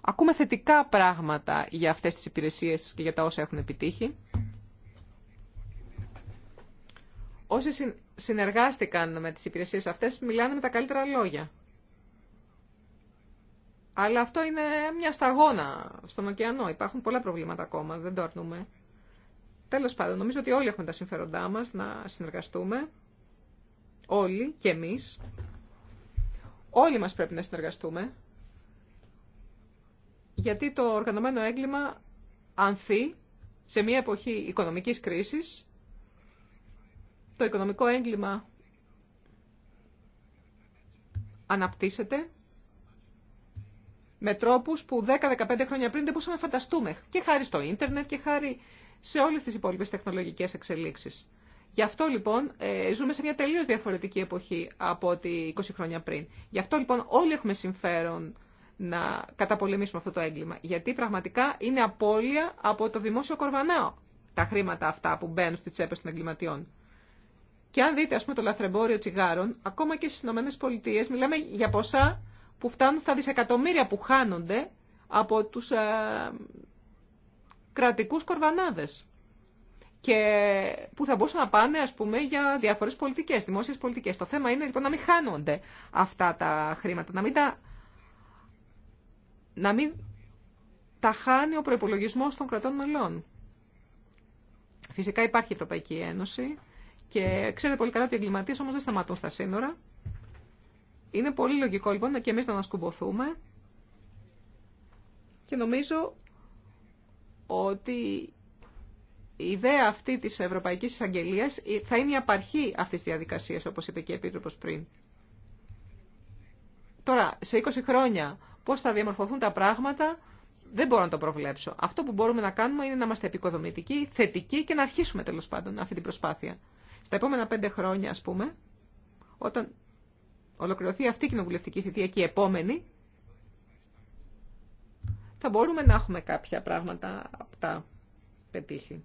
ακούμε θετικά πράγματα για αυτές τις υπηρεσίες και για τα όσα έχουν επιτύχει. όσοι συνεργάστηκαν με τις υπηρεσίες αυτές μιλάνε με τα καλύτερα λόγια. Αλλά αυτό είναι μια σταγόνα στον ωκεανό. Υπάρχουν πολλά προβλήματα ακόμα, δεν το αρνούμε. Τέλος πάντων, νομίζω ότι όλοι έχουμε τα συμφέροντά μας να συνεργαστούμε. Όλοι και εμείς. Όλοι μας πρέπει να συνεργαστούμε. Γιατί το οργανωμένο έγκλημα ανθεί σε μια εποχή οικονομικής κρίσης το οικονομικό έγκλημα αναπτύσσεται με τρόπους που 10-15 χρόνια πριν δεν μπορούσαμε να φανταστούμε. Και χάρη στο ίντερνετ και χάρη σε όλες τις υπόλοιπες τεχνολογικές εξελίξεις. Γι' αυτό λοιπόν ε, ζούμε σε μια τελείως διαφορετική εποχή από ότι 20 χρόνια πριν. Γι' αυτό λοιπόν όλοι έχουμε συμφέρον να καταπολεμήσουμε αυτό το έγκλημα. Γιατί πραγματικά είναι απώλεια από το δημόσιο κορβανάο τα χρήματα αυτά που μπαίνουν στις τσέπες των εγκληματιών. Και αν δείτε, το λαθρεμπόριο τσιγάρων, ακόμα και στι ΗΠΑ μιλάμε για ποσά που φτάνουν στα δισεκατομμύρια που χάνονται από τους ε, κρατικούς κορβανάδες και που θα μπορούσαν να πάνε, πούμε, για διαφορέ πολιτικές, δημόσιε πολιτικές. Το θέμα είναι, λοιπόν, να μην χάνονται αυτά τα χρήματα, να μην τα, να μην τα χάνει ο προπολογισμό των κρατών μελών. Φυσικά υπάρχει η Ευρωπαϊκή Ένωση και ξέρετε πολύ καλά ότι οι εγκληματίε όμω δεν σταματούν στα σύνορα. Είναι πολύ λογικό λοιπόν και εμεί να ανασκουμποθούμε. Και νομίζω ότι η ιδέα αυτή τη ευρωπαϊκή Εισαγγελία θα είναι η απαρχή αυτή τη διαδικασία, όπω είπε και η Επίτροπο πριν. Τώρα, σε 20 χρόνια, πώ θα διαμορφωθούν τα πράγματα, δεν μπορώ να το προβλέψω. Αυτό που μπορούμε να κάνουμε είναι να είμαστε επικοδομητικοί, θετικοί και να αρχίσουμε τέλο πάντων αυτή την προσπάθεια. Τα επόμενα πέντε χρόνια, ας πούμε, όταν ολοκληρωθεί αυτή η κοινοβουλευτική θητεία και η επόμενη, θα μπορούμε να έχουμε κάποια πράγματα από τα πετύχει.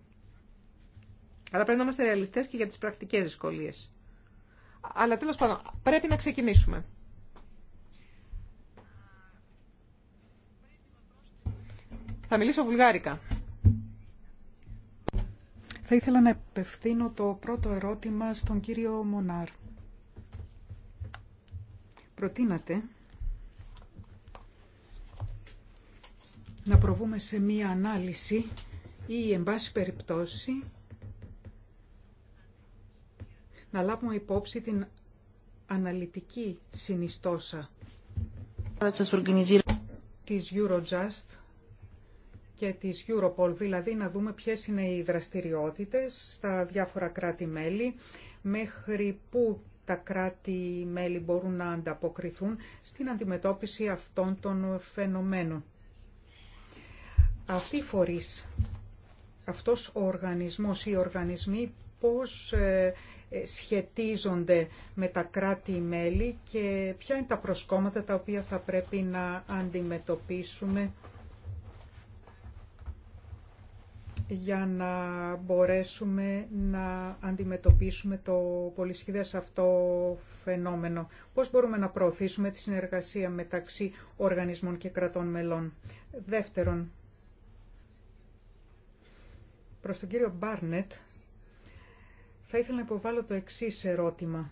Αλλά πρέπει να είμαστε ρεαλιστές και για τις πρακτικές δυσκολίες. Αλλά τέλος πάντων, πρέπει να ξεκινήσουμε. Θα μιλήσω βουλγάρικα. Θα ήθελα να επευθύνω το πρώτο ερώτημα στον κύριο Μονάρ. Προτείνατε να προβούμε σε μία ανάλυση ή, εν πάση περιπτώσει, να λάβουμε υπόψη την αναλυτική συνιστόσα της Eurojust και της Europol, δηλαδή να δούμε ποιες είναι οι δραστηριότητες στα διάφορα κράτη-μέλη, μέχρι πού τα κράτη-μέλη μπορούν να ανταποκριθούν στην αντιμετώπιση αυτών των φαινομένων. Αυτή η αυτός ο οργανισμός ή οι οργανισμοί πώς ε, ε, σχετίζονται με τα κράτη-μέλη και ποια είναι τα προσκόμματα τα οποία θα πρέπει να αντιμετωπίσουμε για να μπορέσουμε να αντιμετωπίσουμε το πολυσχηδές αυτό φαινόμενο. Πώς μπορούμε να προωθήσουμε τη συνεργασία μεταξύ οργανισμών και κρατών μελών. Δεύτερον, προς τον κύριο Μπάρνετ θα ήθελα να υποβάλω το εξής ερώτημα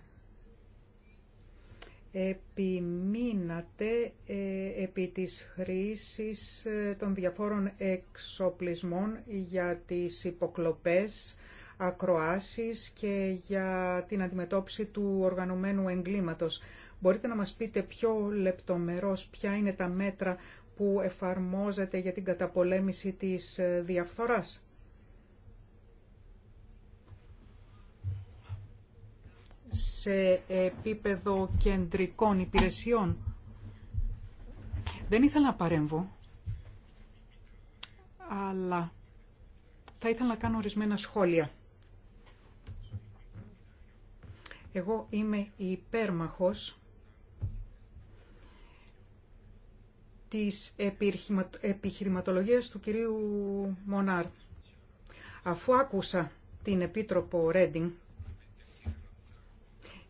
επιμείνατε ε, επί της χρήσης ε, των διαφόρων εξοπλισμών για τις υποκλοπές, ακροάσεις και για την αντιμετώπιση του οργανωμένου εγκλήματος. Μπορείτε να μας πείτε πιο λεπτομερώς ποια είναι τα μέτρα που εφαρμόζεται για την καταπολέμηση της ε, διαφθοράς. σε επίπεδο κεντρικών υπηρεσιών. Δεν ήθελα να παρέμβω, αλλά θα ήθελα να κάνω ορισμένα σχόλια. Εγώ είμαι υπέρμαχος της επιχειρηματολογίας του κυρίου Μονάρ. Αφού άκουσα την Επίτροπο Ρέντινγκ,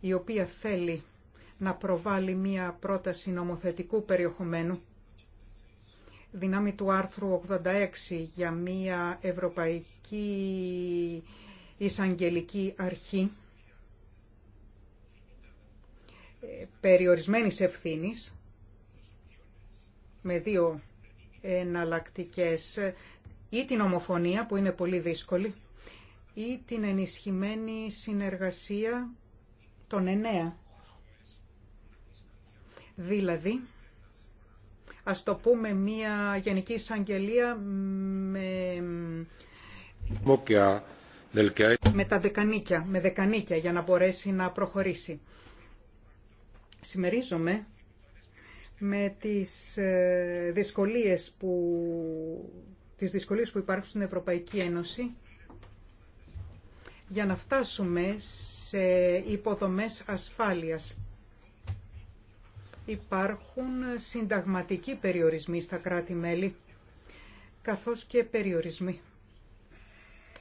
η οποία θέλει να προβάλλει μία πρόταση νομοθετικού περιεχομένου δυνάμει του άρθρου 86 για μία ευρωπαϊκή εισαγγελική αρχή περιορισμένης ευθύνης με δύο εναλλακτικέ ή την ομοφωνία που είναι πολύ δύσκολη ή την ενισχυμένη συνεργασία τον 9. Δηλαδή, ας το πούμε μια γενική εισαγγελία με... με τα δεκανίκια, με δεκανίκια για να μπορέσει να προχωρήσει. Συμμερίζομαι με τις ε, δυσκολίες που, τις δυσκολίες που υπάρχουν στην Ευρωπαϊκή Ένωση για να φτάσουμε σε υποδομές ασφάλειας. Υπάρχουν συνταγματικοί περιορισμοί στα κράτη-μέλη, καθώς και περιορισμοί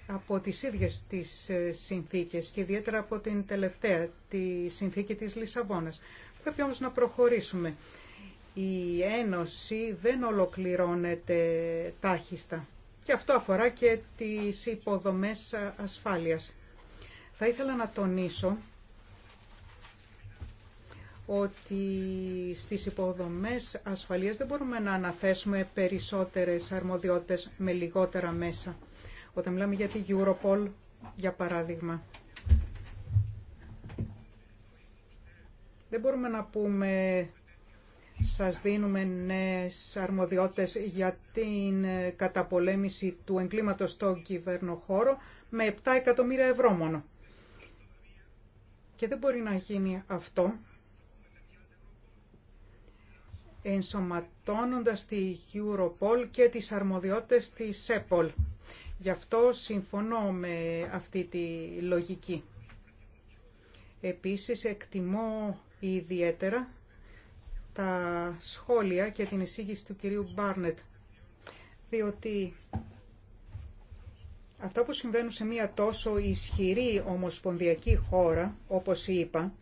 από τις ίδιες τις ε, συνθήκες και ιδιαίτερα από την τελευταία, τη συνθήκη της Λισαβόνας. Πρέπει όμως να προχωρήσουμε. Η Ένωση δεν ολοκληρώνεται τάχιστα. Και αυτό αφορά και τις υποδομές ε, ασφάλειας. Θα ήθελα να τονίσω ότι στις υποδομές ασφαλείας δεν μπορούμε να αναθέσουμε περισσότερες αρμοδιότητες με λιγότερα μέσα. Όταν μιλάμε για τη Europol, για παράδειγμα, δεν μπορούμε να πούμε σας δίνουμε νέες αρμοδιότητες για την καταπολέμηση του εγκλήματος στον κυβερνοχώρο με 7 εκατομμύρια ευρώ μόνο. Και δεν μπορεί να γίνει αυτό ενσωματώνοντας τη Europol και τις αρμοδιότητες της EpoL. Γι' αυτό συμφωνώ με αυτή τη λογική. Επίσης εκτιμώ ιδιαίτερα τα σχόλια και την εισήγηση του κυρίου Μπάρνετ, διότι Αυτά που συμβαίνουν σε μια τόσο ισχυρή ομοσπονδιακή χώρα, όπως είπα,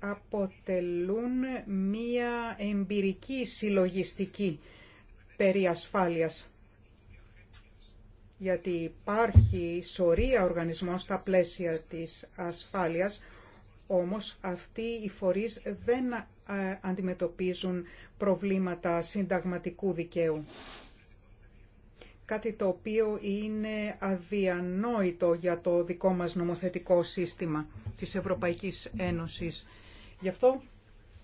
αποτελούν μια εμπειρική συλλογιστική περί ασφάλειας. Γιατί υπάρχει σωρία οργανισμών στα πλαίσια της ασφάλειας, όμως αυτοί οι φορείς δεν ε, αντιμετωπίζουν προβλήματα συνταγματικού δικαίου κάτι το οποίο είναι αδιανόητο για το δικό μας νομοθετικό σύστημα της Ευρωπαϊκής Ένωσης. Γι' αυτό,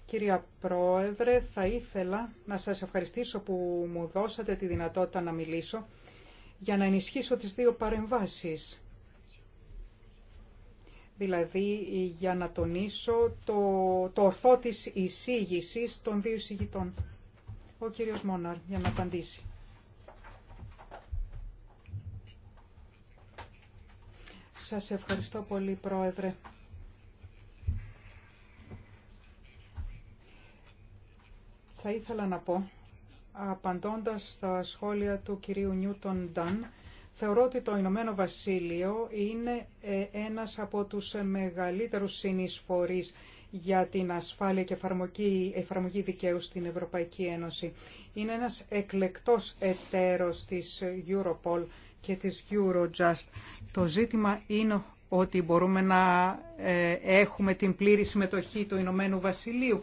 κυρία Πρόεδρε, θα ήθελα να σας ευχαριστήσω που μου δώσατε τη δυνατότητα να μιλήσω για να ενισχύσω τις δύο παρεμβάσεις. Δηλαδή, για να τονίσω το, το ορθό της εισήγησης των δύο εισηγητών. Ο κύριος Μόναρ, για να απαντήσει. Σας ευχαριστώ πολύ, Πρόεδρε. Θα ήθελα να πω, απαντώντας στα σχόλια του κυρίου Νιούτον Ντάν, θεωρώ ότι το Ηνωμένο Βασίλειο είναι ε, ένας από τους μεγαλύτερους συνεισφορείς για την ασφάλεια και εφαρμογή, εφαρμογή δικαίου στην Ευρωπαϊκή Ένωση. Είναι ένας εκλεκτός εταίρος της Europol και της Eurojust το ζήτημα είναι ότι μπορούμε να ε, έχουμε την πλήρη συμμετοχή του Ηνωμένου Βασιλείου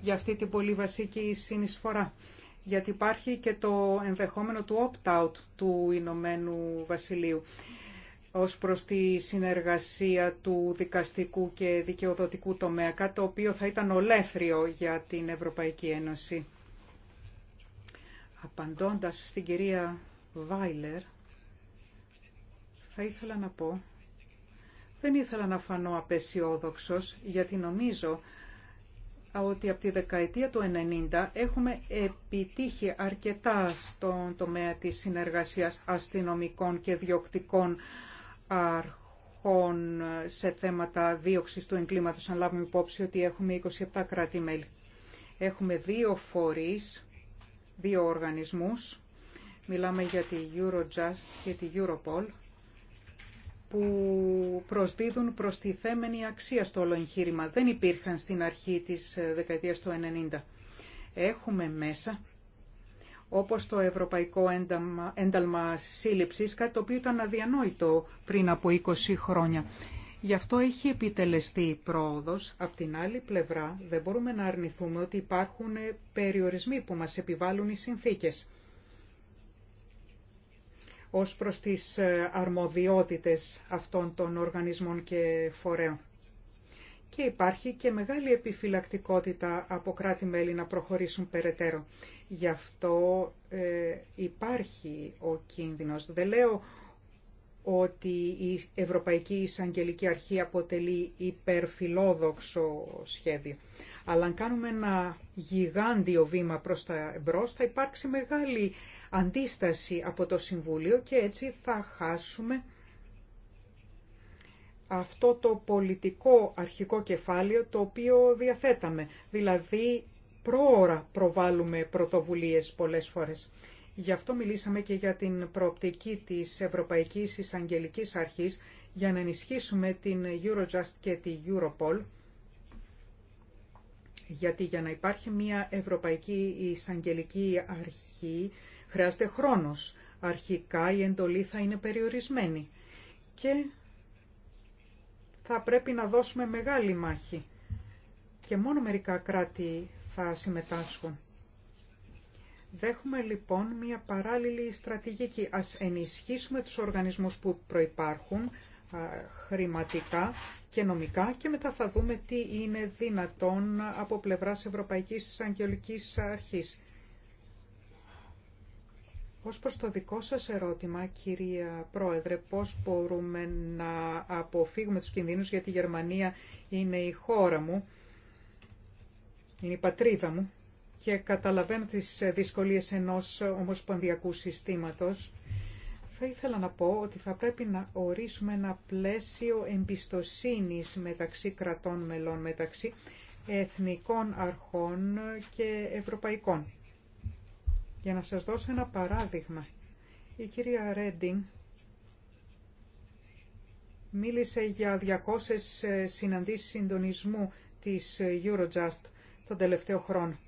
για αυτή την πολύ βασική συνεισφορά. Γιατί υπάρχει και το ενδεχόμενο του opt-out του Ηνωμένου Βασιλείου ως προς τη συνεργασία του δικαστικού και δικαιοδοτικού τομέα, κάτι το οποίο θα ήταν ολέθριο για την Ευρωπαϊκή Ένωση. Απαντώντας στην κυρία Βάιλερ, θα ήθελα να πω, δεν ήθελα να φανώ απεσιόδοξο, γιατί νομίζω ότι από τη δεκαετία του 90 έχουμε επιτύχει αρκετά στον τομέα της συνεργασίας αστυνομικών και διοκτικών αρχών σε θέματα δίωξης του εγκλήματος, αν λάβουμε υπόψη ότι έχουμε 27 κράτη-μέλη. Έχουμε δύο φορείς, δύο οργανισμούς. Μιλάμε για τη Eurojust και τη Europol που προσδίδουν προστιθέμενη αξία στο όλο εγχείρημα. Δεν υπήρχαν στην αρχή της ε, δεκαετίας του 90. Έχουμε μέσα, όπως το Ευρωπαϊκό Ένταλμα, ένταλμα Σύλληψης, κάτι το οποίο ήταν αδιανόητο πριν από 20 χρόνια. Γι' αυτό έχει επιτελεστεί η πρόοδος. Απ' την άλλη πλευρά δεν μπορούμε να αρνηθούμε ότι υπάρχουν ε, περιορισμοί που μας επιβάλλουν οι συνθήκες ως προς τις ε, αρμοδιότητες αυτών των οργανισμών και φορέων. Και υπάρχει και μεγάλη επιφυλακτικότητα από κράτη-μέλη να προχωρήσουν περαιτέρω. Γι' αυτό ε, υπάρχει ο κίνδυνος. Δεν λέω ότι η Ευρωπαϊκή Εισαγγελική Αρχή αποτελεί υπερφιλόδοξο σχέδιο. Αλλά αν κάνουμε ένα γιγάντιο βήμα προς τα εμπρός θα υπάρξει μεγάλη αντίσταση από το Συμβούλιο και έτσι θα χάσουμε αυτό το πολιτικό αρχικό κεφάλαιο το οποίο διαθέταμε. Δηλαδή πρόωρα προβάλλουμε πρωτοβουλίες πολλές φορές. Γι' αυτό μιλήσαμε και για την προοπτική της Ευρωπαϊκής Εισαγγελικής Αρχής για να ενισχύσουμε την Eurojust και τη Europol γιατί για να υπάρχει μια Ευρωπαϊκή Εισαγγελική Αρχή Χρειάζεται χρόνος. Αρχικά η εντολή θα είναι περιορισμένη και θα πρέπει να δώσουμε μεγάλη μάχη και μόνο μερικά κράτη θα συμμετάσχουν. Δέχουμε λοιπόν μια παράλληλη στρατηγική. Ας ενισχύσουμε τους οργανισμούς που προϋπάρχουν χρηματικά και νομικά και μετά θα δούμε τι είναι δυνατόν από πλευράς Ευρωπαϊκής Αγγελικής Αρχής. Ως προς το δικό σας ερώτημα, κυρία Πρόεδρε, πώς μπορούμε να αποφύγουμε τους κινδύνους, γιατί η Γερμανία είναι η χώρα μου, είναι η πατρίδα μου και καταλαβαίνω τις δυσκολίες ενός ομοσπονδιακού συστήματος. Θα ήθελα να πω ότι θα πρέπει να ορίσουμε ένα πλαίσιο εμπιστοσύνης μεταξύ κρατών μελών, μεταξύ εθνικών αρχών και ευρωπαϊκών. Για να σας δώσω ένα παράδειγμα, η κυρία Ρέντινγκ μίλησε για 200 ε, συναντήσεις συντονισμού της ε, Eurojust τον τελευταίο χρόνο.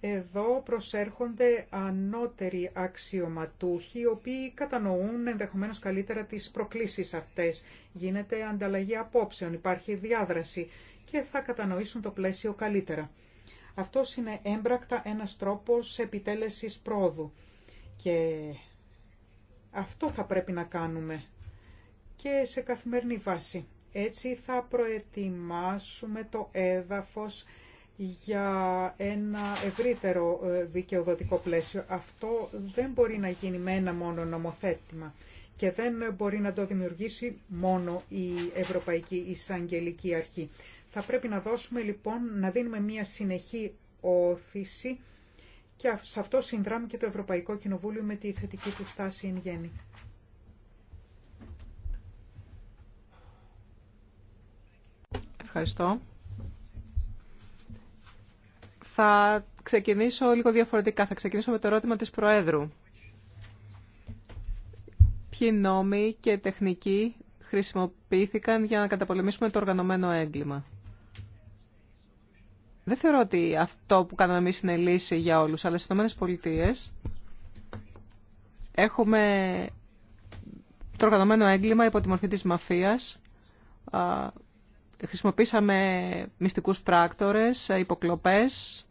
Εδώ προσέρχονται ανώτεροι αξιωματούχοι, οι οποίοι κατανοούν ενδεχομένως καλύτερα τις προκλήσεις αυτές. Γίνεται ανταλλαγή απόψεων, υπάρχει διάδραση και θα κατανοήσουν το πλαίσιο καλύτερα. Αυτό είναι έμπρακτα ένας τρόπος επιτέλεσης πρόοδου και αυτό θα πρέπει να κάνουμε και σε καθημερινή βάση. Έτσι θα προετοιμάσουμε το έδαφος για ένα ευρύτερο ε, δικαιοδοτικό πλαίσιο. Αυτό δεν μπορεί να γίνει με ένα μόνο νομοθέτημα και δεν μπορεί να το δημιουργήσει μόνο η Ευρωπαϊκή Εισαγγελική Αρχή. Θα πρέπει να δώσουμε λοιπόν, να δίνουμε μια συνεχή όθηση και σε αυτό συνδράμει και το Ευρωπαϊκό Κοινοβούλιο με τη θετική του στάση εν γέννη. Ευχαριστώ. Θα ξεκινήσω λίγο διαφορετικά. Θα ξεκινήσω με το ερώτημα της Προέδρου. Ποιοι νόμοι και τεχνικοί χρησιμοποιήθηκαν για να καταπολεμήσουμε το οργανωμένο έγκλημα. Δεν θεωρώ ότι αυτό που κάναμε εμείς είναι λύση για όλους, αλλά στις Πολιτείες έχουμε το οργανωμένο έγκλημα υπό τη μορφή της μαφίας. Χρησιμοποίησαμε μυστικούς πράκτορες, υποκλοπές.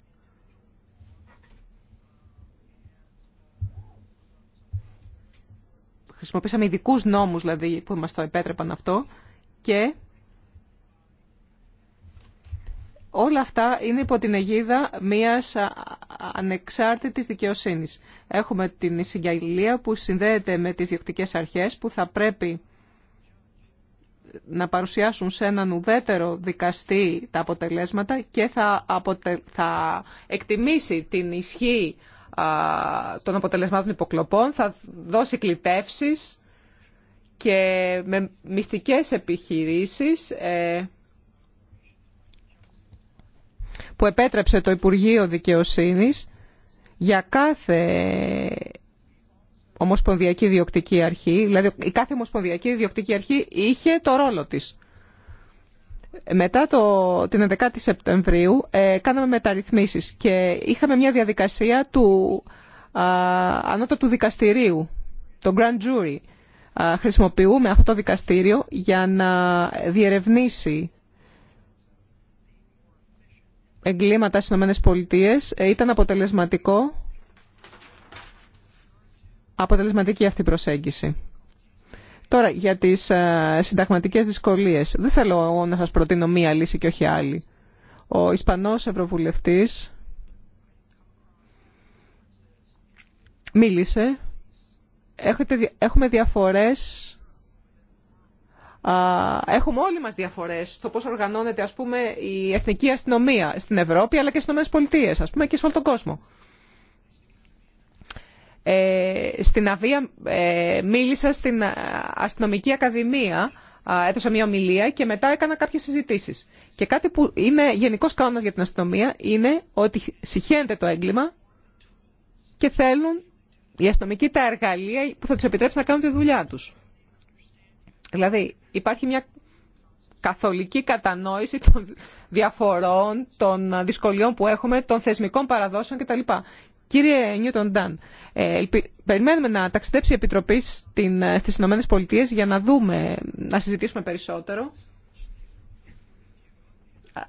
Χρησιμοποίησαμε ειδικού νόμους δηλαδή, που μας το επέτρεπαν αυτό και Όλα αυτά είναι υπό την αιγίδα μιας ανεξάρτητης δικαιοσύνης. Έχουμε την συγγελία που συνδέεται με τις διοκτικές αρχές που θα πρέπει να παρουσιάσουν σε έναν ουδέτερο δικαστή τα αποτελέσματα και θα, θα εκτιμήσει την ισχύ των αποτελεσμάτων υποκλοπών, θα δώσει κλητεύσεις και με μυστικές επιχειρήσεις ε, που επέτρεψε το Υπουργείο Δικαιοσύνης για κάθε ομοσπονδιακή διοκτική αρχή, δηλαδή η κάθε ομοσπονδιακή διοκτική αρχή είχε το ρόλο της. Μετά το, την 11η Σεπτεμβρίου ε, κάναμε μεταρρυθμίσεις και είχαμε μια διαδικασία του α, ανώτατου δικαστηρίου, το Grand Jury. χρησιμοποιούμε αυτό το δικαστήριο για να διερευνήσει εγκλήματα στι ΗΠΑ ε, ήταν αποτελεσματικό, αποτελεσματική αυτή η προσέγγιση. Τώρα, για τις ε, συνταγματικέ δυσκολίες. Δεν θέλω εγώ να σας προτείνω μία λύση και όχι άλλη. Ο Ισπανός Ευρωβουλευτής μίλησε. Έχουμε διαφορές έχουμε όλοι μας διαφορές στο πώς οργανώνεται ας πούμε η εθνική αστυνομία στην Ευρώπη αλλά και στις ΗΠΑ ας πούμε και σε όλο τον κόσμο. Ε, στην Αβία ε, μίλησα στην ε, αστυνομική ακαδημία, έδωσα μια ομιλία και μετά έκανα κάποιες συζητήσεις. Και κάτι που είναι γενικό κανόνα για την αστυνομία είναι ότι συχαίνεται το έγκλημα και θέλουν οι αστυνομικοί τα εργαλεία που θα τους επιτρέψουν να κάνουν τη δουλειά τους. Δηλαδή, υπάρχει μια καθολική κατανόηση των διαφορών, των δυσκολιών που έχουμε, των θεσμικών παραδόσεων κτλ. Κύριε Νιούτον Ντάν, ε, περιμένουμε να ταξιδέψει η Επιτροπή ε, στις Ηνωμένες Πολιτείες για να δούμε, να συζητήσουμε περισσότερο.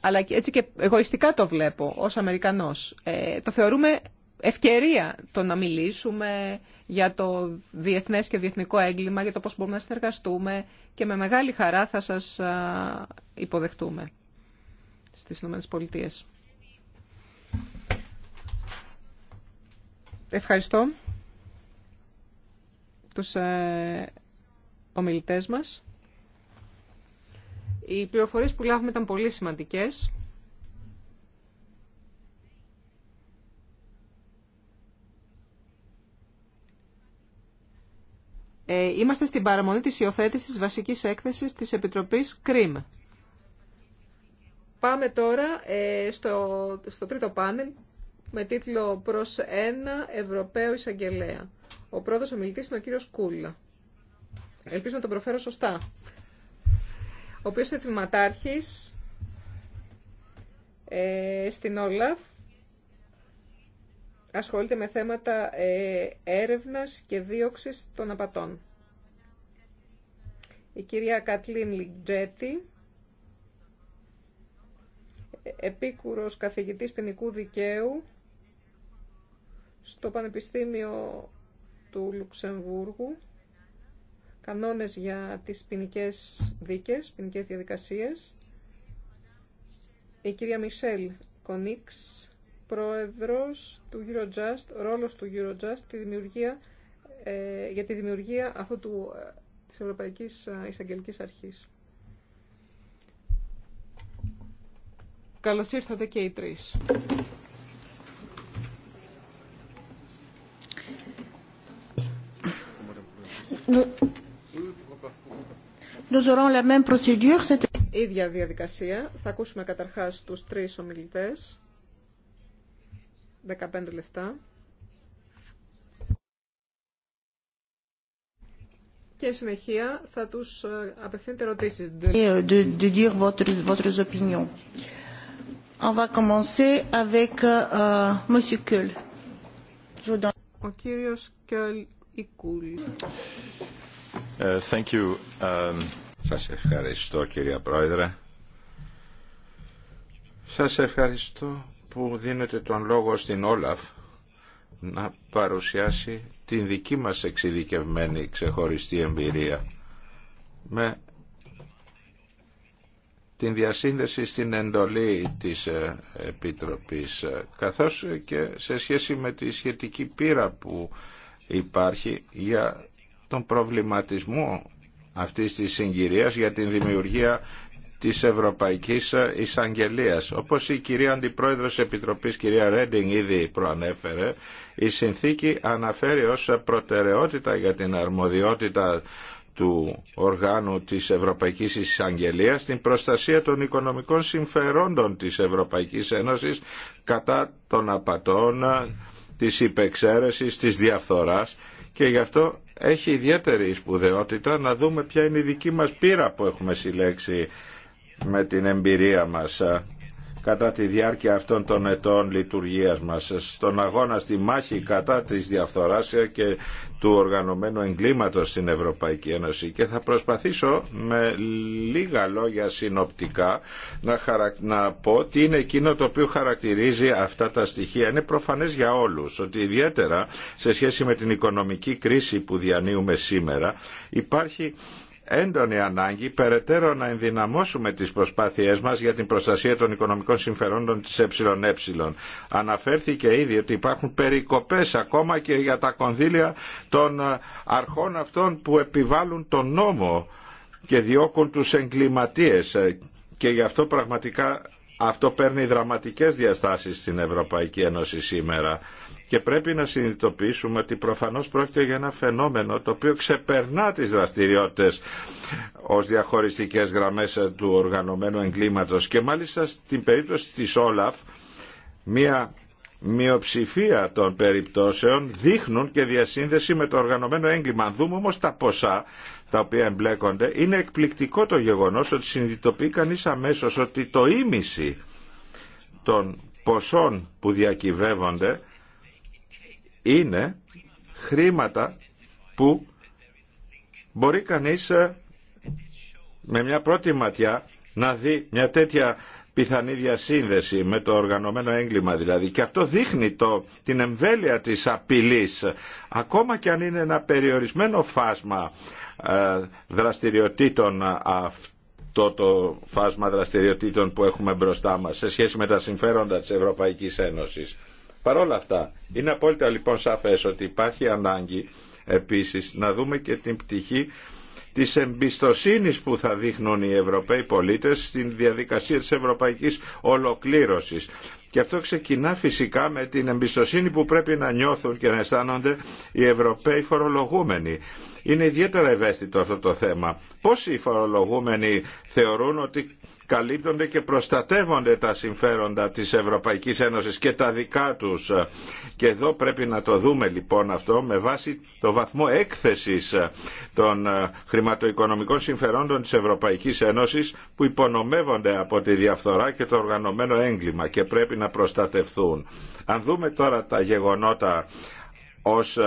Αλλά έτσι και εγωιστικά το βλέπω ως Αμερικανός. Ε, το θεωρούμε ευκαιρία το να μιλήσουμε για το διεθνές και διεθνικό έγκλημα, για το πώς μπορούμε να συνεργαστούμε και με μεγάλη χαρά θα σας υποδεχτούμε στις ΗΠΑ. Ευχαριστώ τους ε, ομιλητές μας. Οι πληροφορίες που λάβουμε ήταν πολύ σημαντικές. Ε, είμαστε στην παραμονή της υιοθέτησης της βασικής έκθεσης της Επιτροπής ΚΡΙΜ. Πάμε τώρα ε, στο, στο τρίτο πάνελ με τίτλο «Προς ένα Ευρωπαίο Εισαγγελέα». Ο πρώτος ομιλητής είναι ο κύριος Κούλα. Ελπίζω να τον προφέρω σωστά. Ο οποίος είναι τμηματάρχης ε, στην Όλαφ ασχολείται με θέματα ε, έρευνας και δίωξης των απατών. Η κυρία Κατλίν Λιτζέτη, επίκουρος καθηγητής ποινικού δικαίου στο Πανεπιστήμιο του Λουξεμβούργου, κανόνες για τις ποινικέ δίκες, ποινικέ διαδικασίες. Η κυρία Μισελ Κονίξ, πρόεδρος του Eurojust, ρόλος του Eurojust τη ε, για τη δημιουργία αυτού του, ε, της Ευρωπαϊκής ε, Εισαγγελικής Αρχής. Καλώς ήρθατε και οι τρεις. Nous la même Ίδια διαδικασία. Θα ακούσουμε καταρχάς τους τρεις ομιλητές. 15 λεπτά. Και συνεχεία θα τους ε, απευθύνετε ερωτήσεις. Euh, de, de dire votre, votre opinion. On va commencer avec uh, Monsieur Kuhl. Ο κύριος Κιόλ Ικούλ. Uh, ε, thank you. Uh... Σας ευχαριστώ κυρία Πρόεδρε. Σας ευχαριστώ που δίνεται τον λόγο στην Όλαφ να παρουσιάσει την δική μας εξειδικευμένη ξεχωριστή εμπειρία με την διασύνδεση στην εντολή της ε, Επιτροπής ε, καθώς και σε σχέση με τη σχετική πείρα που υπάρχει για τον προβληματισμό αυτής της συγκυρίας για την δημιουργία της Ευρωπαϊκής Εισαγγελίας. Όπως η κυρία Αντιπρόεδρος Επιτροπής, κυρία Ρέντινγκ, ήδη προανέφερε, η συνθήκη αναφέρει ως προτεραιότητα για την αρμοδιότητα του οργάνου της Ευρωπαϊκής Εισαγγελίας την προστασία των οικονομικών συμφερόντων της Ευρωπαϊκής Ένωσης κατά των απατών, της υπεξαίρεσης, της διαφθοράς και γι' αυτό έχει ιδιαίτερη σπουδαιότητα να δούμε ποια είναι η δική μας πείρα που έχουμε συλλέξει με την εμπειρία μας ε, κατά τη διάρκεια αυτών των ετών λειτουργίας μας ε, στον αγώνα στη μάχη κατά της διαφθοράς ε, και του οργανωμένου εγκλήματος στην Ευρωπαϊκή Ένωση και θα προσπαθήσω με λίγα λόγια συνοπτικά να, να πω τι είναι εκείνο το οποίο χαρακτηρίζει αυτά τα στοιχεία. Είναι προφανές για όλους ότι ιδιαίτερα σε σχέση με την οικονομική κρίση που διανύουμε σήμερα υπάρχει έντονη ανάγκη περαιτέρω να ενδυναμώσουμε τις προσπάθειές μας για την προστασία των οικονομικών συμφερόντων της ΕΕ. Αναφέρθηκε ήδη ότι υπάρχουν περικοπές ακόμα και για τα κονδύλια των αρχών αυτών που επιβάλλουν τον νόμο και διώκουν τους εγκληματίες και γι' αυτό πραγματικά αυτό παίρνει δραματικές διαστάσεις στην Ευρωπαϊκή Ένωση σήμερα και πρέπει να συνειδητοποιήσουμε ότι προφανώς πρόκειται για ένα φαινόμενο το οποίο ξεπερνά τις δραστηριότητες ως διαχωριστικές γραμμές του οργανωμένου εγκλήματος και μάλιστα στην περίπτωση της Όλαφ μια μειοψηφία των περιπτώσεων δείχνουν και διασύνδεση με το οργανωμένο έγκλημα. Αν δούμε όμως τα ποσά τα οποία εμπλέκονται, είναι εκπληκτικό το γεγονός ότι συνειδητοποιεί κανείς αμέσως ότι το ίμιση των ποσών που διακυβεύονται είναι χρήματα που μπορεί κανείς ε, με μια πρώτη ματιά να δει μια τέτοια πιθανή διασύνδεση με το οργανωμένο έγκλημα δηλαδή και αυτό δείχνει το, την εμβέλεια της απειλής ακόμα και αν είναι ένα περιορισμένο φάσμα ε, δραστηριοτήτων ε, αυτό το φάσμα δραστηριοτήτων που έχουμε μπροστά μας σε σχέση με τα συμφέροντα της Ευρωπαϊκής Ένωσης. Παρ' όλα αυτά, είναι απόλυτα λοιπόν σαφές ότι υπάρχει ανάγκη επίσης να δούμε και την πτυχή της εμπιστοσύνης που θα δείχνουν οι Ευρωπαίοι πολίτες στην διαδικασία της ευρωπαϊκής ολοκλήρωσης. Και αυτό ξεκινά φυσικά με την εμπιστοσύνη που πρέπει να νιώθουν και να αισθάνονται οι Ευρωπαίοι φορολογούμενοι. Είναι ιδιαίτερα ευαίσθητο αυτό το θέμα. Πόσοι φορολογούμενοι θεωρούν ότι καλύπτονται και προστατεύονται τα συμφέροντα της Ευρωπαϊκής Ένωσης και τα δικά τους. Και εδώ πρέπει να το δούμε λοιπόν αυτό με βάση το βαθμό έκθεσης των χρηματοοικονομικών συμφερόντων της Ευρωπαϊκής Ένωσης που υπονομεύονται από τη διαφθορά και το οργανωμένο έγκλημα και πρέπει να προστατευθούν. Αν δούμε τώρα τα γεγονότα ως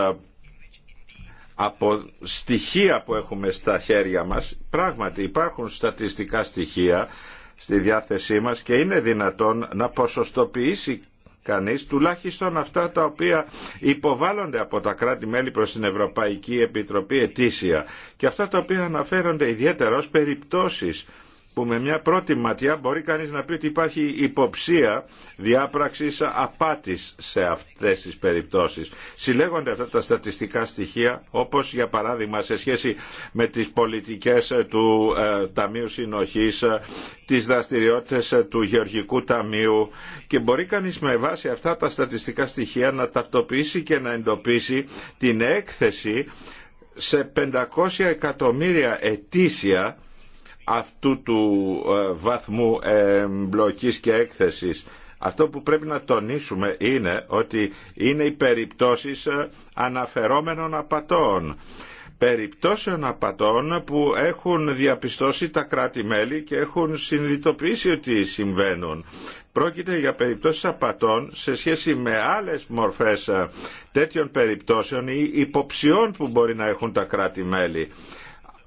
από στοιχεία που έχουμε στα χέρια μας, πράγματι υπάρχουν στατιστικά στοιχεία στη διάθεσή μας και είναι δυνατόν να ποσοστοποιήσει κανείς τουλάχιστον αυτά τα οποία υποβάλλονται από τα κράτη-μέλη προς την Ευρωπαϊκή Επιτροπή ετήσια και αυτά τα οποία αναφέρονται ιδιαίτερα ως περιπτώσεις που με μια πρώτη ματιά μπορεί κανείς να πει ότι υπάρχει υποψία διάπραξης απάτης σε αυτές τις περιπτώσεις. Συλλέγονται αυτά τα στατιστικά στοιχεία όπως για παράδειγμα σε σχέση με τις πολιτικές του ε, Ταμείου Συνοχής, τις δραστηριότητες του Γεωργικού Ταμείου και μπορεί κανείς με βάση αυτά τα στατιστικά στοιχεία να ταυτοποιήσει και να εντοπίσει την έκθεση σε 500 εκατομμύρια ετήσια αυτού του ε, βαθμού ε, εμπλοκής και έκθεσης. Αυτό που πρέπει να τονίσουμε είναι ότι είναι οι περιπτώσεις ε, αναφερόμενων απατών περιπτώσεων απατών που έχουν διαπιστώσει τα κράτη-μέλη και έχουν συνειδητοποιήσει ότι συμβαίνουν. Πρόκειται για περιπτώσεις απατών σε σχέση με άλλες μορφές τέτοιων περιπτώσεων ή υποψιών που μπορεί να έχουν τα κράτη-μέλη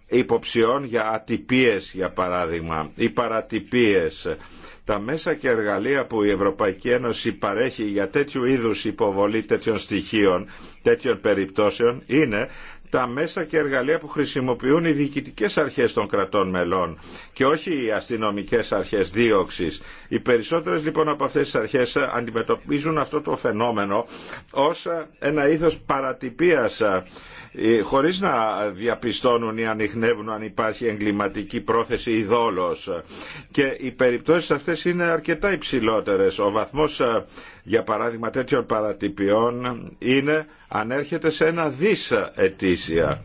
υποψιών για ατυπίες για παράδειγμα ή παρατυπίες. Τα μέσα και εργαλεία που η Ευρωπαϊκή Ένωση παρέχει για τέτοιου είδους υποβολή τέτοιων στοιχείων, τέτοιων περιπτώσεων είναι τα μέσα και εργαλεία που χρησιμοποιούν οι διοικητικές αρχές των κρατών μελών και όχι οι αστυνομικές αρχές δίωξης. Οι περισσότερες λοιπόν από αυτές τις αρχές αντιμετωπίζουν αυτό το φαινόμενο ως ένα είδος παρατυπίας ε, χωρίς να διαπιστώνουν ή ανοιχνεύουν αν υπάρχει εγκληματική πρόθεση ή δόλος. Και οι περιπτώσεις αυτές είναι αρκετά υψηλότερες. Ο βαθμός ε, για παράδειγμα τέτοιων παρατυπιών είναι ανέρχεται σε ένα δίσα ετήσια.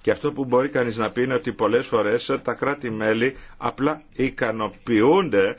Και αυτό που μπορεί κανείς να πει είναι ότι πολλές φορές τα κράτη-μέλη απλά ικανοποιούνται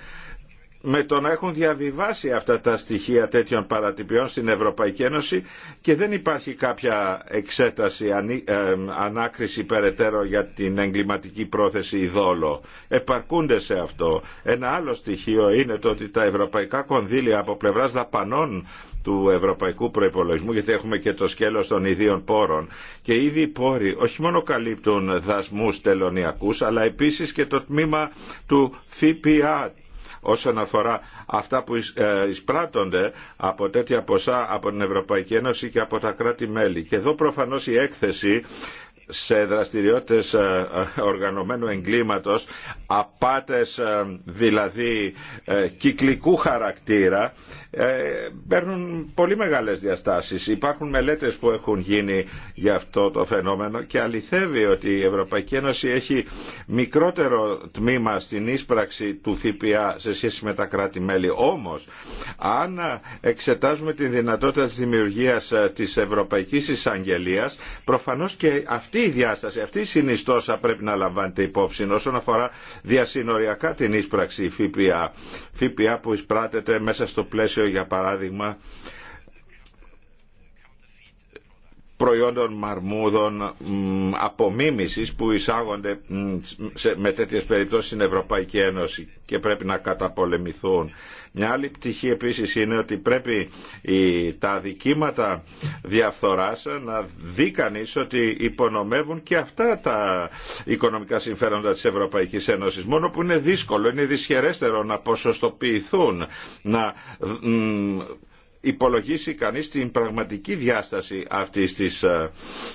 με το να έχουν διαβιβάσει αυτά τα στοιχεία τέτοιων παρατυπιών στην Ευρωπαϊκή Ένωση και δεν υπάρχει κάποια εξέταση, ε, ανάκριση περαιτέρω για την εγκληματική πρόθεση ειδόλο. Επαρκούνται σε αυτό. Ένα άλλο στοιχείο είναι το ότι τα ευρωπαϊκά κονδύλια από πλευράς δαπανών του ευρωπαϊκού προϋπολογισμού, γιατί έχουμε και το σκέλος των ιδίων πόρων. Και ήδη οι πόροι όχι μόνο καλύπτουν δασμού Τελωνιακού, αλλά επίσης και το τμήμα του ΦΠΑ, όσον αφορά αυτά που ε, εισπράττονται από τέτοια ποσά από την Ευρωπαϊκή Ένωση και από τα κράτη-μέλη. Και εδώ προφανώς η έκθεση σε δραστηριότητες ε, ε, οργανωμένου εγκλήματος, απάτες ε, δηλαδή κυκλικού χαρακτήρα, παίρνουν πολύ μεγάλες διαστάσεις. Υπάρχουν μελέτες που έχουν γίνει για αυτό το φαινόμενο και αληθεύει ότι η Ευρωπαϊκή Ένωση έχει μικρότερο τμήμα στην ίσπραξη του ΦΠΑ σε σχέση με τα κράτη-μέλη. Όμως, αν εξετάζουμε τη δυνατότητα της δημιουργίας της Ευρωπαϊκής Εισαγγελίας, προφανώς και αυτή αυτή η διάσταση, αυτή η συνιστόσα πρέπει να λαμβάνεται υπόψη όσον αφορά διασυνοριακά την ίσπραξη ΦΠΑ. ΦΠΑ που εισπράτεται μέσα στο πλαίσιο για παράδειγμα προϊόντων μαρμούδων απομίμησης που εισάγονται με τέτοιες περιπτώσεις στην Ευρωπαϊκή Ένωση και πρέπει να καταπολεμηθούν. Μια άλλη πτυχή επίσης είναι ότι πρέπει τα δικήματα διαφθοράς να δει κανεί ότι υπονομεύουν και αυτά τα οικονομικά συμφέροντα της Ευρωπαϊκής Ένωσης. Μόνο που είναι δύσκολο, είναι δυσχερέστερο να ποσοστοποιηθούν, να υπολογίσει κανείς την πραγματική διάσταση αυτής της ε,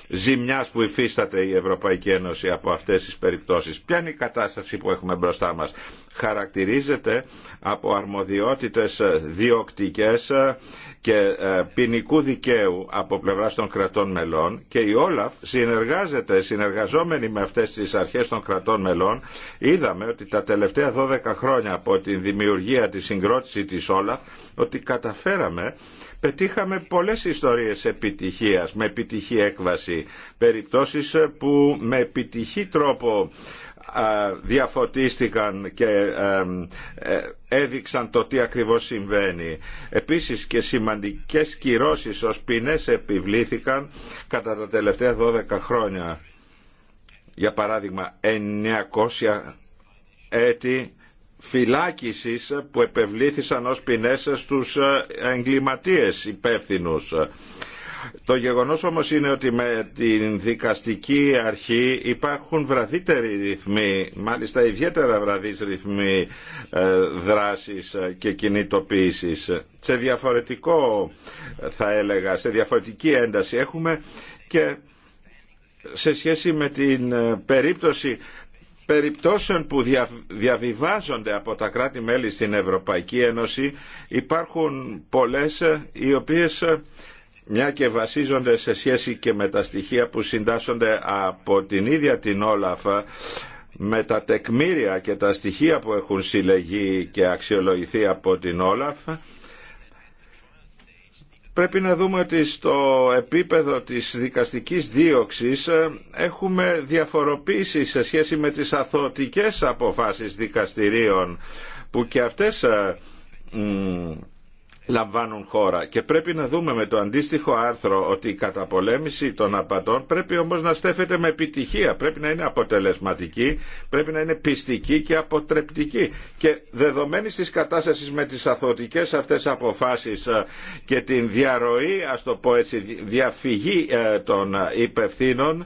ζημιάς που υφίσταται η Ευρωπαϊκή Ένωση από αυτές τις περιπτώσεις. Ποια είναι η κατάσταση που έχουμε μπροστά μας. Χαρακτηρίζεται από αρμοδιότητες ε, διοκτικές ε, και ε, ποινικού δικαίου από πλευράς των κρατών μελών και η Όλαφ συνεργάζεται, συνεργαζόμενη με αυτές τις αρχές των κρατών μελών είδαμε ότι τα τελευταία 12 χρόνια από τη δημιουργία, τη συγκρότηση της Όλαφ ότι καταφέραμε πετύχαμε πολλές ιστορίες επιτυχίας, με επιτυχή έκβαση, περιπτώσεις που με επιτυχή τρόπο ε, διαφωτίστηκαν και ε, ε, έδειξαν το τι ακριβώς συμβαίνει. Επίσης και σημαντικές κυρώσεις ως ποινές επιβλήθηκαν κατά τα τελευταία 12 χρόνια. Για παράδειγμα 900 έτη φυλάκισης που επευλήθησαν ως ποινές στους εγκληματίες υπεύθυνους το γεγονός όμως είναι ότι με την δικαστική αρχή υπάρχουν βραδύτεροι ρυθμοί, μάλιστα ιδιαίτερα βραδείς ρυθμοί ε, δράσης και κινητοποίησης. Σε διαφορετικό θα έλεγα, σε διαφορετική ένταση έχουμε και σε σχέση με την ε, περίπτωση περιπτώσεων που διαβιβάζονται από τα κράτη-μέλη στην Ευρωπαϊκή Ένωση υπάρχουν πολλές οι οποίες μια και βασίζονται σε σχέση και με τα στοιχεία που συντάσσονται από την ίδια την Όλαφα με τα τεκμήρια και τα στοιχεία που έχουν συλλεγεί και αξιολογηθεί από την Όλαφ πρέπει να δούμε ότι στο επίπεδο της δικαστικής δίωξης έχουμε διαφοροποίηση σε σχέση με τις αθωτικές αποφάσεις δικαστηρίων που και αυτές λαμβάνουν χώρα και πρέπει να δούμε με το αντίστοιχο άρθρο ότι η καταπολέμηση των απατών πρέπει όμως να στέφεται με επιτυχία, πρέπει να είναι αποτελεσματική, πρέπει να είναι πιστική και αποτρεπτική και δεδομένη της κατάστασης με τις αθωτικές αυτές αποφάσεις ε, και την διαρροή, α το πω έτσι, διαφυγή ε, των υπευθύνων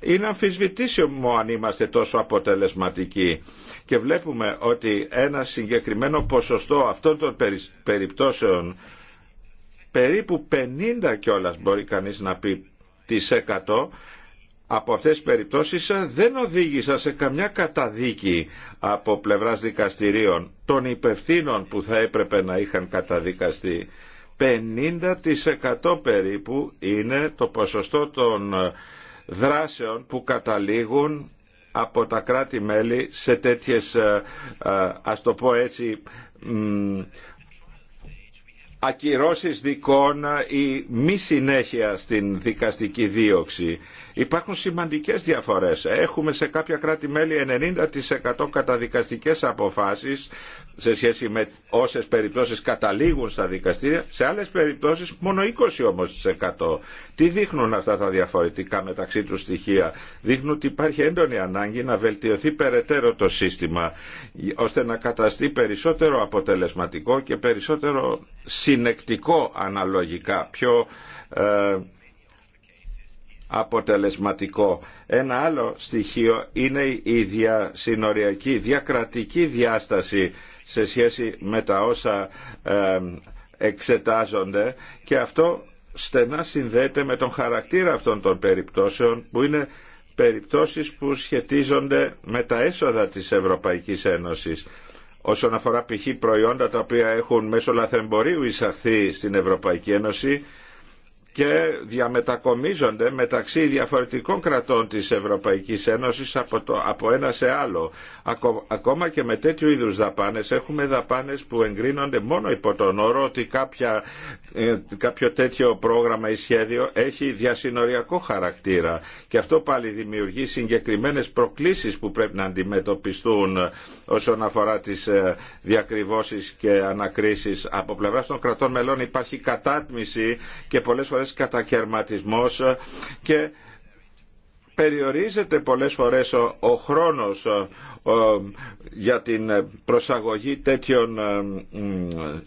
είναι αμφισβητήσιμο αν είμαστε τόσο αποτελεσματικοί και βλέπουμε ότι ένα συγκεκριμένο ποσοστό αυτών των περιπτώσεων περίπου 50 κιόλας μπορεί κανείς να πει τις 100 από αυτές τις περιπτώσεις δεν οδήγησαν σε καμιά καταδίκη από πλευράς δικαστηρίων των υπευθύνων που θα έπρεπε να είχαν καταδικαστεί. 50% περίπου είναι το ποσοστό των δράσεων που καταλήγουν από τα κράτη-μέλη σε τέτοιες, ε, ε, ας το πω έτσι, ακυρώσεις δικών ή μη συνέχεια στην δικαστική δίωξη. Υπάρχουν σημαντικές διαφορές. Έχουμε σε κάποια κράτη-μέλη 90% καταδικαστικές αποφάσεις σε σχέση με όσες περιπτώσεις καταλήγουν στα δικαστήρια, σε άλλες περιπτώσεις μόνο 20 όμως 100. Τι δείχνουν αυτά τα διαφορετικά μεταξύ τους στοιχεία. Δείχνουν ότι υπάρχει έντονη ανάγκη να βελτιωθεί περαιτέρω το σύστημα, ώστε να καταστεί περισσότερο αποτελεσματικό και περισσότερο συνεκτικό αναλογικά, πιο ε, αποτελεσματικό. Ένα άλλο στοιχείο είναι η διασυνοριακή, διακρατική διάσταση σε σχέση με τα όσα εξετάζονται και αυτό στενά συνδέεται με τον χαρακτήρα αυτών των περιπτώσεων που είναι περιπτώσεις που σχετίζονται με τα έσοδα της Ευρωπαϊκής Ένωσης όσον αφορά π.χ. προϊόντα τα οποία έχουν μέσω λαθεμπορίου εισαχθεί στην Ευρωπαϊκή Ένωση και διαμετακομίζονται μεταξύ διαφορετικών κρατών της Ευρωπαϊκής Ένωσης από, το, από ένα σε άλλο. Ακόμα και με τέτοιου είδους δαπάνες έχουμε δαπάνες που εγκρίνονται μόνο υπό τον όρο ότι κάποια, ε, κάποιο τέτοιο πρόγραμμα ή σχέδιο έχει διασυνοριακό χαρακτήρα και αυτό πάλι δημιουργεί συγκεκριμένες προκλήσεις που πρέπει να αντιμετωπιστούν όσον αφορά τις ε, διακριβώσεις και ανακρίσεις από πλευράς των κρατών μελών υπάρχει κατάτμιση και πολλές φορές κατακαιρματισμός και περιορίζεται πολλές φορές ο χρόνος ε, για την προσαγωγή τέτοιων, ε,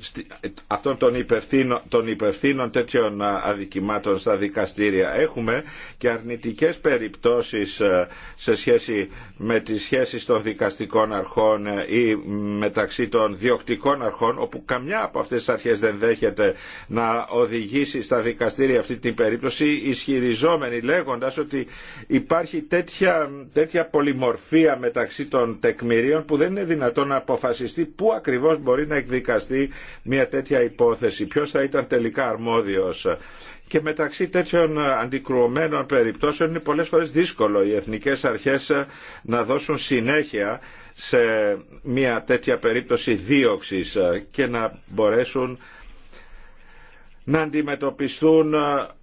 αυτών των υπευθύνων, των υπευθύνων τέτοιων αδικημάτων στα δικαστήρια. Έχουμε και αρνητικές περιπτώσεις ε, σε σχέση με τις σχέσεις των δικαστικών αρχών ή μεταξύ των διοκτικών αρχών όπου καμιά από αυτές τις αρχές δεν δέχεται να οδηγήσει στα δικαστήρια αυτή την περίπτωση ισχυριζόμενη λέγοντας ότι υπάρχει τέτοια, τέτοια πολυμορφία μεταξύ των των τεκμηρίων που δεν είναι δυνατόν να αποφασιστεί πού ακριβώς μπορεί να εκδικαστεί μια τέτοια υπόθεση, ποιος θα ήταν τελικά αρμόδιος. Και μεταξύ τέτοιων αντικρουωμένων περιπτώσεων είναι πολλές φορές δύσκολο οι εθνικές αρχές να δώσουν συνέχεια σε μια τέτοια περίπτωση δίωξης και να μπορέσουν να αντιμετωπιστούν ε,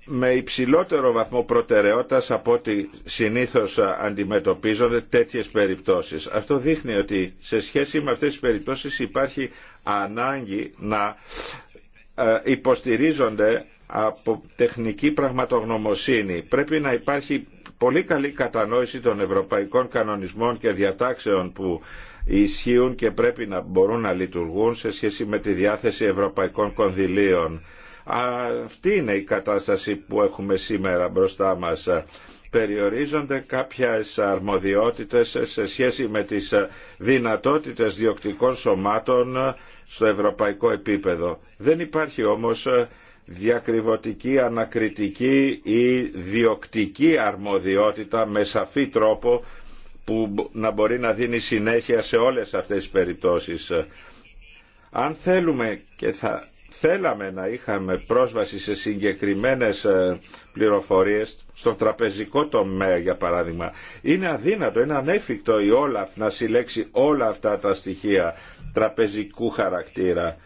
με υψηλότερο βαθμό προτεραιότητας από ό,τι συνήθως ε, αντιμετωπίζονται τέτοιες περιπτώσεις. Αυτό δείχνει ότι σε σχέση με αυτές τις περιπτώσεις υπάρχει ανάγκη να ε, υποστηρίζονται από τεχνική πραγματογνωμοσύνη. Πρέπει να υπάρχει πολύ καλή κατανόηση των ευρωπαϊκών κανονισμών και διατάξεων που ισχύουν και πρέπει να μπορούν να λειτουργούν σε σχέση με τη διάθεση ευρωπαϊκών κονδυλίων αυτή είναι η κατάσταση που έχουμε σήμερα μπροστά μας. Περιορίζονται κάποιες αρμοδιότητες σε σχέση με τις δυνατότητες διοκτικών σωμάτων στο ευρωπαϊκό επίπεδο. Δεν υπάρχει όμως διακριβωτική, ανακριτική ή διοκτική αρμοδιότητα με σαφή τρόπο που να μπορεί να δίνει συνέχεια σε όλες αυτές τις περιπτώσεις. Αν θέλουμε και θα θέλαμε να είχαμε πρόσβαση σε συγκεκριμένες ε, πληροφορίες στον τραπεζικό τομέα για παράδειγμα είναι αδύνατο, είναι ανέφικτο η Όλαφ να συλλέξει όλα αυτά τα στοιχεία τραπεζικού χαρακτήρα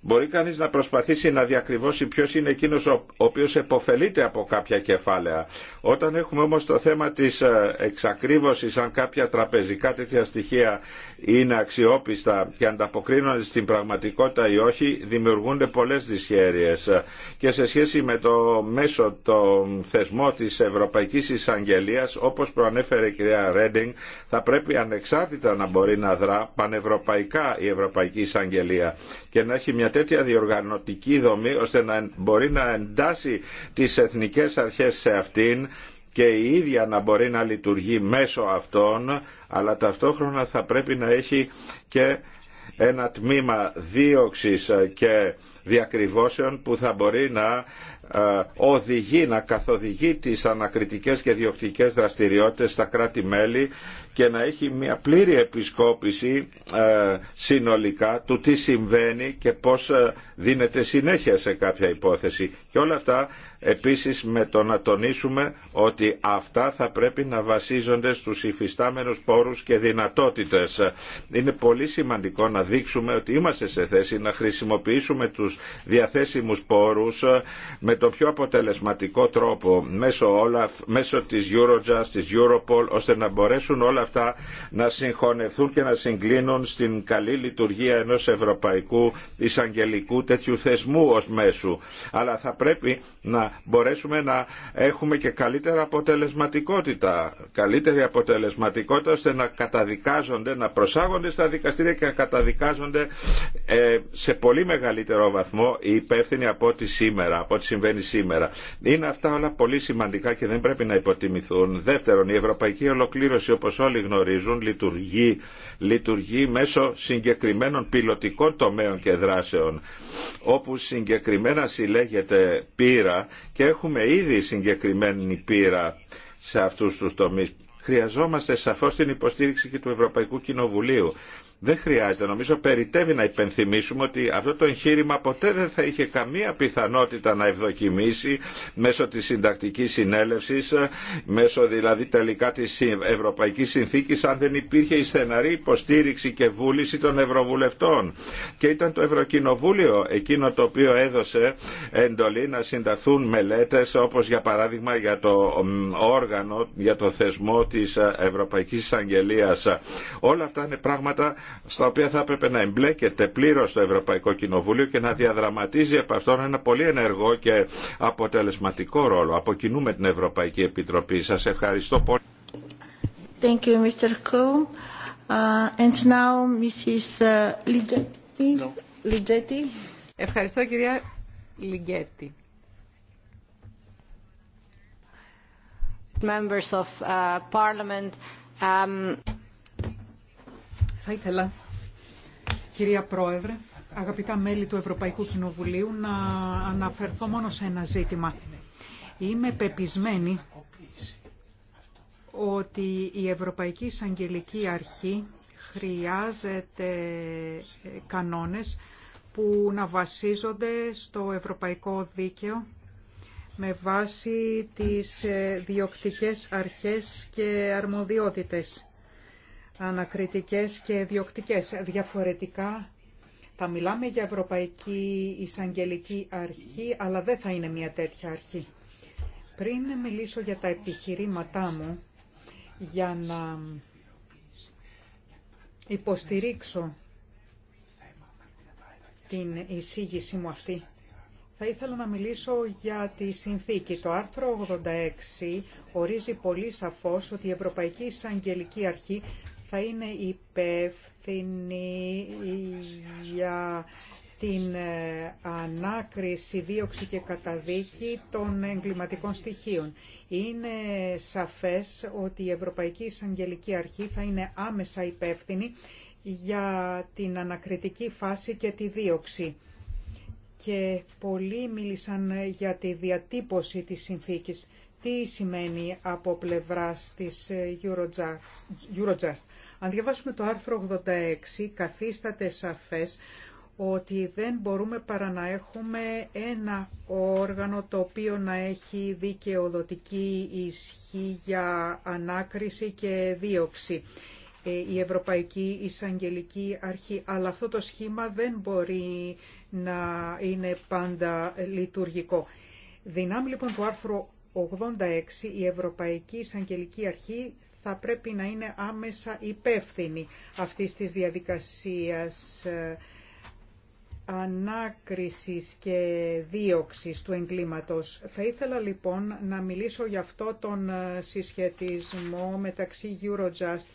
Μπορεί κανείς να προσπαθήσει να διακριβώσει ποιος είναι εκείνος ο οποίος επωφελείται από κάποια κεφάλαια. Όταν έχουμε όμως το θέμα της ε, εξακρίβωσης αν κάποια τραπεζικά τέτοια στοιχεία είναι αξιόπιστα και ανταποκρίνονται στην πραγματικότητα ή όχι, δημιουργούνται πολλές δυσχέρειες. Και σε σχέση με το μέσο, το θεσμό της Ευρωπαϊκής Εισαγγελίας, όπως προανέφερε η κυρία Ρέντινγκ, θα πρέπει ανεξάρτητα να μπορεί να δρά πανευρωπαϊκά η Ευρωπαϊκή Εισαγγελία και να έχει μια μια τέτοια διοργανωτική δομή ώστε να μπορεί να εντάσει τις εθνικές αρχές σε αυτήν και η ίδια να μπορεί να λειτουργεί μέσω αυτών αλλά ταυτόχρονα θα πρέπει να έχει και ένα τμήμα δίωξης και διακριβώσεων που θα μπορεί να ε, οδηγεί, να καθοδηγεί τις ανακριτικές και διοκτικές δραστηριότητες στα κράτη-μέλη και να έχει μια πλήρη επισκόπηση ε, συνολικά του τι συμβαίνει και πώς ε, δίνεται συνέχεια σε κάποια υπόθεση. Και όλα αυτά επίσης με το να τονίσουμε ότι αυτά θα πρέπει να βασίζονται στους υφιστάμενους πόρους και δυνατότητες. Είναι πολύ σημαντικό να δείξουμε ότι είμαστε σε θέση να χρησιμοποιήσουμε τους διαθέσιμους πόρους ε, με το πιο αποτελεσματικό τρόπο μέσω, όλα, μέσω της Eurojust, της Europol, ώστε να μπορέσουν όλα αυτά να συγχωνευτούν και να συγκλίνουν στην καλή λειτουργία ενός ευρωπαϊκού εισαγγελικού τέτοιου θεσμού ως μέσου. Αλλά θα πρέπει να μπορέσουμε να έχουμε και καλύτερα αποτελεσματικότητα. Καλύτερη αποτελεσματικότητα ώστε να καταδικάζονται, να προσάγονται στα δικαστήρια και να καταδικάζονται ε, σε πολύ μεγαλύτερο βαθμό οι υπεύθυνοι από ό,τι σήμερα, από ό,τι συμβαίνει σήμερα. Είναι αυτά όλα πολύ σημαντικά και δεν πρέπει να υποτιμηθούν. Δεύτερον, η ευρωπαϊκή ολοκλήρωση όπως όλοι όλοι γνωρίζουν λειτουργεί, λειτουργεί μέσω συγκεκριμένων πιλωτικών τομέων και δράσεων όπου συγκεκριμένα συλλέγεται πείρα και έχουμε ήδη συγκεκριμένη πείρα σε αυτούς τους τομείς. Χρειαζόμαστε σαφώς την υποστήριξη και του Ευρωπαϊκού Κοινοβουλίου δεν χρειάζεται. Νομίζω περιτεύει να υπενθυμίσουμε ότι αυτό το εγχείρημα ποτέ δεν θα είχε καμία πιθανότητα να ευδοκιμήσει μέσω της συντακτικής συνέλευσης, μέσω δηλαδή τελικά της Ευρωπαϊκής Συνθήκης, αν δεν υπήρχε η στεναρή υποστήριξη και βούληση των Ευρωβουλευτών. Και ήταν το Ευρωκοινοβούλιο εκείνο το οποίο έδωσε εντολή να συνταθούν μελέτες, όπως για παράδειγμα για το όργανο, για το θεσμό της Ευρωπαϊκής Εισαγγελίας. Όλα αυτά είναι πράγματα στα οποία θα έπρεπε να εμπλέκεται πλήρως το Ευρωπαϊκό Κοινοβούλιο και να διαδραματίζει από αυτόν ένα πολύ ενεργό και αποτελεσματικό ρόλο. Αποκινούμε την Ευρωπαϊκή Επιτροπή. Σας ευχαριστώ πολύ. Thank you, Mr. Uh, and now, Mrs. Uh, ευχαριστώ, κυρία Λιγκέτη. Members of uh, Parliament. Um... Θα ήθελα, κυρία Πρόεδρε, αγαπητά μέλη του Ευρωπαϊκού Κοινοβουλίου, να αναφερθώ μόνο σε ένα ζήτημα. Είμαι πεπισμένη ότι η Ευρωπαϊκή Εισαγγελική Αρχή χρειάζεται κανόνες που να βασίζονται στο ευρωπαϊκό δίκαιο με βάση τις διοκτικές αρχές και αρμοδιότητες ανακριτικές και διοκτικές. Διαφορετικά θα μιλάμε για Ευρωπαϊκή Εισαγγελική Αρχή, αλλά δεν θα είναι μια τέτοια αρχή. Πριν μιλήσω για τα επιχειρήματά μου, για να υποστηρίξω την εισήγησή μου αυτή, θα ήθελα να μιλήσω για τη συνθήκη. Το άρθρο 86 ορίζει πολύ σαφώς ότι η Ευρωπαϊκή Εισαγγελική Αρχή θα είναι υπεύθυνη για την ε, ανάκριση, δίωξη και καταδίκη των εγκληματικών στοιχείων. Είναι σαφές ότι η Ευρωπαϊκή Εισαγγελική Αρχή θα είναι άμεσα υπεύθυνη για την ανακριτική φάση και τη δίωξη. Και πολλοί μίλησαν για τη διατύπωση της συνθήκης τι σημαίνει από πλευράς της ε, Eurojust. Αν διαβάσουμε το άρθρο 86, καθίσταται σαφές ότι δεν μπορούμε παρά να έχουμε ένα όργανο το οποίο να έχει δικαιοδοτική ισχύ για ανάκριση και δίωξη ε, η Ευρωπαϊκή Εισαγγελική Αρχή. Αλλά αυτό το σχήμα δεν μπορεί να είναι πάντα λειτουργικό. Δυνάμει λοιπόν του άρθρου 86 η Ευρωπαϊκή Εισαγγελική Αρχή θα πρέπει να είναι άμεσα υπεύθυνη αυτή της διαδικασίας ε, ανάκρισης και δίωξης του εγκλήματος. Θα ήθελα λοιπόν να μιλήσω για αυτό τον ε, συσχετισμό μεταξύ Eurojust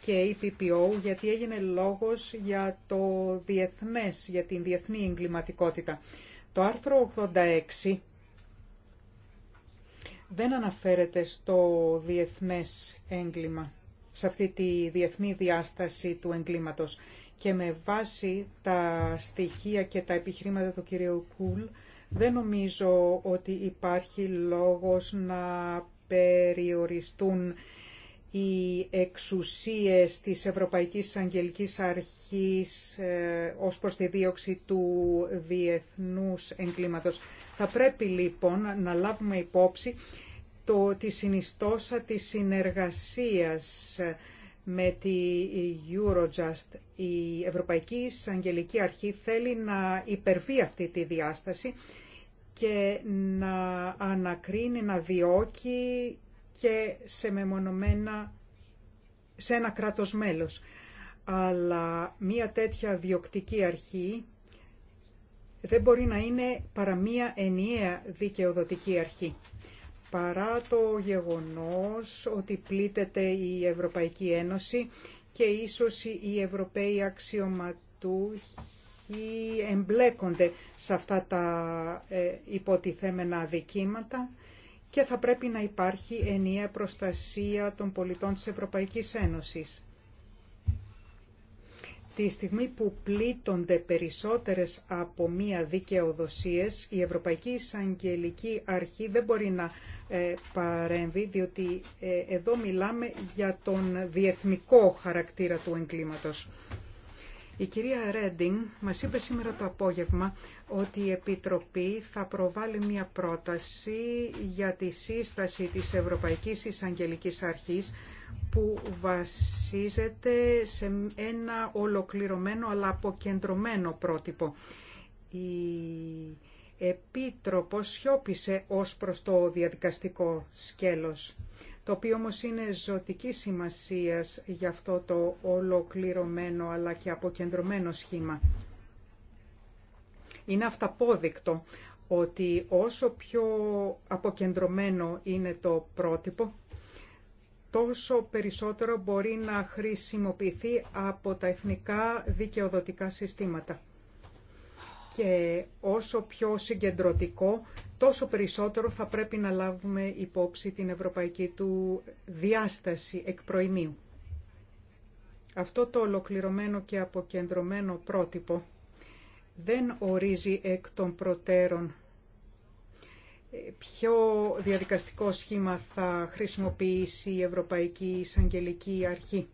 και EPPO γιατί έγινε λόγος για το διεθνές, για την διεθνή εγκληματικότητα. Το άρθρο 86 δεν αναφέρεται στο διεθνές έγκλημα, σε αυτή τη διεθνή διάσταση του εγκλήματος. Και με βάση τα στοιχεία και τα επιχειρήματα του κυρίου Κούλ, δεν νομίζω ότι υπάρχει λόγος να περιοριστούν οι εξουσίες της Ευρωπαϊκής Αγγελικής Αρχής ε, ως προς τη δίωξη του διεθνούς εγκλήματος. Θα πρέπει λοιπόν να λάβουμε υπόψη το, τη συνιστόσα της συνεργασίας με τη Eurojust. Η Ευρωπαϊκή Αγγελική Αρχή θέλει να υπερβεί αυτή τη διάσταση και να ανακρίνει, να διώκει και σε μεμονωμένα σε ένα κράτος μέλος. Αλλά μία τέτοια διοκτική αρχή δεν μπορεί να είναι παρά μία ενιαία δικαιοδοτική αρχή. Παρά το γεγονός ότι πλήττεται η Ευρωπαϊκή Ένωση και ίσως οι Ευρωπαίοι αξιωματούχοι εμπλέκονται σε αυτά τα ε, υποτιθέμενα αδικήματα, και θα πρέπει να υπάρχει ενιαία προστασία των πολιτών της Ευρωπαϊκής Ένωσης. Τη στιγμή που πλήττονται περισσότερες από μία δικαιοδοσίες, η Ευρωπαϊκή Εισαγγελική Αρχή δεν μπορεί να ε, παρέμβει, διότι ε, εδώ μιλάμε για τον διεθνικό χαρακτήρα του εγκλήματος. Η κυρία Ρέντιν μας είπε σήμερα το απόγευμα ότι η Επιτροπή θα προβάλλει μια πρόταση για τη σύσταση της Ευρωπαϊκής Εισαγγελικής Αρχής που βασίζεται σε ένα ολοκληρωμένο αλλά αποκεντρωμένο πρότυπο. Η Επίτροπος σιώπησε ως προς το διαδικαστικό σκέλος το οποίο όμως είναι ζωτική σημασίας για αυτό το ολοκληρωμένο αλλά και αποκεντρωμένο σχήμα. Είναι αυταπόδεικτο ότι όσο πιο αποκεντρωμένο είναι το πρότυπο, τόσο περισσότερο μπορεί να χρησιμοποιηθεί από τα εθνικά δικαιοδοτικά συστήματα και όσο πιο συγκεντρωτικό, τόσο περισσότερο θα πρέπει να λάβουμε υπόψη την ευρωπαϊκή του διάσταση εκ προημίου. Αυτό το ολοκληρωμένο και αποκεντρωμένο πρότυπο δεν ορίζει εκ των προτέρων ε, ποιο διαδικαστικό σχήμα θα χρησιμοποιήσει η Ευρωπαϊκή Εισαγγελική Αρχή.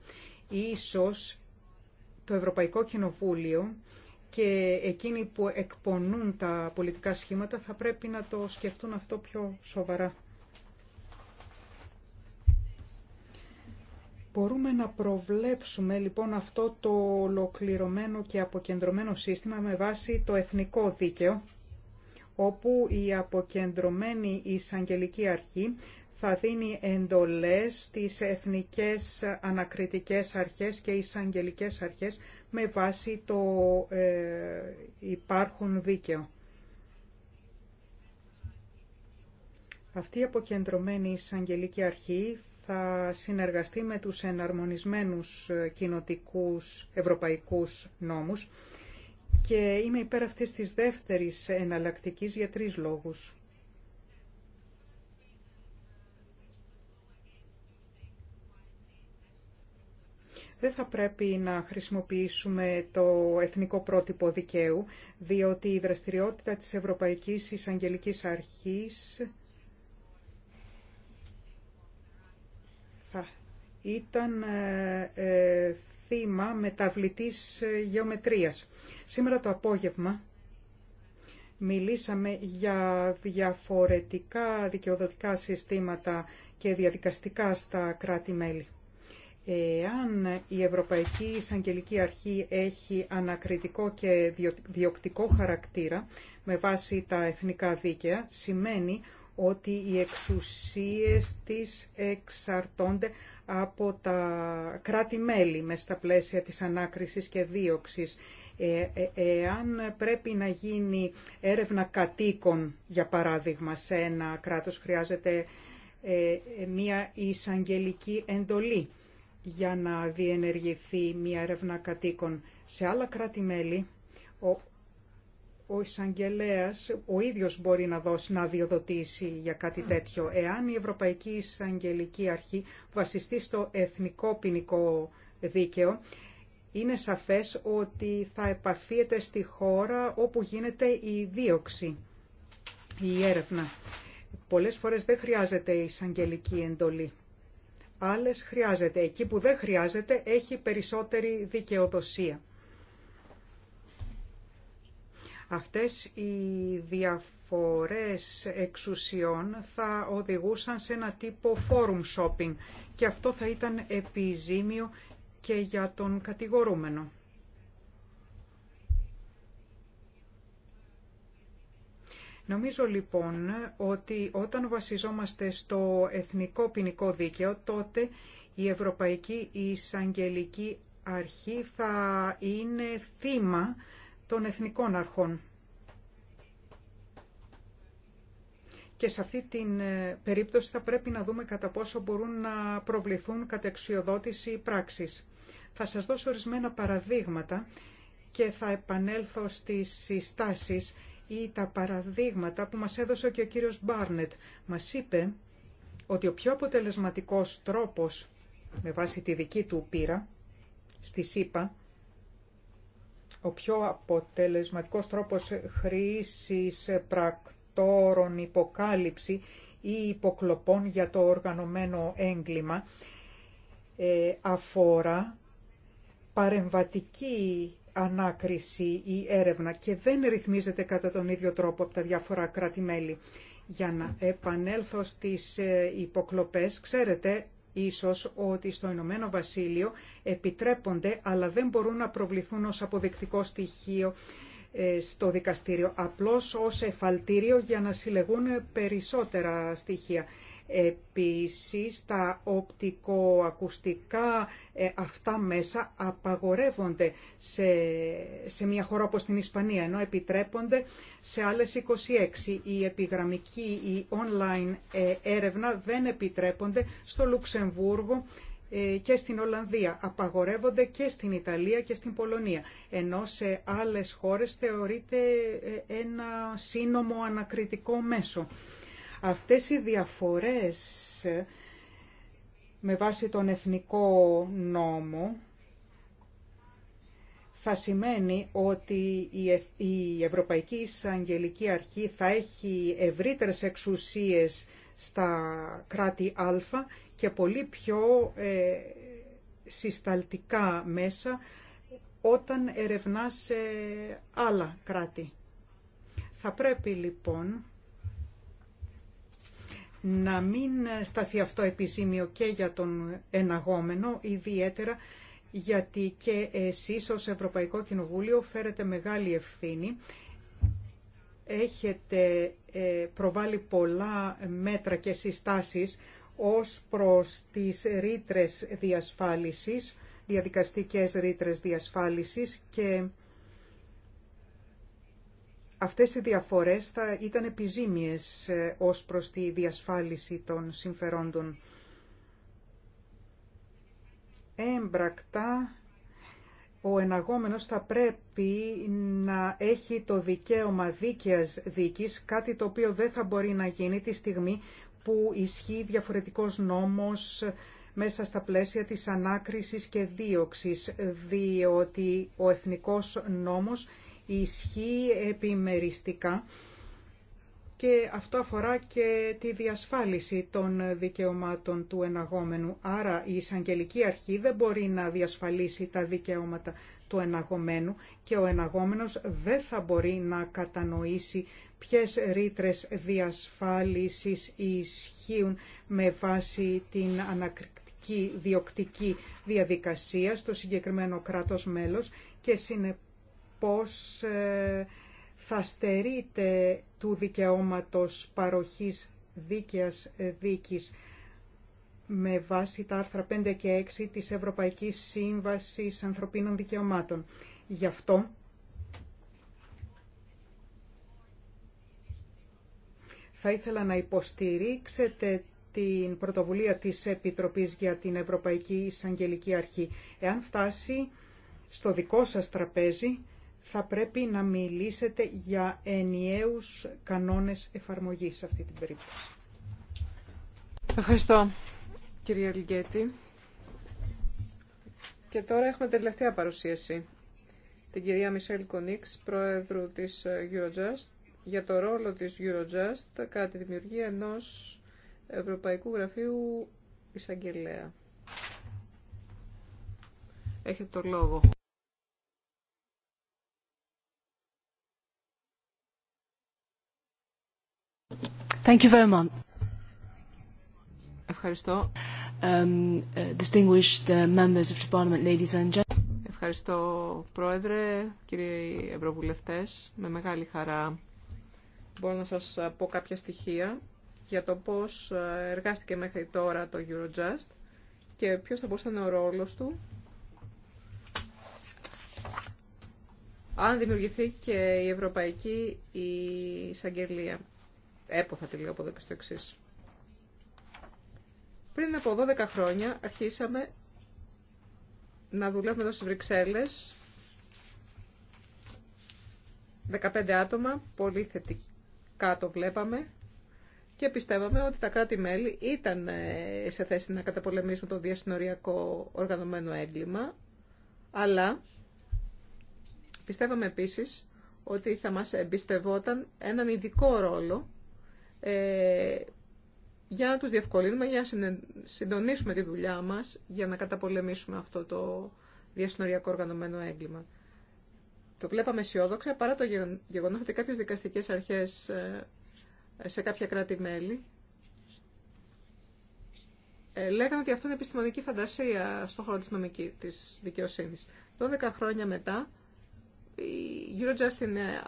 Ίσως το Ευρωπαϊκό Κοινοβούλιο και εκείνοι που εκπονούν τα πολιτικά σχήματα θα πρέπει να το σκεφτούν αυτό πιο σοβαρά. Μπορούμε να προβλέψουμε λοιπόν αυτό το ολοκληρωμένο και αποκεντρωμένο σύστημα με βάση το εθνικό δίκαιο, όπου η αποκεντρωμένη εισαγγελική αρχή θα δίνει εντολές στις εθνικές ανακριτικές αρχές και εισαγγελικές αρχές με βάση το ε, υπάρχον δίκαιο. Αυτή η αποκεντρωμένη εισαγγελική αρχή θα συνεργαστεί με τους εναρμονισμένους ε, κοινοτικούς ευρωπαϊκούς νόμους και είμαι υπέρ αυτής της δεύτερης εναλλακτικής για τρεις λόγους. δεν θα πρέπει να χρησιμοποιήσουμε το εθνικό πρότυπο δικαίου, διότι η δραστηριότητα της Ευρωπαϊκής εισαγγελική Αρχής θα ήταν ε, θύμα μεταβλητής γεωμετρίας. Σήμερα το απόγευμα μιλήσαμε για διαφορετικά δικαιοδοτικά συστήματα και διαδικαστικά στα κράτη-μέλη. Εάν η Ευρωπαϊκή Εισαγγελική Αρχή έχει ανακριτικό και διοκτικό χαρακτήρα με βάση τα εθνικά δίκαια, σημαίνει ότι οι εξουσίες της εξαρτώνται από τα κράτη-μέλη με στα πλαίσια της ανάκρισης και δίωξης. Ε, ε, εάν πρέπει να γίνει έρευνα κατοίκων, για παράδειγμα, σε ένα κράτος χρειάζεται ε, μια εισαγγελική εντολή για να διενεργηθεί μια έρευνα κατοίκων. Σε άλλα κράτη-μέλη, ο, ο εισαγγελέα ο ίδιος μπορεί να δώσει, να διοδοτήσει για κάτι τέτοιο. Εάν η Ευρωπαϊκή Εισαγγελική Αρχή βασιστεί στο εθνικό ποινικό δίκαιο, είναι σαφές ότι θα επαφίεται στη χώρα όπου γίνεται η δίωξη, η έρευνα. Πολλές φορές δεν χρειάζεται η εισαγγελική εντολή άλλες χρειάζεται. Εκεί που δεν χρειάζεται έχει περισσότερη δικαιοδοσία. Αυτές οι διαφορές εξουσιών θα οδηγούσαν σε ένα τύπο forum shopping και αυτό θα ήταν επιζήμιο και για τον κατηγορούμενο. Νομίζω λοιπόν ότι όταν βασιζόμαστε στο εθνικό ποινικό δίκαιο, τότε η Ευρωπαϊκή Εισαγγελική Αρχή θα είναι θύμα των εθνικών αρχών. Και σε αυτή την ε, περίπτωση θα πρέπει να δούμε κατά πόσο μπορούν να προβληθούν κατεξιοδότηση πράξεις. Θα σας δώσω ορισμένα παραδείγματα και θα επανέλθω στις συστάσεις ή τα παραδείγματα που μας έδωσε και ο κύριος Μπάρνετ. Μας είπε ότι ο πιο αποτελεσματικός τρόπος, με βάση τη δική του πείρα, στη ΣΥΠΑ, ο πιο αποτελεσματικός τρόπος χρήσης πρακτόρων υποκάλυψη ή υποκλοπών για το οργανωμένο έγκλημα ε, αφορά παρεμβατική ανάκριση ή έρευνα και δεν ρυθμίζεται κατά τον ίδιο τρόπο από τα διάφορα κράτη-μέλη. Για να επανέλθω στις ε, υποκλοπές, ξέρετε ίσως ότι στο Ηνωμένο Βασίλειο επιτρέπονται αλλά δεν μπορούν να προβληθούν ως αποδεικτικό στοιχείο ε, στο δικαστήριο, απλώς ως εφαλτήριο για να συλλεγούν περισσότερα στοιχεία. Επίσης, τα οπτικοακουστικά ε, αυτά μέσα απαγορεύονται σε, σε μια χώρα όπως την Ισπανία, ενώ επιτρέπονται σε άλλες 26. Η επιγραμμική, η online ε, έρευνα δεν επιτρέπονται στο Λουξεμβούργο ε, και στην Ολλανδία. Απαγορεύονται και στην Ιταλία και στην Πολωνία, ενώ σε άλλες χώρες θεωρείται ένα σύνομο ανακριτικό μέσο. Αυτές οι διαφορές με βάση τον εθνικό νόμο θα σημαίνει ότι η Ευρωπαϊκή Εισαγγελική Αρχή θα έχει ευρύτερες εξουσίες στα κράτη Α και πολύ πιο ε, συσταλτικά μέσα όταν ερευνά σε άλλα κράτη. Θα πρέπει λοιπόν να μην σταθεί αυτό επισήμιο και για τον εναγόμενο, ιδιαίτερα γιατί και εσείς ως Ευρωπαϊκό Κοινοβούλιο φέρετε μεγάλη ευθύνη. Έχετε ε, προβάλει πολλά μέτρα και συστάσεις ως προς τις ρήτρες διασφάλισης, διαδικαστικές ρήτρες διασφάλισης και Αυτές οι διαφορές θα ήταν επιζήμιες ε, ως προς τη διασφάλιση των συμφερόντων. Έμπρακτα, ο εναγόμενος θα πρέπει να έχει το δικαίωμα δίκαιας δίκης, κάτι το οποίο δεν θα μπορεί να γίνει τη στιγμή που ισχύει διαφορετικός νόμος μέσα στα πλαίσια της ανάκρισης και δίωξης, διότι ο εθνικός νόμος ισχύει επιμεριστικά και αυτό αφορά και τη διασφάλιση των δικαιωμάτων του εναγόμενου. Άρα η εισαγγελική αρχή δεν μπορεί να διασφαλίσει τα δικαιώματα του εναγόμενου και ο εναγόμενος δεν θα μπορεί να κατανοήσει ποιες ρήτρες διασφάλισης ισχύουν με βάση την ανακριτική διοκτική διαδικασία στο συγκεκριμένο κράτος μέλος και συνεπώς πώς ε, θα στερείται του δικαιώματος παροχής δίκαιας δίκης με βάση τα άρθρα 5 και 6 της Ευρωπαϊκής Σύμβασης Ανθρωπίνων Δικαιωμάτων. Γι' αυτό θα ήθελα να υποστηρίξετε την πρωτοβουλία της Επιτροπής για την Ευρωπαϊκή Εισαγγελική Αρχή. Εάν φτάσει στο δικό σας τραπέζι, θα πρέπει να μιλήσετε για ενιαίους κανόνες εφαρμογής σε αυτή την περίπτωση. Ευχαριστώ, κυρία Λιγκέτη. Και τώρα έχουμε τελευταία παρουσίαση. Την κυρία Μισελ Κονίξ, πρόεδρου της Eurojust, για το ρόλο της Eurojust κατά τη δημιουργία ενός Ευρωπαϊκού Γραφείου Εισαγγελέα. Έχετε το λόγο. Ευχαριστώ. Ευχαριστώ, Πρόεδρε, κύριοι Ευρωβουλευτές. Με μεγάλη χαρά μπορώ να σας πω κάποια στοιχεία για το πώς ε, εργάστηκε μέχρι τώρα το Eurojust και ποιος θα μπορούσε να είναι ο ρόλος του αν δημιουργηθεί και η Ευρωπαϊκή Εισαγγελία. Έποθα τη λέω από εδώ και στο εξή. Πριν από 12 χρόνια αρχίσαμε να δουλεύουμε εδώ στις Βρυξέλλες 15 άτομα, πολύ θετικά το βλέπαμε και πιστεύαμε ότι τα κράτη-μέλη ήταν ε, σε θέση να καταπολεμήσουν το διασυνοριακό οργανωμένο έγκλημα, αλλά πιστεύαμε επίσης ότι θα μας εμπιστευόταν έναν ειδικό ρόλο ε, για να τους διευκολύνουμε, για να συντονίσουμε τη δουλειά μας, για να καταπολεμήσουμε αυτό το διασυνοριακό οργανωμένο έγκλημα. Το βλέπαμε αισιόδοξα, παρά το γεγονός ότι κάποιες δικαστικές αρχές ε, σε κάποια κράτη-μέλη ε, λέγανε ότι αυτό είναι επιστημονική φαντασία στον χώρο της νομικής, της δικαιοσύνης. 12 χρόνια μετά, η Eurojust είναι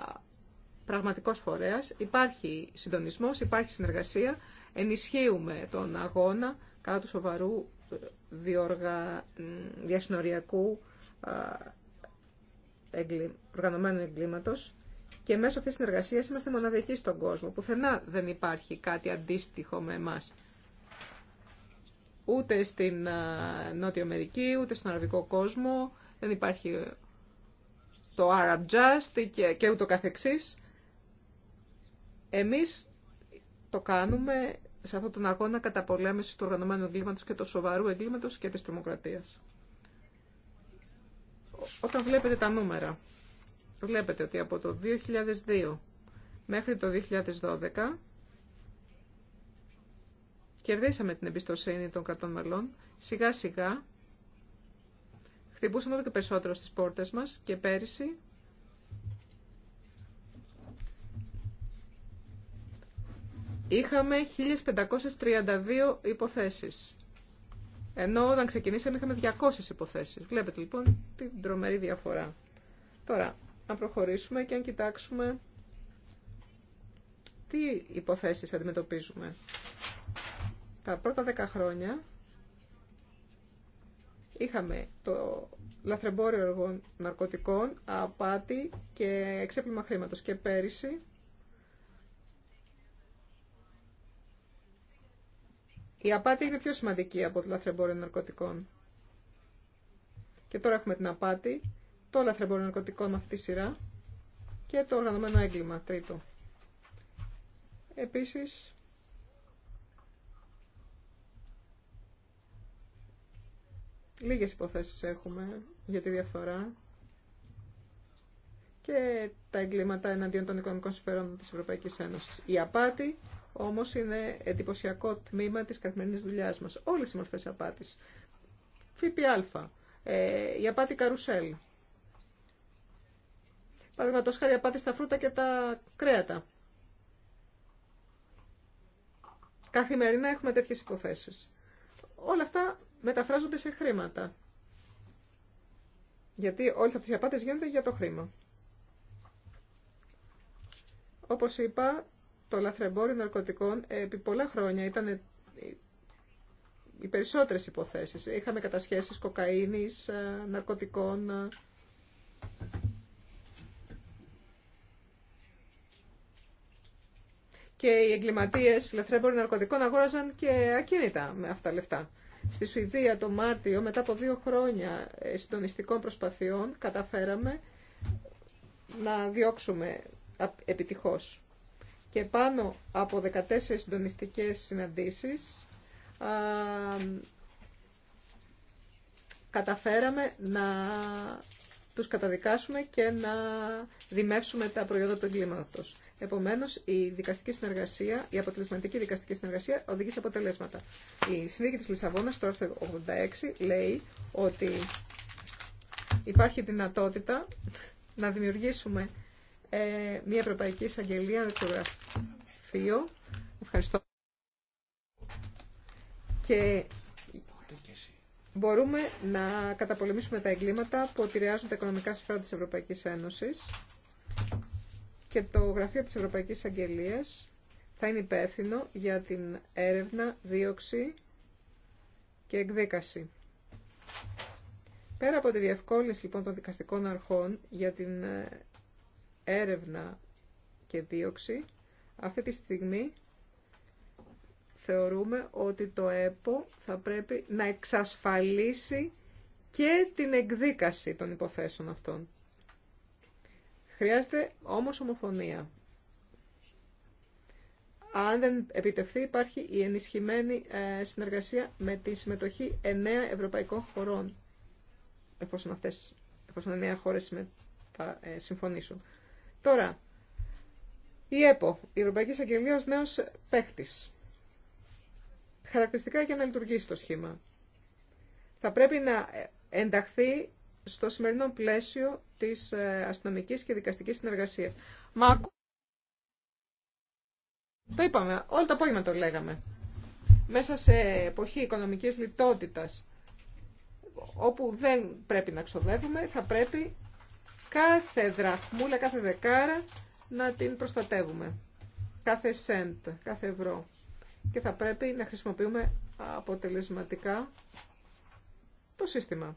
Πραγματικό φορέας, υπάρχει συντονισμός, υπάρχει συνεργασία, ενισχύουμε τον αγώνα κατά του σοβαρού ε, διοργα... διασυνοριακού οργανωμένου εγκλήματο. και μέσω αυτής της συνεργασίας είμαστε μοναδικοί στον κόσμο. Πουθενά δεν υπάρχει κάτι αντίστοιχο με εμάς. Ούτε στην Νότια Αμερική, ούτε στον Αραβικό κόσμο δεν υπάρχει το Arab Just και, και ούτω καθεξής. Εμείς το κάνουμε σε αυτόν τον αγώνα κατά πολέμηση του οργανωμένου εγκλήματος και του σοβαρού εγκλήματος και της τρομοκρατίας. Όταν βλέπετε τα νούμερα, βλέπετε ότι από το 2002 μέχρι το 2012 κερδίσαμε την εμπιστοσύνη των κρατών μελών, σιγά σιγά χτυπούσαν όλο και περισσότερο στις πόρτες μας και πέρυσι είχαμε 1532 υποθέσεις. Ενώ όταν ξεκινήσαμε είχαμε 200 υποθέσεις. Βλέπετε λοιπόν την τρομερή διαφορά. Τώρα, να προχωρήσουμε και αν κοιτάξουμε τι υποθέσεις αντιμετωπίζουμε. Τα πρώτα 10 χρόνια είχαμε το λαθρεμπόριο εργών ναρκωτικών, απάτη και εξέπλυμα χρήματος. Και πέρυσι Η απάτη είναι πιο σημαντική από το λαθρεμπόριο ναρκωτικών. Και τώρα έχουμε την απάτη, το λαθρεμπόριο ναρκωτικών με αυτή τη σειρά και το οργανωμένο έγκλημα, τρίτο. Επίσης, λίγες υποθέσεις έχουμε για τη διαφθορά και τα εγκλήματα εναντίον των οικονομικών συμφερόντων της Ευρωπαϊκής Ένωσης. Η απάτη, Όμω είναι εντυπωσιακό τμήμα τη καθημερινή δουλειά μα. Όλε οι μορφέ απάτης. ΦΠΑ, ε, η απάτη καρουσέλ. Παραδείγματος χάρη απάτη στα φρούτα και τα κρέατα. Καθημερινά έχουμε τέτοιε υποθέσει. Όλα αυτά μεταφράζονται σε χρήματα. Γιατί όλε αυτέ οι απάτες γίνονται για το χρήμα. Όπως είπα, το λαθρεμπόριο ναρκωτικών επί πολλά χρόνια ήταν ε, οι περισσότερες υποθέσεις. Είχαμε κατασχέσεις κοκαίνης, ε, ναρκωτικών. Ε. Και οι εγκληματίες λαθρεμπόριο ναρκωτικών αγόραζαν και ακίνητα με αυτά τα λεφτά. Στη Σουηδία το Μάρτιο, μετά από δύο χρόνια συντονιστικών προσπαθειών, καταφέραμε να διώξουμε επιτυχώς και πάνω από 14 συντονιστικές συναντήσεις καταφέραμε να τους καταδικάσουμε και να δημεύσουμε τα προϊόντα του εγκλήματος. Επομένως, η, δικαστική συνεργασία, η αποτελεσματική δικαστική συνεργασία οδηγεί σε αποτελέσματα. Η συνθήκη της Λισαβόνας, το άρθρο 86, λέει ότι υπάρχει δυνατότητα να δημιουργήσουμε ε, μια Ευρωπαϊκή Εισαγγελία γραφείο. Ευχαριστώ. Και μπορούμε να καταπολεμήσουμε τα εγκλήματα που επηρεάζουν τα οικονομικά συμφέροντα της Ευρωπαϊκής Ένωσης και το Γραφείο της Ευρωπαϊκής Αγγελίας θα είναι υπεύθυνο για την έρευνα, δίωξη και εκδίκαση. Πέρα από τη διευκόλυνση λοιπόν των δικαστικών αρχών για την ε, έρευνα και δίωξη, αυτή τη στιγμή θεωρούμε ότι το ΕΠΟ θα πρέπει να εξασφαλίσει και την εκδίκαση των υποθέσεων αυτών. Χρειάζεται όμως ομοφωνία. Αν δεν επιτευχθεί υπάρχει η ενισχυμένη ε, συνεργασία με τη συμμετοχή εννέα ευρωπαϊκών χωρών, εφόσον, αυτές, εφόσον εννέα χώρες ε, συμφωνήσουν. Τώρα, η ΕΠΟ, η Ευρωπαϊκή Εισαγγελία ως νέος παίχτης. Χαρακτηριστικά για να λειτουργήσει το σχήμα. Θα πρέπει να ενταχθεί στο σημερινό πλαίσιο της ε, αστυνομικής και δικαστικής συνεργασίας. το είπαμε, όλα το απόγευμα το λέγαμε. Μέσα σε εποχή οικονομικής λιτότητας, όπου δεν πρέπει να ξοδεύουμε, θα πρέπει κάθε δραχμούλα, κάθε δεκάρα να την προστατεύουμε. Κάθε σέντ, κάθε ευρώ. Και θα πρέπει να χρησιμοποιούμε αποτελεσματικά το σύστημα.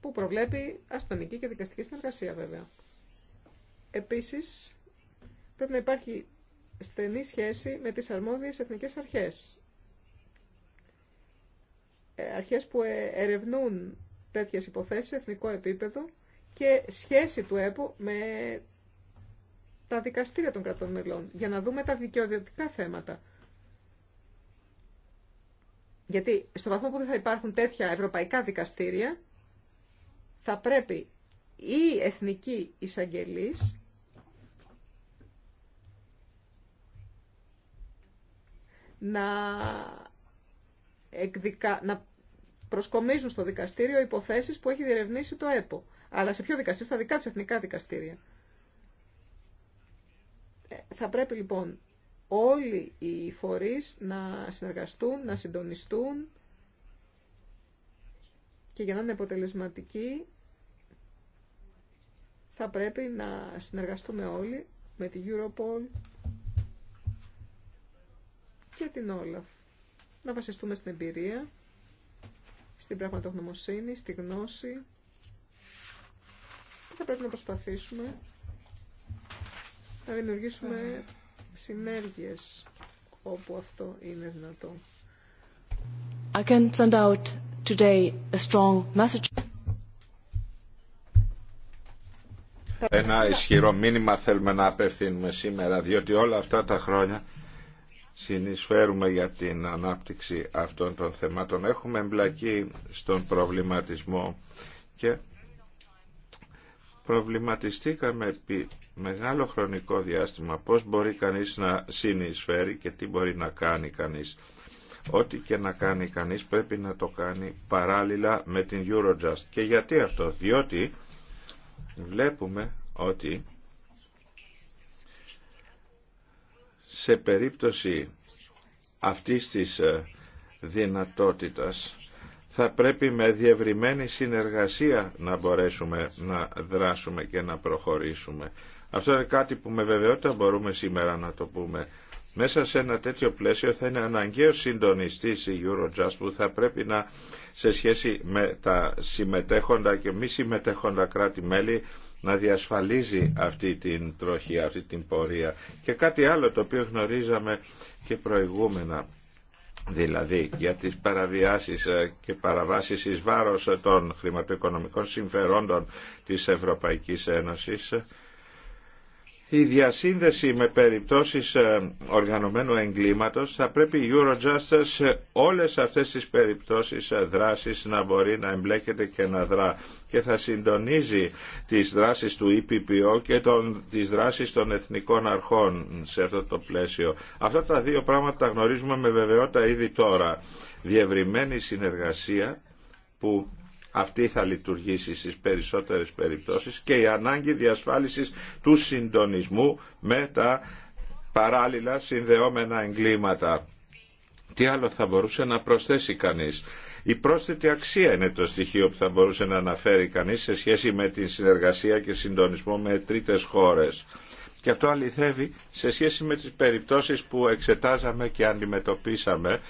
Που προβλέπει αστυνομική και δικαστική συνεργασία βέβαια. Επίσης, πρέπει να υπάρχει στενή σχέση με τις αρμόδιες εθνικές αρχές αρχές που ε, ερευνούν τέτοιες υποθέσεις σε εθνικό επίπεδο και σχέση του ΕΠΟ με τα δικαστήρια των κρατών μελών, για να δούμε τα δικαιοδιωτικά θέματα. Γιατί στο βαθμό που δεν θα υπάρχουν τέτοια ευρωπαϊκά δικαστήρια, θα πρέπει η Εθνική Εισαγγελής να εκδικα... να προσκομίζουν στο δικαστήριο υποθέσεις που έχει διερευνήσει το ΕΠΟ. Αλλά σε ποιο δικαστήριο, στα δικά του εθνικά δικαστήρια. Ε, θα πρέπει λοιπόν όλοι οι φορείς να συνεργαστούν, να συντονιστούν και για να είναι αποτελεσματικοί θα πρέπει να συνεργαστούμε όλοι με την Europol και την Όλαφ να βασιστούμε στην εμπειρία, στην πραγματογνωμοσύνη, στη γνώση και θα πρέπει να προσπαθήσουμε να δημιουργήσουμε συνέργειες όπου αυτό είναι δυνατό. I send out today a strong message. Ένα ισχυρό μήνυμα θέλουμε να απευθύνουμε σήμερα, διότι όλα αυτά τα χρόνια συνεισφέρουμε για την ανάπτυξη αυτών των θεμάτων. Έχουμε εμπλακεί στον προβληματισμό και προβληματιστήκαμε επί μεγάλο χρονικό διάστημα πώς μπορεί κανείς να συνεισφέρει και τι μπορεί να κάνει κανείς. Ό,τι και να κάνει κανείς πρέπει να το κάνει παράλληλα με την Eurojust. Και γιατί αυτό, διότι βλέπουμε ότι σε περίπτωση αυτής της ε, δυνατότητας θα πρέπει με διευρυμένη συνεργασία να μπορέσουμε να δράσουμε και να προχωρήσουμε. Αυτό είναι κάτι που με βεβαιότητα μπορούμε σήμερα να το πούμε. Μέσα σε ένα τέτοιο πλαίσιο θα είναι αναγκαίο συντονιστής η Eurojust που θα πρέπει να σε σχέση με τα συμμετέχοντα και μη συμμετέχοντα κράτη-μέλη να διασφαλίζει αυτή την τροχή, αυτή την πορεία. Και κάτι άλλο το οποίο γνωρίζαμε και προηγούμενα δηλαδή για τις παραβιάσεις ε, και παραβάσεις εις βάρος των χρηματοοικονομικών συμφερόντων της Ευρωπαϊκής Ένωσης η διασύνδεση με περιπτώσεις ε, οργανωμένου εγκλήματος θα πρέπει η Eurojust σε όλες αυτές τις περιπτώσεις ε, δράσης να μπορεί να εμπλέκεται και να δρά και θα συντονίζει τις δράσεις του EPPO και των, τις δράσεις των εθνικών αρχών σε αυτό το πλαίσιο. Αυτά τα δύο πράγματα τα γνωρίζουμε με βεβαιότητα ήδη τώρα. Διευρυμένη συνεργασία που αυτή θα λειτουργήσει στις περισσότερες περιπτώσεις και η ανάγκη διασφάλισης του συντονισμού με τα παράλληλα συνδεόμενα εγκλήματα. Τι άλλο θα μπορούσε να προσθέσει κανείς. Η πρόσθετη αξία είναι το στοιχείο που θα μπορούσε να αναφέρει κανείς σε σχέση με την συνεργασία και συντονισμό με τρίτες χώρες. Και αυτό αληθεύει σε σχέση με τις περιπτώσεις που εξετάζαμε και αντιμετωπίσαμε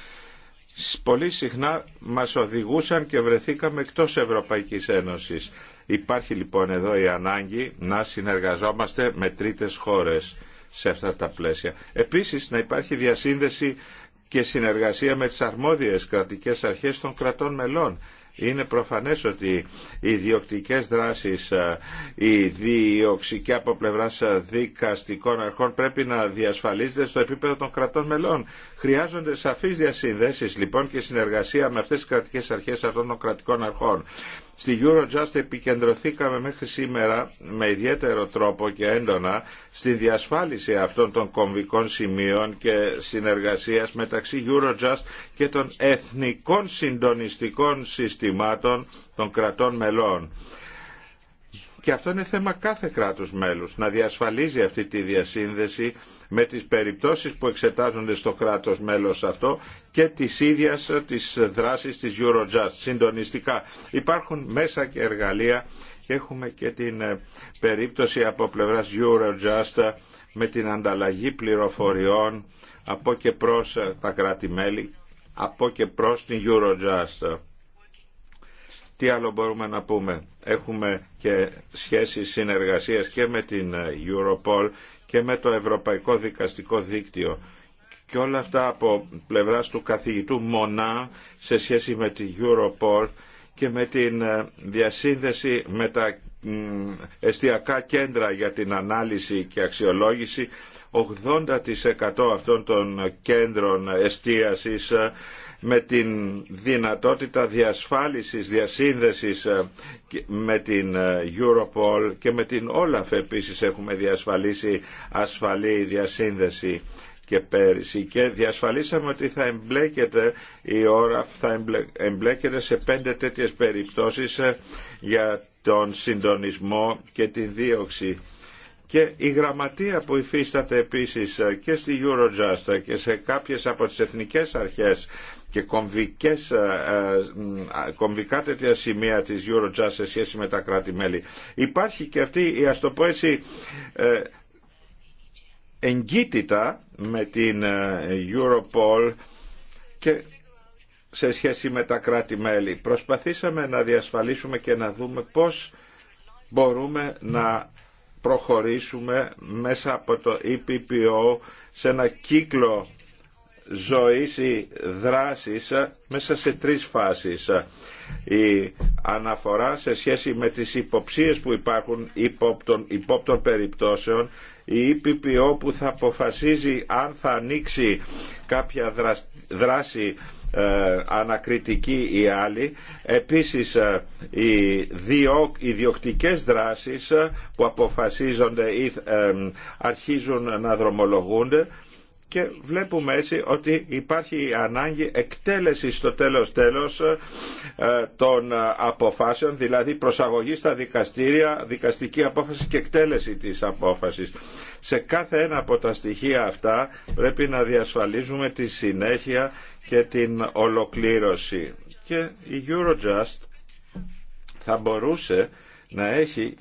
πολύ συχνά μας οδηγούσαν και βρεθήκαμε εκτός Ευρωπαϊκής Ένωσης. Υπάρχει λοιπόν εδώ η ανάγκη να συνεργαζόμαστε με τρίτες χώρες σε αυτά τα πλαίσια. Επίσης να υπάρχει διασύνδεση και συνεργασία με τις αρμόδιες κρατικές αρχές των κρατών μελών είναι προφανές ότι οι διοκτικές δράσεις, ε, η διοξική από πλευρά ε, δικαστικών αρχών πρέπει να διασφαλίζεται στο επίπεδο των κρατών μελών. Χρειάζονται σαφείς διασυνδέσεις λοιπόν και συνεργασία με αυτές τις κρατικές αρχές αυτών των κρατικών αρχών. Στη Eurojust επικεντρωθήκαμε μέχρι σήμερα με ιδιαίτερο τρόπο και έντονα στη διασφάλιση αυτών των κομβικών σημείων και συνεργασίας μεταξύ Eurojust και των εθνικών συντονιστικών συστημάτων των κρατών μελών και αυτό είναι θέμα κάθε κράτους μέλους, να διασφαλίζει αυτή τη διασύνδεση με τις περιπτώσεις που εξετάζονται στο κράτος μέλος αυτό και τις ίδιας της δράσης της Eurojust. Συντονιστικά υπάρχουν μέσα και εργαλεία και έχουμε και την ε, περίπτωση από πλευράς Eurojust ε, με την ανταλλαγή πληροφοριών από και προς ε, τα κράτη-μέλη, από και προς την Eurojust. Τι άλλο μπορούμε να πούμε. Έχουμε και σχέσεις συνεργασίας και με την ε, Europol και με το Ευρωπαϊκό Δικαστικό Δίκτυο και όλα αυτά από πλευράς του καθηγητού Μονά σε σχέση με την Europol και με την ε, διασύνδεση με τα εστιακά κέντρα για την ανάλυση και αξιολόγηση 80% αυτών των κέντρων εστίασης ε, με την δυνατότητα διασφάλισης, διασύνδεσης ε, με την ε, Europol και με την Όλαφ επίσης έχουμε διασφαλίσει ασφαλή διασύνδεση και πέρυσι και διασφαλίσαμε ότι θα εμπλέκεται η ώρα, θα εμπλέκεται σε πέντε τέτοιες περιπτώσεις ε, για τον συντονισμό και την δίωξη. Και η γραμματεία που υφίσταται επίσης και στη Eurojust και σε κάποιες από τις εθνικές αρχές και κομβικές, ε, ε, κομβικά τέτοια σημεία της Eurojust σε σχέση με τα κράτη-μέλη. Υπάρχει και αυτή η ας το πω έτσι ε, εγκύτητα με την Europol και σε σχέση με τα κράτη-μέλη. Προσπαθήσαμε να διασφαλίσουμε και να δούμε πώς μπορούμε να προχωρήσουμε μέσα από το EPPO σε ένα κύκλο ζωής ή δράσης μέσα σε τρεις φάσεις. Η αναφορά σε σχέση με τις υποψίες που υπάρχουν υπόπτων, υπόπτων περιπτώσεων, η ΕΠΠΟ που θα αποφασίζει αν θα ανοίξει κάποια δράση ε, ανακριτική ή άλλη. Επίσης ε, οι, δίο οι διοκτικές δράσεις που αποφασίζονται ή ε, αρχίζουν να δρομολογούνται και βλέπουμε έτσι ότι υπάρχει ανάγκη εκτέλεσης στο τέλος τέλος ε, των αποφάσεων, δηλαδή προσαγωγή στα δικαστήρια, δικαστική απόφαση και εκτέλεση της απόφασης. Σε κάθε ένα από τα στοιχεία αυτά πρέπει να διασφαλίζουμε τη συνέχεια και την ολοκλήρωση. Και η Eurojust θα μπορούσε να έχει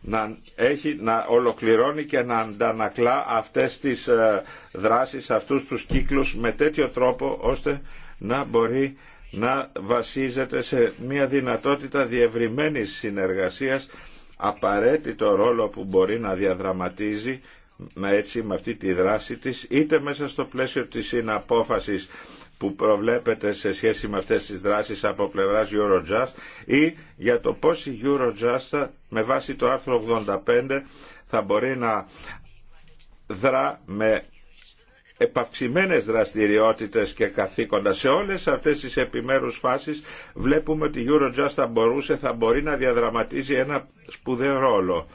να, έχει, να ολοκληρώνει και να αντανακλά αυτές τις ε, δράσεις, αυτούς τους κύκλους με τέτοιο τρόπο ώστε να μπορεί να βασίζεται σε μια δυνατότητα διευρυμένης συνεργασίας απαραίτητο ρόλο που μπορεί να διαδραματίζει με έτσι με αυτή τη δράση της είτε μέσα στο πλαίσιο της συναπόφασης που προβλέπεται σε σχέση με αυτές τις δράσεις από πλευράς Eurojust ή για το πώς η Eurojust με βάση το άρθρο 85 θα μπορεί να δρά με επαυξημένες δραστηριότητες και καθήκοντα σε όλες αυτές τις επιμέρους φάσεις βλέπουμε ότι η Eurojust θα μπορούσε, θα μπορεί να διαδραματίζει ένα σπουδαίο ρόλο.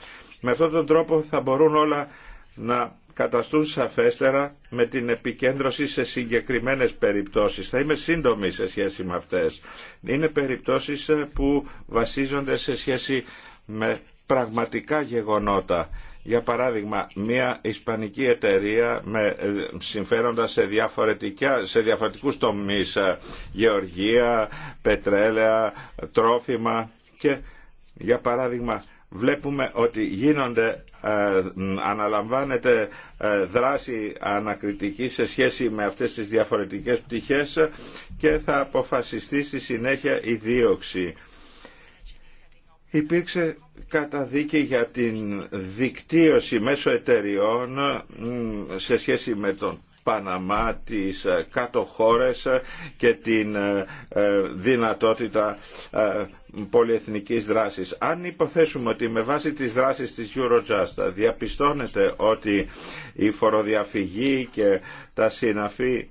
Με αυτόν τον τρόπο θα μπορούν όλα να καταστούν σαφέστερα με την επικέντρωση σε συγκεκριμένες περιπτώσεις. Θα είμαι σύντομη σε σχέση με αυτές. Είναι περιπτώσεις ε, που βασίζονται σε σχέση με πραγματικά γεγονότα. Για παράδειγμα, μια ισπανική εταιρεία με ε, συμφέροντα σε, διαφορετικά, σε διαφορετικούς τομείς, ε, γεωργία, πετρέλαια, τρόφιμα και για παράδειγμα βλέπουμε ότι γίνονται ε, αναλαμβάνεται ε, δράση ανακριτική σε σχέση με αυτές τις διαφορετικές πτυχές και θα αποφασιστεί στη συνέχεια η δίωξη. Υπήρξε καταδίκη για την δικτύωση μέσω εταιριών σε σχέση με τον Παναμά, τις ε, κάτω χώρες ε, και την ε, δυνατότητα πολυεθνικής δράσης. Αν υποθέσουμε ότι με βάση τις δράσεις της Eurojust διαπιστώνεται ότι η φοροδιαφυγή και τα συναφή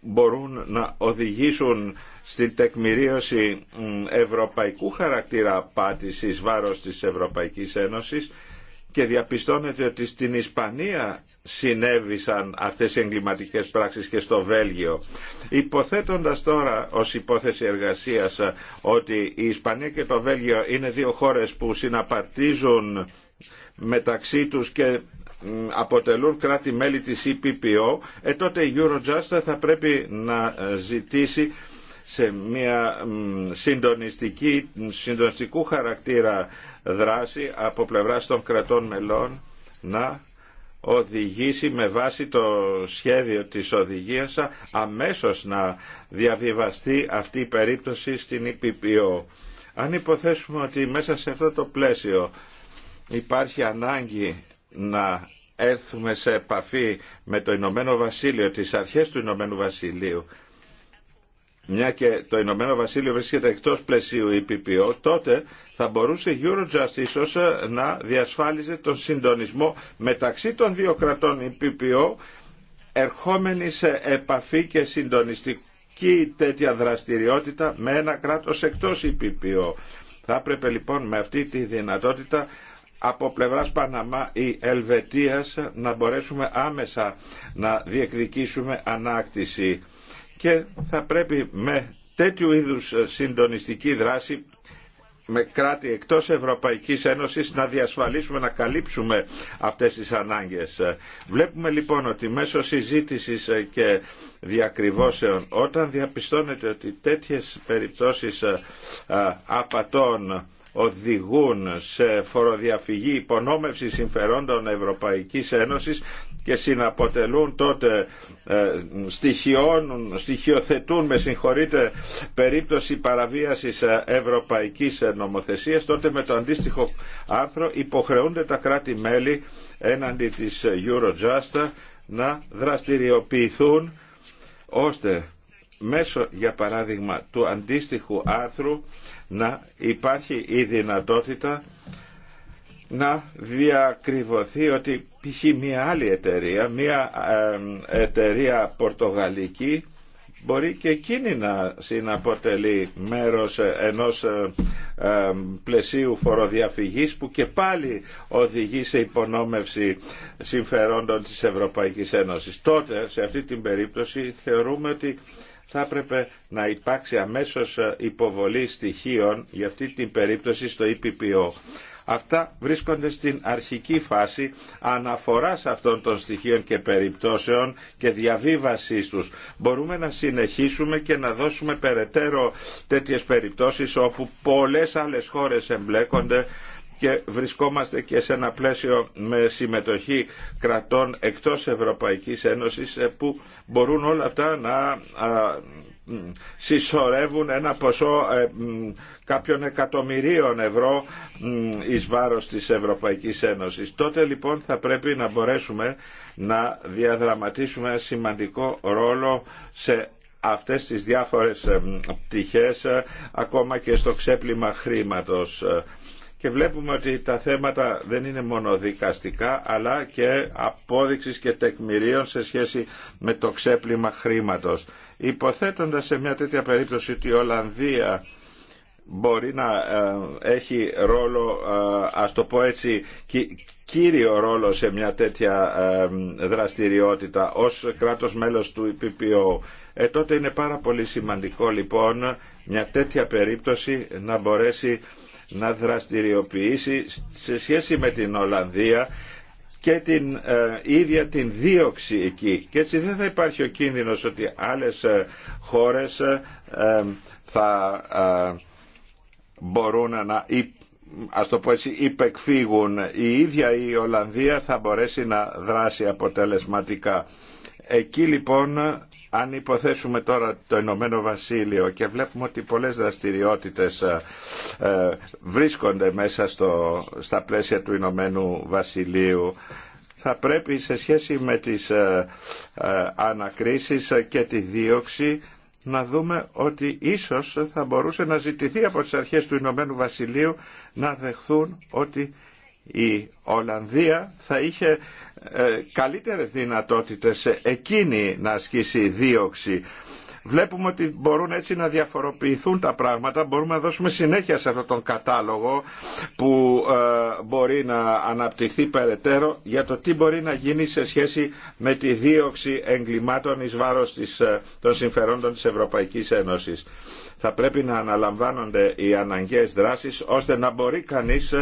μπορούν να οδηγήσουν στην τεκμηρίωση ευρωπαϊκού χαρακτήρα απάτησης βάρος της Ευρωπαϊκής Ένωσης και διαπιστώνεται ότι στην Ισπανία συνέβησαν αυτές οι εγκληματικές πράξεις και στο Βέλγιο. Υποθέτοντας τώρα ως υπόθεση εργασίας ότι η Ισπανία και το Βέλγιο είναι δύο χώρες που συναπαρτίζουν μεταξύ τους και αποτελούν κράτη-μέλη της EPPO, ε, τότε η Eurojust θα πρέπει να ε, ζητήσει σε μια συντονιστική, συντονιστικού χαρακτήρα δράση από πλευράς των κρατών μελών να οδηγήσει με βάση το σχέδιο της οδηγίας αμέσως να διαβιβαστεί αυτή η περίπτωση στην ΕΠΠΟ. Αν υποθέσουμε ότι μέσα σε αυτό το πλαίσιο υπάρχει ανάγκη να έρθουμε σε επαφή με το Ηνωμένο Βασίλειο, τις αρχές του Ηνωμένου Βασιλείου μια και το Ηνωμένο Βασίλειο βρίσκεται εκτό πλαισίου ΙΠΠΟ, τότε θα μπορούσε η Eurojust ίσως ε, να διασφάλιζε τον συντονισμό μεταξύ των δύο κρατών ΙΠΠΟ ερχόμενη σε επαφή και συντονιστική τέτοια δραστηριότητα με ένα κράτος εκτός ΙΠΠΟ. Θα έπρεπε λοιπόν με αυτή τη δυνατότητα από πλευράς Παναμά ή Ελβετίας να μπορέσουμε άμεσα να διεκδικήσουμε ανάκτηση και θα πρέπει με τέτοιου είδους ε, συντονιστική δράση με κράτη εκτός Ευρωπαϊκής Ένωσης να διασφαλίσουμε, να καλύψουμε αυτές τις ανάγκες. Βλέπουμε λοιπόν ότι μέσω συζήτησης ε, και διακριβώσεων όταν διαπιστώνεται ότι τέτοιες περιπτώσεις ε, απατών οδηγούν σε φοροδιαφυγή υπονόμευση συμφερόντων Ευρωπαϊκής Ένωσης και συναποτελούν τότε ε, στοιχειώνουν, στοιχειοθετούν με συγχωρείτε περίπτωση παραβίασης ε, ευρωπαϊκής ε, νομοθεσίας τότε με το αντίστοιχο άρθρο υποχρεούνται τα κράτη-μέλη έναντι της Eurojust να δραστηριοποιηθούν ώστε μέσω για παράδειγμα του αντίστοιχου άρθρου να υπάρχει η δυνατότητα να διακριβωθεί ότι π.χ. μια άλλη εταιρεία, μια εταιρεία πορτογαλική μπορεί και εκείνη να συναποτελεί μέρος ενός πλαισίου φοροδιαφυγής που και πάλι οδηγεί σε υπονόμευση συμφερόντων της Ευρωπαϊκής Ένωσης. Τότε, σε αυτή την περίπτωση, θεωρούμε ότι θα έπρεπε να υπάρξει αμέσως υποβολή στοιχείων για αυτή την περίπτωση στο EPPO. Αυτά βρίσκονται στην αρχική φάση αναφοράς αυτών των στοιχείων και περιπτώσεων και διαβίβασής τους. Μπορούμε να συνεχίσουμε και να δώσουμε περαιτέρω τέτοιες περιπτώσεις όπου πολλές άλλες χώρες εμπλέκονται και βρισκόμαστε και σε ένα πλαίσιο με συμμετοχή κρατών εκτός Ευρωπαϊκής Ένωσης ε, που μπορούν όλα αυτά να συσσωρεύουν ένα ποσό ε, κάποιων εκατομμυρίων ευρώ εις βάρος της Ευρωπαϊκής Ένωσης. Τότε λοιπόν θα πρέπει να μπορέσουμε να διαδραματίσουμε ένα σημαντικό ρόλο σε αυτές τις διάφορες ε, πτυχές ε, ακόμα και στο ξέπλυμα χρήματος και βλέπουμε ότι τα θέματα δεν είναι μόνο δικαστικά αλλά και απόδειξης και τεκμηρίων σε σχέση με το ξέπλυμα χρήματος. Υποθέτοντας σε μια τέτοια περίπτωση ότι η Ολλανδία μπορεί να ε, έχει ρόλο, ε, ας το πω έτσι, κύριο ρόλο σε μια τέτοια ε, δραστηριότητα ως κράτος μέλος του ΕΠΠΟ, Ε, τότε είναι πάρα πολύ σημαντικό λοιπόν μια τέτοια περίπτωση να μπορέσει να δραστηριοποιήσει σε σχέση με την Ολλανδία και την ε, ίδια την δίωξη εκεί. Και έτσι δεν θα υπάρχει ο κίνδυνος ότι άλλες ε, χώρες ε, θα μπορούν να ας το πω έτσι, υπεκφύγουν. Η ίδια η Ολλανδία θα μπορέσει να δράσει αποτελεσματικά. Εκεί λοιπόν αν υποθέσουμε τώρα το Ηνωμένο Βασίλειο και βλέπουμε ότι πολλές δραστηριότητες ε, ε, βρίσκονται μέσα στο, στα πλαίσια του Ηνωμένου Βασιλείου, θα πρέπει σε σχέση με τις ε, ανακρίσεις και τη δίωξη να δούμε ότι ίσως θα μπορούσε να ζητηθεί από τις αρχές του Ηνωμένου Βασιλείου να δεχθούν ότι η Ολλανδία θα είχε ε, καλύτερες δυνατότητες εκείνη να ασκήσει δίωξη. Βλέπουμε ότι μπορούν έτσι να διαφοροποιηθούν τα πράγματα, μπορούμε να δώσουμε συνέχεια σε αυτόν τον κατάλογο που ε, μπορεί να αναπτυχθεί περαιτέρω για το τι μπορεί να γίνει σε σχέση με τη δίωξη εγκλημάτων εις βάρος ε, των συμφερόντων της Ευρωπαϊκής Ένωσης. Θα πρέπει να αναλαμβάνονται οι αναγκαίες δράσεις ώστε να μπορεί κανείς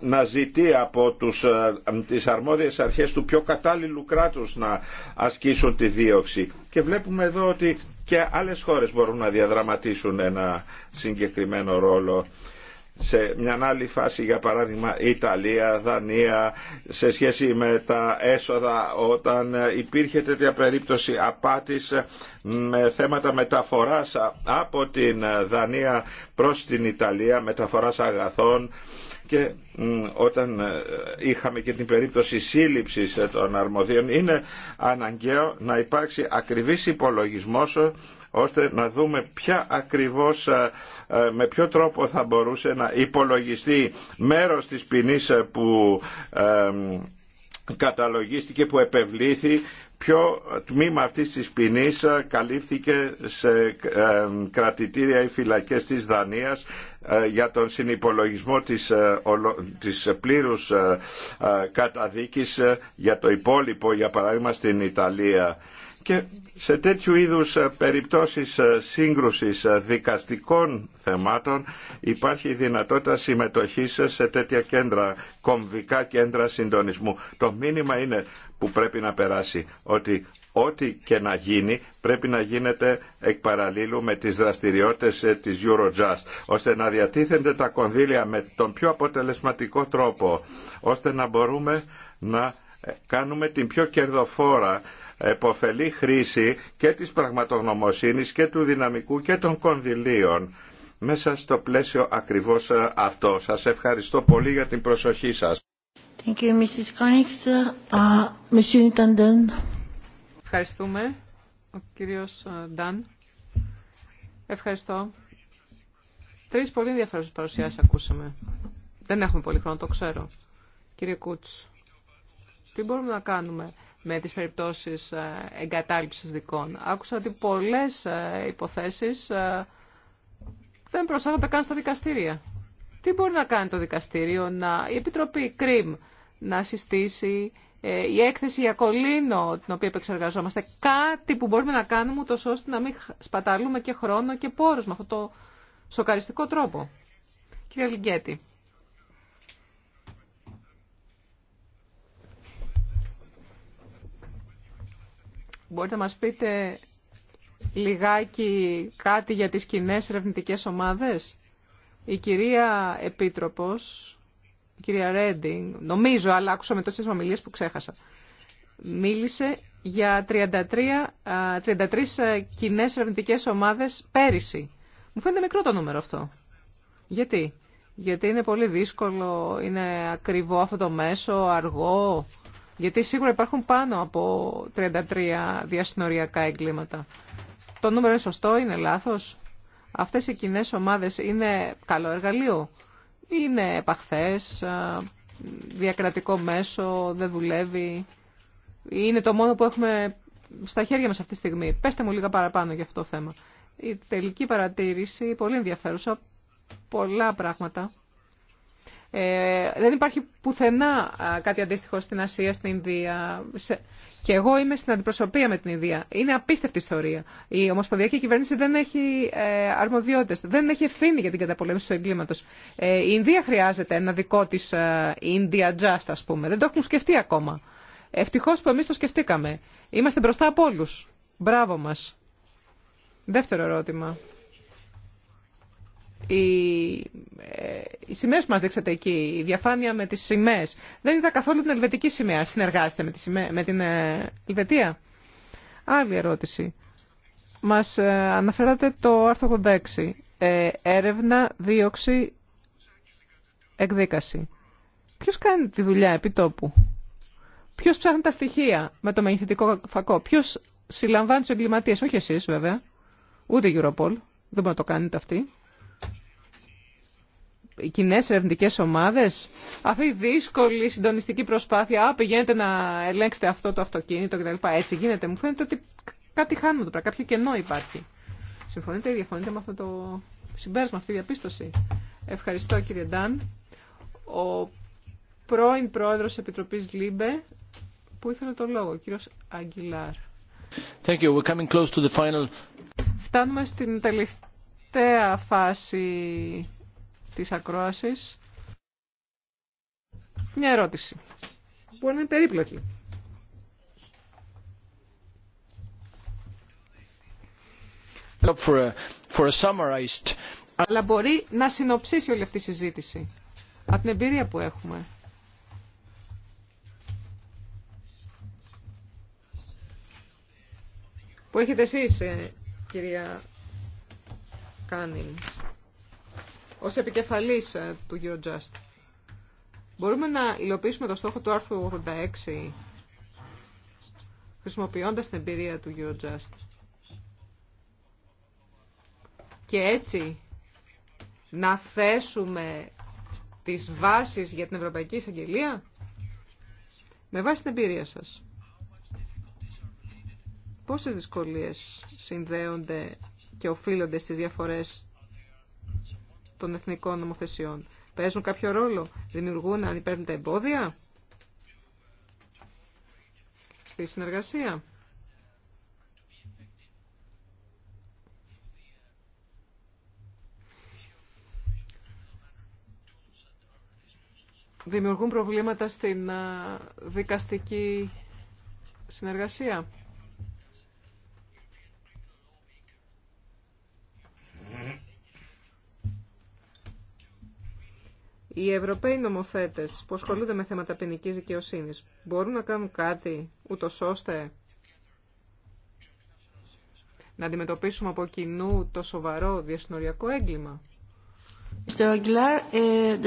να ζητεί από τους, ε, τις αρμόδιες αρχές του πιο κατάλληλου κράτους να ασκήσουν τη δίωξη. Και βλέπουμε εδώ ότι και άλλες χώρες μπορούν να διαδραματίσουν ένα συγκεκριμένο ρόλο σε μια άλλη φάση για παράδειγμα Ιταλία, Δανία σε σχέση με τα έσοδα όταν υπήρχε τέτοια περίπτωση απάτης με θέματα μεταφοράς από την Δανία προς την Ιταλία μεταφοράς αγαθών και όταν ε, είχαμε και την περίπτωση σύλληψης ε, των αρμοδίων είναι αναγκαίο να υπάρξει ακριβής υπολογισμός ε, ώστε να δούμε ποια ακριβώς, με ποιο τρόπο θα μπορούσε να υπολογιστεί μέρος της ποινής που καταλογίστηκε που επευλήθη ποιο τμήμα αυτής της ποινή ε, καλύφθηκε σε ε, κρατητήρια ή φυλακές της Δανίας ε, για τον συνυπολογισμό της, της πλήρους καταδίκης για το υπόλοιπο, για παράδειγμα στην Ιταλία. Και σε τέτοιου είδους περιπτώσεις σύγκρουσης δικαστικών θεμάτων υπάρχει η δυνατότητα συμμετοχής σε τέτοια κέντρα, κομβικά κέντρα συντονισμού. Το μήνυμα είναι που πρέπει να περάσει ότι ό,τι και να γίνει πρέπει να γίνεται εκ παραλίλου με τις δραστηριότητες ε, της Eurojust ώστε να διατίθενται τα κονδύλια με τον πιο αποτελεσματικό τρόπο ώστε να μπορούμε να ε, κάνουμε την πιο κερδοφόρα εποφελή χρήση και της πραγματογνωμοσύνης και του δυναμικού και των κονδυλίων μέσα στο πλαίσιο ακριβώς ε, αυτό. Σας ευχαριστώ πολύ για την προσοχή σας. Uh, Ευχαριστούμε. Ο κύριος Νταν. Ε, Ευχαριστώ. Τρεις πολύ ενδιαφέρουσες παρουσιάσεις ακούσαμε. Δεν έχουμε πολύ χρόνο, το ξέρω. Κύριε Κούτς, τι μπορούμε να κάνουμε με τις περιπτώσεις ε, εγκατάλειψης δικών. Άκουσα ότι πολλές ε, υποθέσεις δεν προσάγονται καν στα δικαστήρια. Τι μπορεί να κάνει το δικαστήριο, να, η Επιτροπή ΚΡΙΜ να συστήσει, ε, η έκθεση για κολλήνο την οποία επεξεργαζόμαστε, κάτι που μπορούμε να κάνουμε ούτως ώστε να μην σπαταλούμε και χρόνο και πόρους με αυτό το σοκαριστικό τρόπο. Κύριε Λιγκέτη. Μπορείτε να μας πείτε λιγάκι κάτι για τις κοινέ ερευνητικέ ομάδες. Η κυρία Επίτροπος, η κυρία Ρέντινγκ, νομίζω, αλλά άκουσα με τόσες ομιλίες που ξέχασα, μίλησε για 33, 33 κοινέ ερευνητικέ ομάδες πέρυσι. Μου φαίνεται μικρό το νούμερο αυτό. Γιατί? Γιατί είναι πολύ δύσκολο, είναι ακριβό αυτό το μέσο, αργό. Γιατί σίγουρα υπάρχουν πάνω από 33 διασυνοριακά εγκλήματα. Το νούμερο είναι σωστό, είναι λάθος. Αυτές οι κοινέ ομάδες είναι καλό εργαλείο, είναι επαχθές, διακρατικό μέσο, δεν δουλεύει. Είναι το μόνο που έχουμε στα χέρια μας αυτή τη στιγμή. Πέστε μου λίγα παραπάνω για αυτό το θέμα. Η τελική παρατήρηση, πολύ ενδιαφέρουσα, πολλά πράγματα ε, δεν υπάρχει πουθενά κάτι αντίστοιχο στην Ασία, στην Ινδία. Και εγώ είμαι στην αντιπροσωπεία με την Ινδία. Είναι απίστευτη ιστορία. Η Ομοσπονδιακή Κυβέρνηση δεν έχει ε, αρμοδιότητε, δεν έχει ευθύνη για την καταπολέμηση του εγκλήματο. Ε, η Ινδία χρειάζεται ένα δικό τη ε, India Just, α πούμε. Δεν το έχουν σκεφτεί ακόμα. Ευτυχώ που εμεί το σκεφτήκαμε. Είμαστε μπροστά από όλου. Μπράβο μα. Δεύτερο ερώτημα οι, ε, οι σημαίες που μας δείξατε εκεί, η διαφάνεια με τις σημαίες, δεν είδα καθόλου την ελβετική σημαία. Συνεργάζεστε με, τη με την ε, Ελβετία. Άλλη ερώτηση. Μας ε, αναφέρατε το άρθρο 86. Ε, έρευνα, δίωξη, εκδίκαση. Ποιος κάνει τη δουλειά επί τόπου. Ποιος ψάχνει τα στοιχεία με το μεγεθυντικό φακό. Ποιος συλλαμβάνει τους εγκληματίες. Όχι εσείς βέβαια. Ούτε η Europol. Δεν μπορεί να το κάνετε αυτοί. Οι κοινέ ερευνητικέ ομάδε. Αυτή η δύσκολη συντονιστική προσπάθεια, α, πηγαίνετε να ελέγξετε αυτό το αυτοκίνητο κτλ. Έτσι γίνεται. Μου φαίνεται ότι κάτι χάνουμε εδώ πέρα, κάποιο κενό ή διαφωνείτε με αυτό το συμπέρασμα, αυτή η διαπίστωση. Ευχαριστώ κύριε Ντάν. Ο πρώην πρόεδρος της Επιτροπής ΛΥΜΠΕ που ήθελε το λόγο, ο κύριος Αγγιλάρ. Thank you. We're coming close to the final. Φτάνουμε στην τελευταία φάση της ακρόασης μια ερώτηση που είναι περίπλοκη. For a, summarized... Αλλά μπορεί να συνοψίσει όλη αυτή η συζήτηση από την εμπειρία που έχουμε. Που έχετε εσείς, ε, κυρία Κάνιν ως επικεφαλής ε, του Eurojust. Μπορούμε να υλοποιήσουμε το στόχο του άρθρου 86 χρησιμοποιώντας την εμπειρία του Eurojust. Και έτσι να θέσουμε τις βάσεις για την Ευρωπαϊκή Εισαγγελία με βάση την εμπειρία σας. Πόσες δυσκολίες συνδέονται και οφείλονται στις διαφορές των εθνικών νομοθεσιών. Παίζουν κάποιο ρόλο, δημιουργούν τα εμπόδια στη συνεργασία. Δημιουργούν προβλήματα στην δικαστική συνεργασία. Οι Ευρωπαίοι νομοθέτε που ασχολούνται με θέματα ποινική δικαιοσύνη μπορούν να κάνουν κάτι ούτω ώστε να αντιμετωπίσουμε από κοινού το σοβαρό διασυνοριακό έγκλημα. Ε,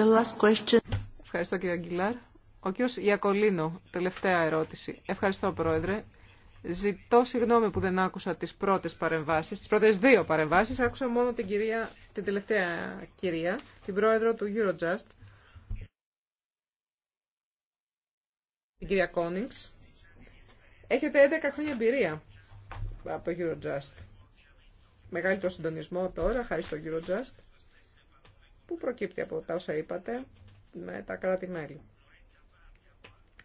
Ευχαριστώ κύριε Αγγιλάρ. Ο κύριος Ιακολίνο, τελευταία ερώτηση. Ευχαριστώ πρόεδρε. Ζητώ συγγνώμη που δεν άκουσα τις πρώτες παρεμβάσεις, τις πρώτες δύο παρεμβάσεις. Άκουσα μόνο την, κυρία, την τελευταία κυρία, την πρόεδρο του Eurojust. την κυρία Κόνιγκς. Έχετε 11 χρόνια εμπειρία από το Eurojust. Μεγαλύτερο συντονισμό τώρα, χάρη στο Eurojust, που προκύπτει από τα όσα είπατε με τα κράτη-μέλη.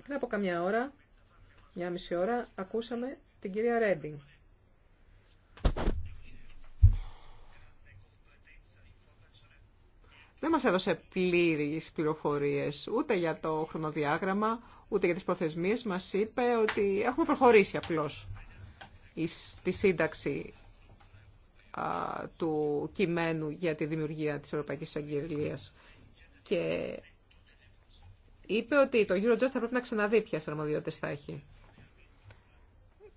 Πριν από καμιά ώρα, μια μισή ώρα, ακούσαμε την κυρία Ρέντινγκ. Δεν μας έδωσε πλήρες πληροφορίες ούτε για το χρονοδιάγραμμα, ούτε για τις προθεσμίες, μας είπε ότι έχουμε προχωρήσει απλώς στη σύνταξη του κειμένου για τη δημιουργία της Ευρωπαϊκής Αγγελίας. Και είπε ότι το Eurojust θα πρέπει να ξαναδεί ποιες αρμοδιότητες θα έχει.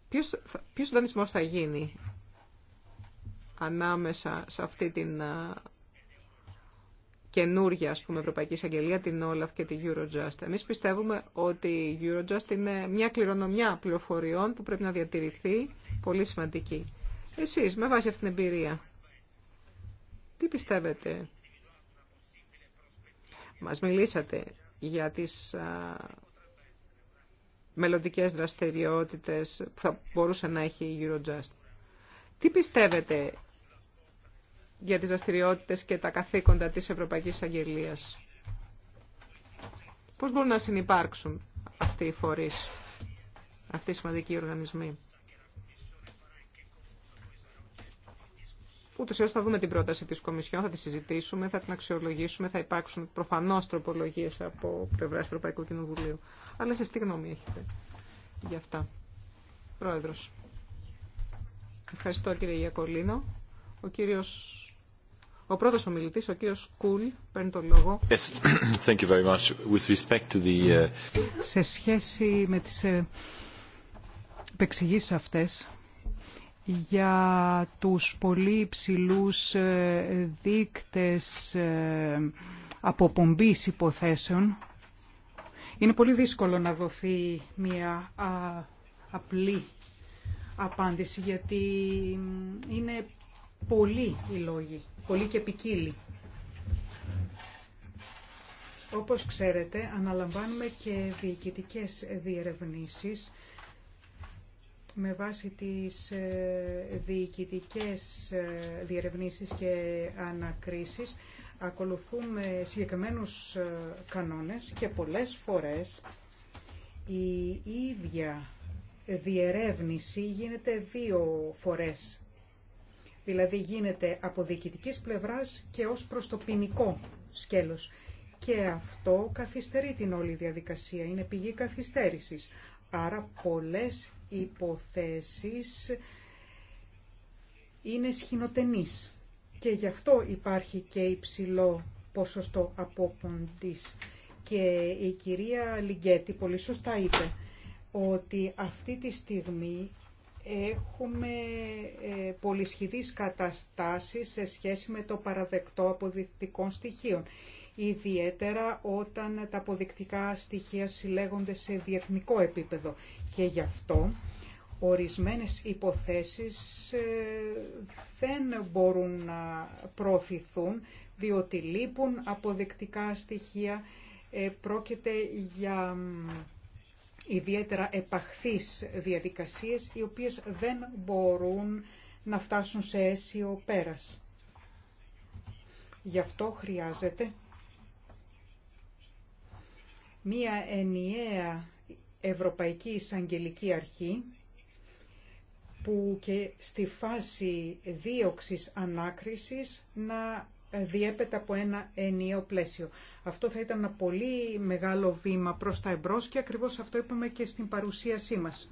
Ποιος, ποιος θα γίνει ανάμεσα σε αυτή την καινούργια ας πούμε, Ευρωπαϊκή Εισαγγελία, την Όλαφ και την Eurojust. Εμείς πιστεύουμε ότι η Eurojust είναι μια κληρονομιά πληροφοριών που πρέπει να διατηρηθεί πολύ σημαντική. Εσείς, με βάση αυτή την εμπειρία, τι πιστεύετε. Μας μιλήσατε για τις μελλοντικέ δραστηριότητε δραστηριότητες που θα μπορούσε να έχει η Eurojust. Τι πιστεύετε για τις δραστηριότητε και τα καθήκοντα της Ευρωπαϊκής Αγγελίας. Πώς μπορούν να συνεπάρξουν αυτοί οι φορείς, αυτοί οι σημαντικοί οργανισμοί. Ούτω ή θα δούμε την πρόταση τη Κομισιόν, θα τη συζητήσουμε, θα την αξιολογήσουμε, θα υπάρξουν προφανώ τροπολογίε από πλευρά Ευρωπαϊκού Κοινοβουλίου. Αλλά σε τι γνώμη έχετε για αυτά. Πρόεδρο. Ευχαριστώ κύριε Γιακολίνο. Ο κύριος ο πρώτος ομιλητής, ο κύριος Κούλ, παίρνει το λόγο. Yes. Thank you very much. With respect to the... Uh, Σε σχέση με τις ε, επεξηγήσεις αυτές για τους πολύ υψηλούς ε, δείκτες ε, αποπομπής υποθέσεων, είναι πολύ δύσκολο να δοθεί μια απλή απάντηση γιατί είναι πολλοί οι λόγοι πολύ και ποικίλη. Όπως ξέρετε, αναλαμβάνουμε και διοικητικές διερευνήσεις με βάση τις ε, διοικητικές ε, διερευνήσεις και ανακρίσεις. Ακολουθούμε συγκεκριμένους ε, κανόνες και πολλές φορές η ίδια διερεύνηση γίνεται δύο φορές Δηλαδή γίνεται από διοικητικής πλευράς και ως προς το ποινικό σκέλος. Και αυτό καθυστερεί την όλη διαδικασία, είναι πηγή καθυστέρησης. Άρα πολλές υποθέσεις είναι σχηνοτενείς. Και γι' αυτό υπάρχει και υψηλό ποσοστό απόποντης. Και η κυρία Λιγκέτη πολύ σωστά είπε ότι αυτή τη στιγμή έχουμε ε, πολυσχηδείς καταστάσεις σε σχέση με το παραδεκτό αποδεικτικών στοιχείων. Ιδιαίτερα όταν τα αποδεικτικά στοιχεία συλλέγονται σε διεθνικό επίπεδο. Και γι' αυτό ορισμένες υποθέσεις ε, δεν μπορούν να προωθηθούν διότι λείπουν αποδεικτικά στοιχεία. Ε, πρόκειται για ιδιαίτερα επαχθείς διαδικασίες οι οποίες δεν μπορούν να φτάσουν σε αίσιο πέρας. Γι' αυτό χρειάζεται μία ενιαία Ευρωπαϊκή Εισαγγελική Αρχή που και στη φάση δίωξης ανάκρισης να διέπεται από ένα ενιαίο πλαίσιο. Αυτό θα ήταν ένα πολύ μεγάλο βήμα προς τα εμπρός και ακριβώς αυτό είπαμε και στην παρουσίασή μας.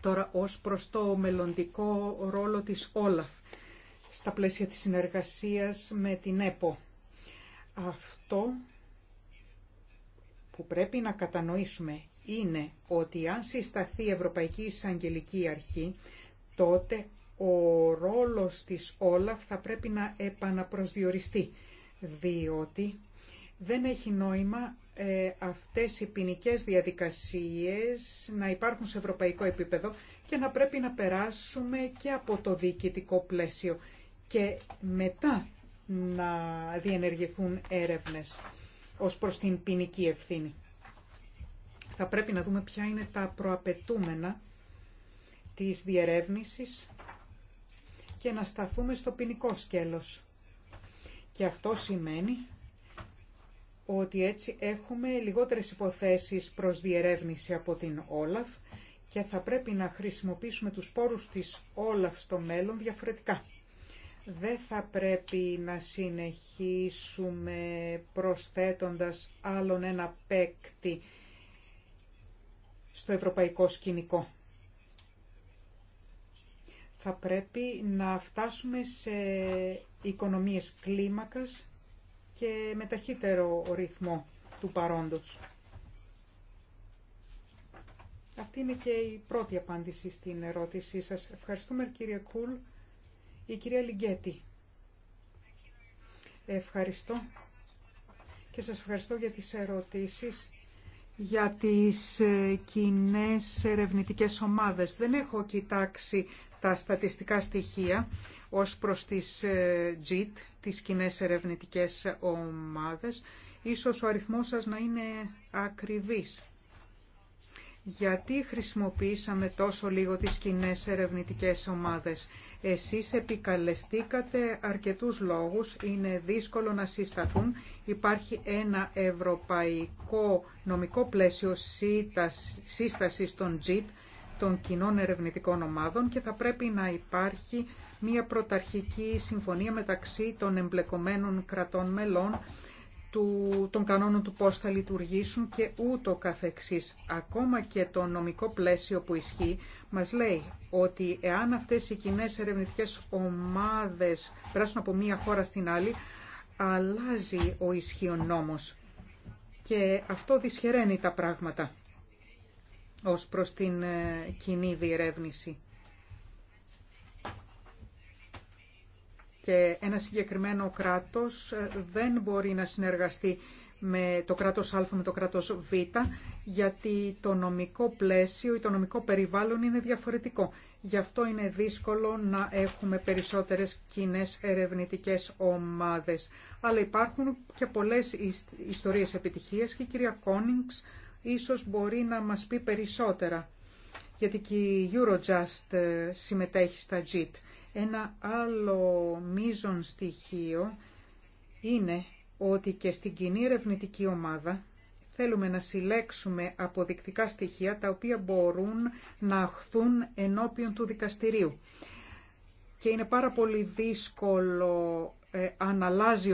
Τώρα ως προς το μελλοντικό ρόλο της Όλαφ στα πλαίσια της συνεργασίας με την ΕΠΟ. Αυτό που πρέπει να κατανοήσουμε είναι ότι αν συσταθεί η Ευρωπαϊκή Εισαγγελική Αρχή, τότε ο ρόλος της Όλαφ θα πρέπει να επαναπροσδιοριστεί, διότι δεν έχει νόημα ε, αυτές οι ποινικέ διαδικασίες να υπάρχουν σε ευρωπαϊκό επίπεδο και να πρέπει να περάσουμε και από το διοικητικό πλαίσιο και μετά να διενεργηθούν έρευνες ως προς την ποινική ευθύνη. Θα πρέπει να δούμε ποια είναι τα προαπαιτούμενα της διερεύνησης και να σταθούμε στο ποινικό σκέλος. Και αυτό σημαίνει ότι έτσι έχουμε λιγότερες υποθέσεις προς διερεύνηση από την Όλαφ και θα πρέπει να χρησιμοποιήσουμε τους πόρους της Όλαφ στο μέλλον διαφορετικά. Δεν θα πρέπει να συνεχίσουμε προσθέτοντας άλλον ένα παίκτη στο ευρωπαϊκό σκηνικό θα πρέπει να φτάσουμε σε οικονομίες κλίμακας και με ταχύτερο ρυθμό του παρόντος. Αυτή είναι και η πρώτη απάντηση στην ερώτησή σας. Ευχαριστούμε κύριε Κούλ. Η κυρία Λιγκέτη. Ευχαριστώ και σας ευχαριστώ για τις ερωτήσεις για τις ε, κοινέ ερευνητικές ομάδες. Δεν έχω κοιτάξει τα στατιστικά στοιχεία ως προς τις JIT, ε, τις κοινέ ερευνητικές ομάδες. Ίσως ο αριθμός σας να είναι ακριβής. Γιατί χρησιμοποιήσαμε τόσο λίγο τις κοινέ ερευνητικές ομάδες. Εσείς επικαλεστήκατε αρκετούς λόγους, είναι δύσκολο να συσταθούν. Υπάρχει ένα ευρωπαϊκό νομικό πλαίσιο σύστασης των JIT των κοινών ερευνητικών ομάδων και θα πρέπει να υπάρχει μια πρωταρχική συμφωνία μεταξύ των εμπλεκομένων κρατών μελών του, των κανόνων του πώς θα λειτουργήσουν και ούτω καθεξής. Ακόμα και το νομικό πλαίσιο που ισχύει μας λέει ότι εάν αυτές οι κοινέ ερευνητικές ομάδες περάσουν από μία χώρα στην άλλη, αλλάζει ο ισχύον νόμος. Και αυτό δυσχεραίνει τα πράγματα ως προς την ε, κοινή διερεύνηση. Και ένα συγκεκριμένο κράτος ε, δεν μπορεί να συνεργαστεί με το κράτος Α με το κράτος Β, γιατί το νομικό πλαίσιο ή το νομικό περιβάλλον είναι διαφορετικό. Γι' αυτό είναι δύσκολο να έχουμε περισσότερες κοινέ ερευνητικές ομάδες. Αλλά υπάρχουν και πολλές ιστορίες επιτυχίας και η κυρία Κόνιγκς ίσως μπορεί να μας πει περισσότερα, γιατί και η Eurojust ε, συμμετέχει στα JIT. Ένα άλλο μείζον στοιχείο είναι ότι και στην κοινή ερευνητική ομάδα θέλουμε να συλλέξουμε αποδεικτικά στοιχεία τα οποία μπορούν να αχθούν ενώπιον του δικαστηρίου. Και είναι πάρα πολύ δύσκολο ε, αν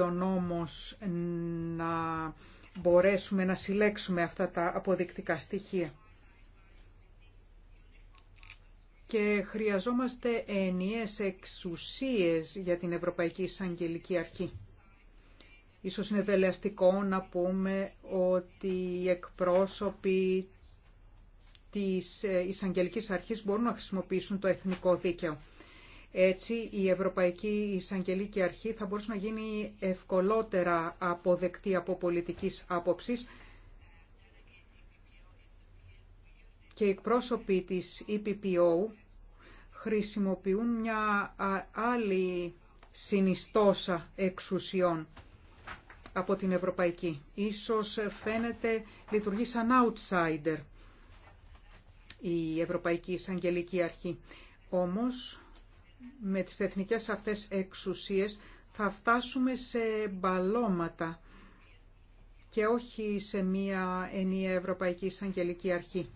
ο νόμος να μπορέσουμε να συλλέξουμε αυτά τα αποδεικτικά στοιχεία. Και χρειαζόμαστε ενιαίες εξουσίες για την Ευρωπαϊκή Εισαγγελική Αρχή. Ίσως είναι δελεαστικό να πούμε ότι οι εκπρόσωποι της Εισαγγελικής Αρχής μπορούν να χρησιμοποιήσουν το εθνικό δίκαιο. Έτσι η Ευρωπαϊκή Εισαγγελική Αρχή θα μπορούσε να γίνει ευκολότερα αποδεκτή από πολιτικής άποψης και οι εκπρόσωποι της EPPO χρησιμοποιούν μια άλλη συνιστόσα εξουσιών από την Ευρωπαϊκή. Ίσως φαίνεται λειτουργεί σαν outsider η Ευρωπαϊκή Εισαγγελική Αρχή. Όμως με τις εθνικές αυτές εξουσίες θα φτάσουμε σε μπαλώματα και όχι σε μία ενιαία Ευρωπαϊκή Εισαγγελική Αρχή.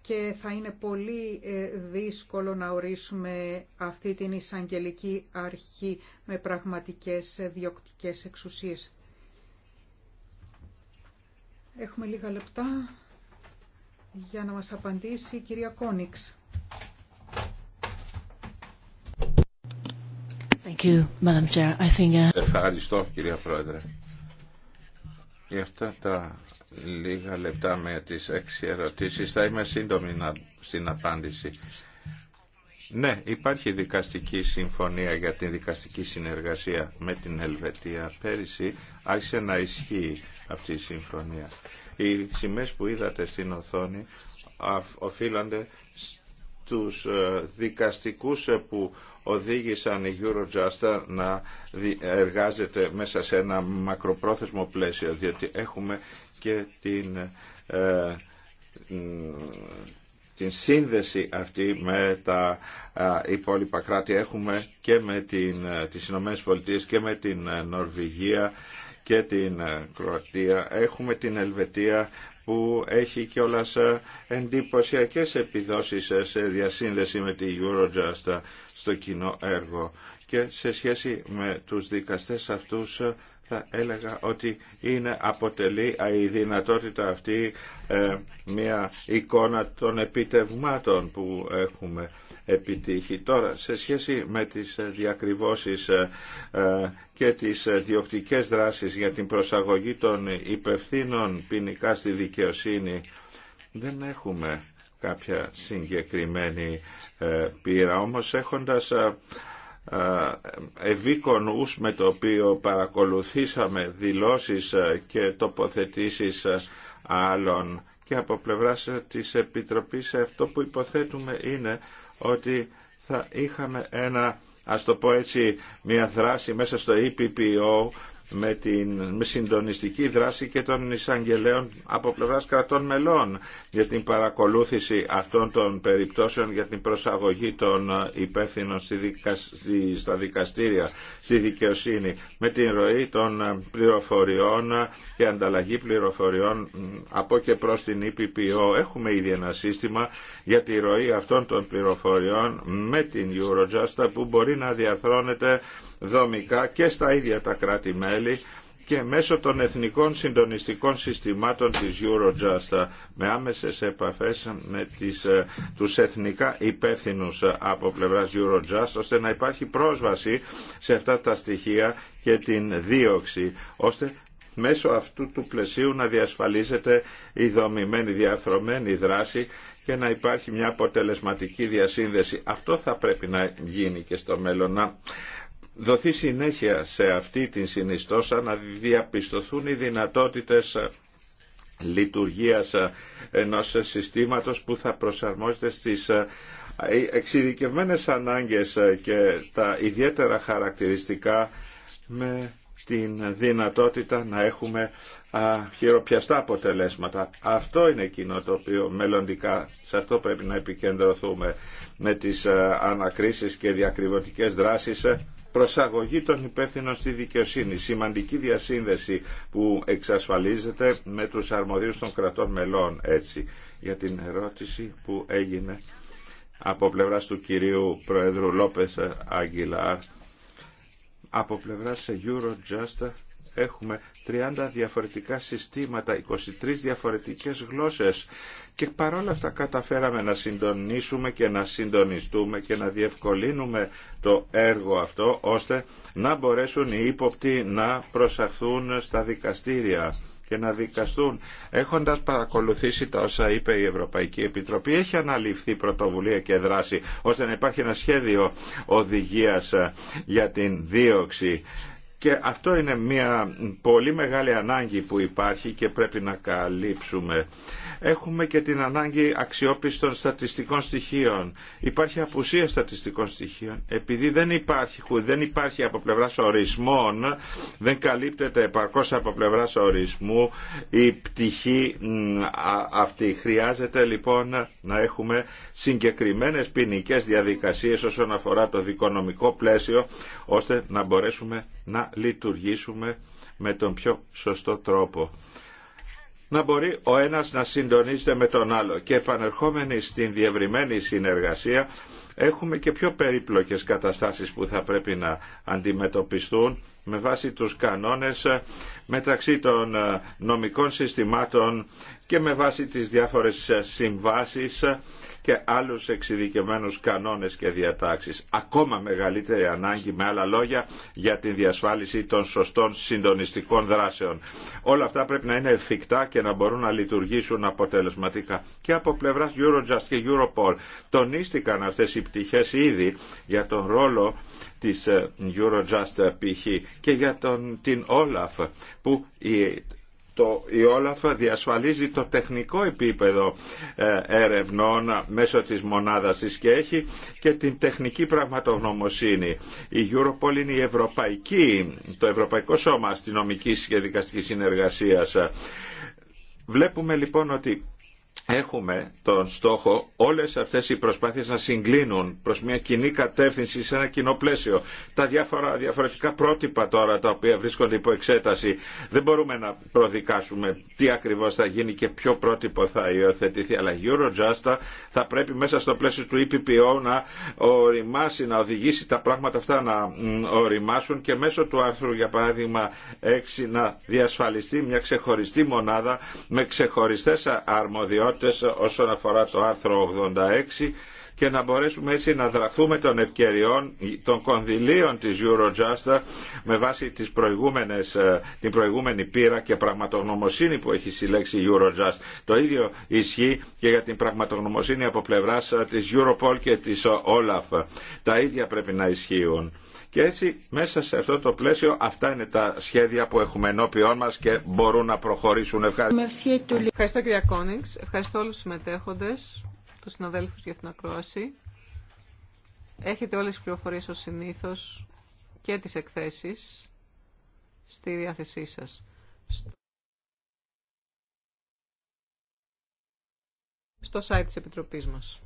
Και θα είναι πολύ ε, δύσκολο να ορίσουμε αυτή την εισαγγελική αρχή με πραγματικές διοκτικές εξουσίες. Έχουμε λίγα λεπτά για να μας απαντήσει η κυρία Κόνιξ. Madam Chair. I uh, Ευχαριστώ κυρία Πρόεδρε. Για αυτά τα λίγα λεπτά με τις έξι ερωτήσεις θα είμαι σύντομη στην απάντηση. Ναι, υπάρχει δικαστική συμφωνία για την δικαστική συνεργασία με την Ελβετία. Πέρυσι άρχισε να ισχύει αυτή η συμφωνία. Οι σημαίες που είδατε στην οθόνη οφείλονται στους ε, δικαστικούς ε, που οδήγησαν η Eurojust να εργάζεται μέσα σε ένα μακροπρόθεσμο πλαίσιο, διότι έχουμε και την, ε, την σύνδεση αυτή με τα ε, υπόλοιπα κράτη. Έχουμε και με την, ε, τις Ηνωμένες Πολιτείες και με την Νορβηγία και την Κροατία. Έχουμε την Ελβετία που έχει κιόλας ε, εντυπωσιακές επιδόσεις ε, σε διασύνδεση με τη Eurojust ε, στο κοινό έργο. Και σε σχέση με τους δικαστές αυτούς θα έλεγα ότι είναι αποτελεί η δυνατότητα αυτή μια εικόνα των επιτευγμάτων που έχουμε επιτύχει. Τώρα, σε σχέση με τις διακριβώσεις ε, ε, και τις διοκτικές δράσεις για την προσαγωγή των υπευθύνων ποινικά στη δικαιοσύνη, δεν έχουμε κάποια συγκεκριμένη ε, πείρα. Όμως έχοντας ευήκονους με το οποίο παρακολουθήσαμε δηλώσεις και τοποθετήσεις άλλων και από πλευράς ε, της Επιτροπής ε, αυτό που υποθέτουμε είναι ότι θα είχαμε ένα ας το πω έτσι, μια δράση μέσα στο EPPO με την συντονιστική δράση και των εισαγγελέων από πλευρά κρατών μελών για την παρακολούθηση αυτών των περιπτώσεων για την προσαγωγή των υπεύθυνων στα δικαστήρια, στη δικαιοσύνη, με την ροή των πληροφοριών και ανταλλαγή πληροφοριών από και προς την ΕΠΠΟ. Έχουμε ήδη ένα σύστημα για τη ροή αυτών των πληροφοριών με την Eurojust που μπορεί να διαθρώνεται δομικά και στα ίδια τα κράτη-μέλη και μέσω των εθνικών συντονιστικών συστημάτων της Eurojust με άμεσες επαφές με τις, ε, τους εθνικά υπεύθυνους ε, από πλευράς Eurojust ώστε να υπάρχει πρόσβαση σε αυτά τα στοιχεία και την δίωξη ώστε μέσω αυτού του πλαισίου να διασφαλίζεται η δομημένη διαθρωμένη δράση και να υπάρχει μια αποτελεσματική διασύνδεση. Αυτό θα πρέπει να γίνει και στο μέλλον, δοθεί συνέχεια σε αυτή την συνιστόσα να διαπιστωθούν οι δυνατότητες ε, λειτουργίας ε, ενός συστήματος που θα προσαρμόζεται στις ε, εξειδικευμένες ανάγκες και τα ιδιαίτερα χαρακτηριστικά με την δυνατότητα να έχουμε χειροπιαστά αποτελέσματα. Αυτό είναι εκείνο το οποίο μελλοντικά σε αυτό πρέπει να επικεντρωθούμε με τις ανακρίσεις και διακριβωτικές δράσεις προσαγωγή των υπεύθυνων στη δικαιοσύνη, σημαντική διασύνδεση που εξασφαλίζεται με τους αρμοδίους των κρατών μελών έτσι. Για την ερώτηση που έγινε από πλευράς του κυρίου Προέδρου Λόπες Αγγιλάρ, από πλευράς Eurojust έχουμε 30 διαφορετικά συστήματα, 23 διαφορετικές γλώσσες και παρόλα αυτά καταφέραμε να συντονίσουμε και να συντονιστούμε και να διευκολύνουμε το έργο αυτό ώστε να μπορέσουν οι ύποπτοι να προσαχθούν στα δικαστήρια και να δικαστούν. Έχοντας παρακολουθήσει τα όσα είπε η Ευρωπαϊκή Επιτροπή, έχει αναλυφθεί πρωτοβουλία και δράση ώστε να υπάρχει ένα σχέδιο οδηγίας για την δίωξη και αυτό είναι μια πολύ μεγάλη ανάγκη που υπάρχει και πρέπει να καλύψουμε. Έχουμε και την ανάγκη αξιόπιστων στατιστικών στοιχείων. Υπάρχει απουσία στατιστικών στοιχείων. Επειδή δεν υπάρχει, δεν υπάρχει από πλευρά ορισμών, δεν καλύπτεται επαρκώς από πλευρά ορισμού η πτυχή αυτή. Χρειάζεται λοιπόν να έχουμε συγκεκριμένε ποινικέ διαδικασίε όσον αφορά το δικονομικό πλαίσιο, ώστε να μπορέσουμε να λειτουργήσουμε με τον πιο σωστό τρόπο. Να μπορεί ο ένας να συντονίζεται με τον άλλο και επανερχόμενοι στην διευρυμένη συνεργασία έχουμε και πιο περίπλοκες καταστάσεις που θα πρέπει να αντιμετωπιστούν με βάση τους κανόνες ε, μεταξύ των ε, νομικών συστημάτων και με βάση τις διάφορες ε, συμβάσεις και άλλους εξειδικευμένους κανόνες και διατάξεις. Ακόμα μεγαλύτερη ανάγκη, με άλλα λόγια, για την διασφάλιση των σωστών συντονιστικών δράσεων. Όλα αυτά πρέπει να είναι εφικτά και να μπορούν να λειτουργήσουν αποτελεσματικά. Και από πλευράς Eurojust και Europol τονίστηκαν αυτές οι πτυχές ήδη για τον ρόλο της ε, Eurojust ε, π.χ. και για τον, την Όλαφ που το, η Όλαφ διασφαλίζει το τεχνικό επίπεδο ε, ερευνών μέσω της μονάδας της και έχει και την τεχνική πραγματογνωμοσύνη. Η Europol είναι η ευρωπαϊκή, το Ευρωπαϊκό Σώμα Αστυνομικής και Δικαστικής Συνεργασίας. Βλέπουμε λοιπόν ότι έχουμε τον στόχο όλες αυτές οι προσπάθειες να συγκλίνουν προς μια κοινή κατεύθυνση σε ένα κοινό πλαίσιο. Τα διάφορα, διαφορετικά πρότυπα τώρα τα οποία βρίσκονται υπό εξέταση δεν μπορούμε να προδικάσουμε τι ακριβώς θα γίνει και ποιο πρότυπο θα υιοθετηθεί αλλά Eurojust θα πρέπει μέσα στο πλαίσιο του EPPO να οριμάσει, να οδηγήσει τα πράγματα αυτά να οριμάσουν και μέσω του άρθρου για παράδειγμα 6 να διασφαλιστεί μια ξεχωριστή μονάδα με ξεχωριστές αρμοδιότητες όσον αφορά το άρθρο 86 και να μπορέσουμε έτσι να δραχθούμε των ευκαιριών των κονδυλίων της Eurojust με βάση τις προηγούμενες, ε, την προηγούμενη πείρα και πραγματογνωμοσύνη που έχει συλλέξει η Eurojust. Το ίδιο ισχύει και για την πραγματογνωμοσύνη από πλευράς ε, της Europol και της ε, Olaf. Τα ίδια πρέπει να ισχύουν. Και έτσι μέσα σε αυτό το πλαίσιο αυτά είναι τα σχέδια που έχουμε ενώπιόν μας και μπορούν να προχωρήσουν. Ευχαριστώ. Ευχαριστώ κυρία Κόνιξ. Ευχαριστώ όλους τους συμμετέχοντες, τους συναδέλφους για την ακρόαση. Έχετε όλες τις πληροφορίες ως συνήθως και τις εκθέσεις στη διάθεσή σας. στο site της Επιτροπής μας.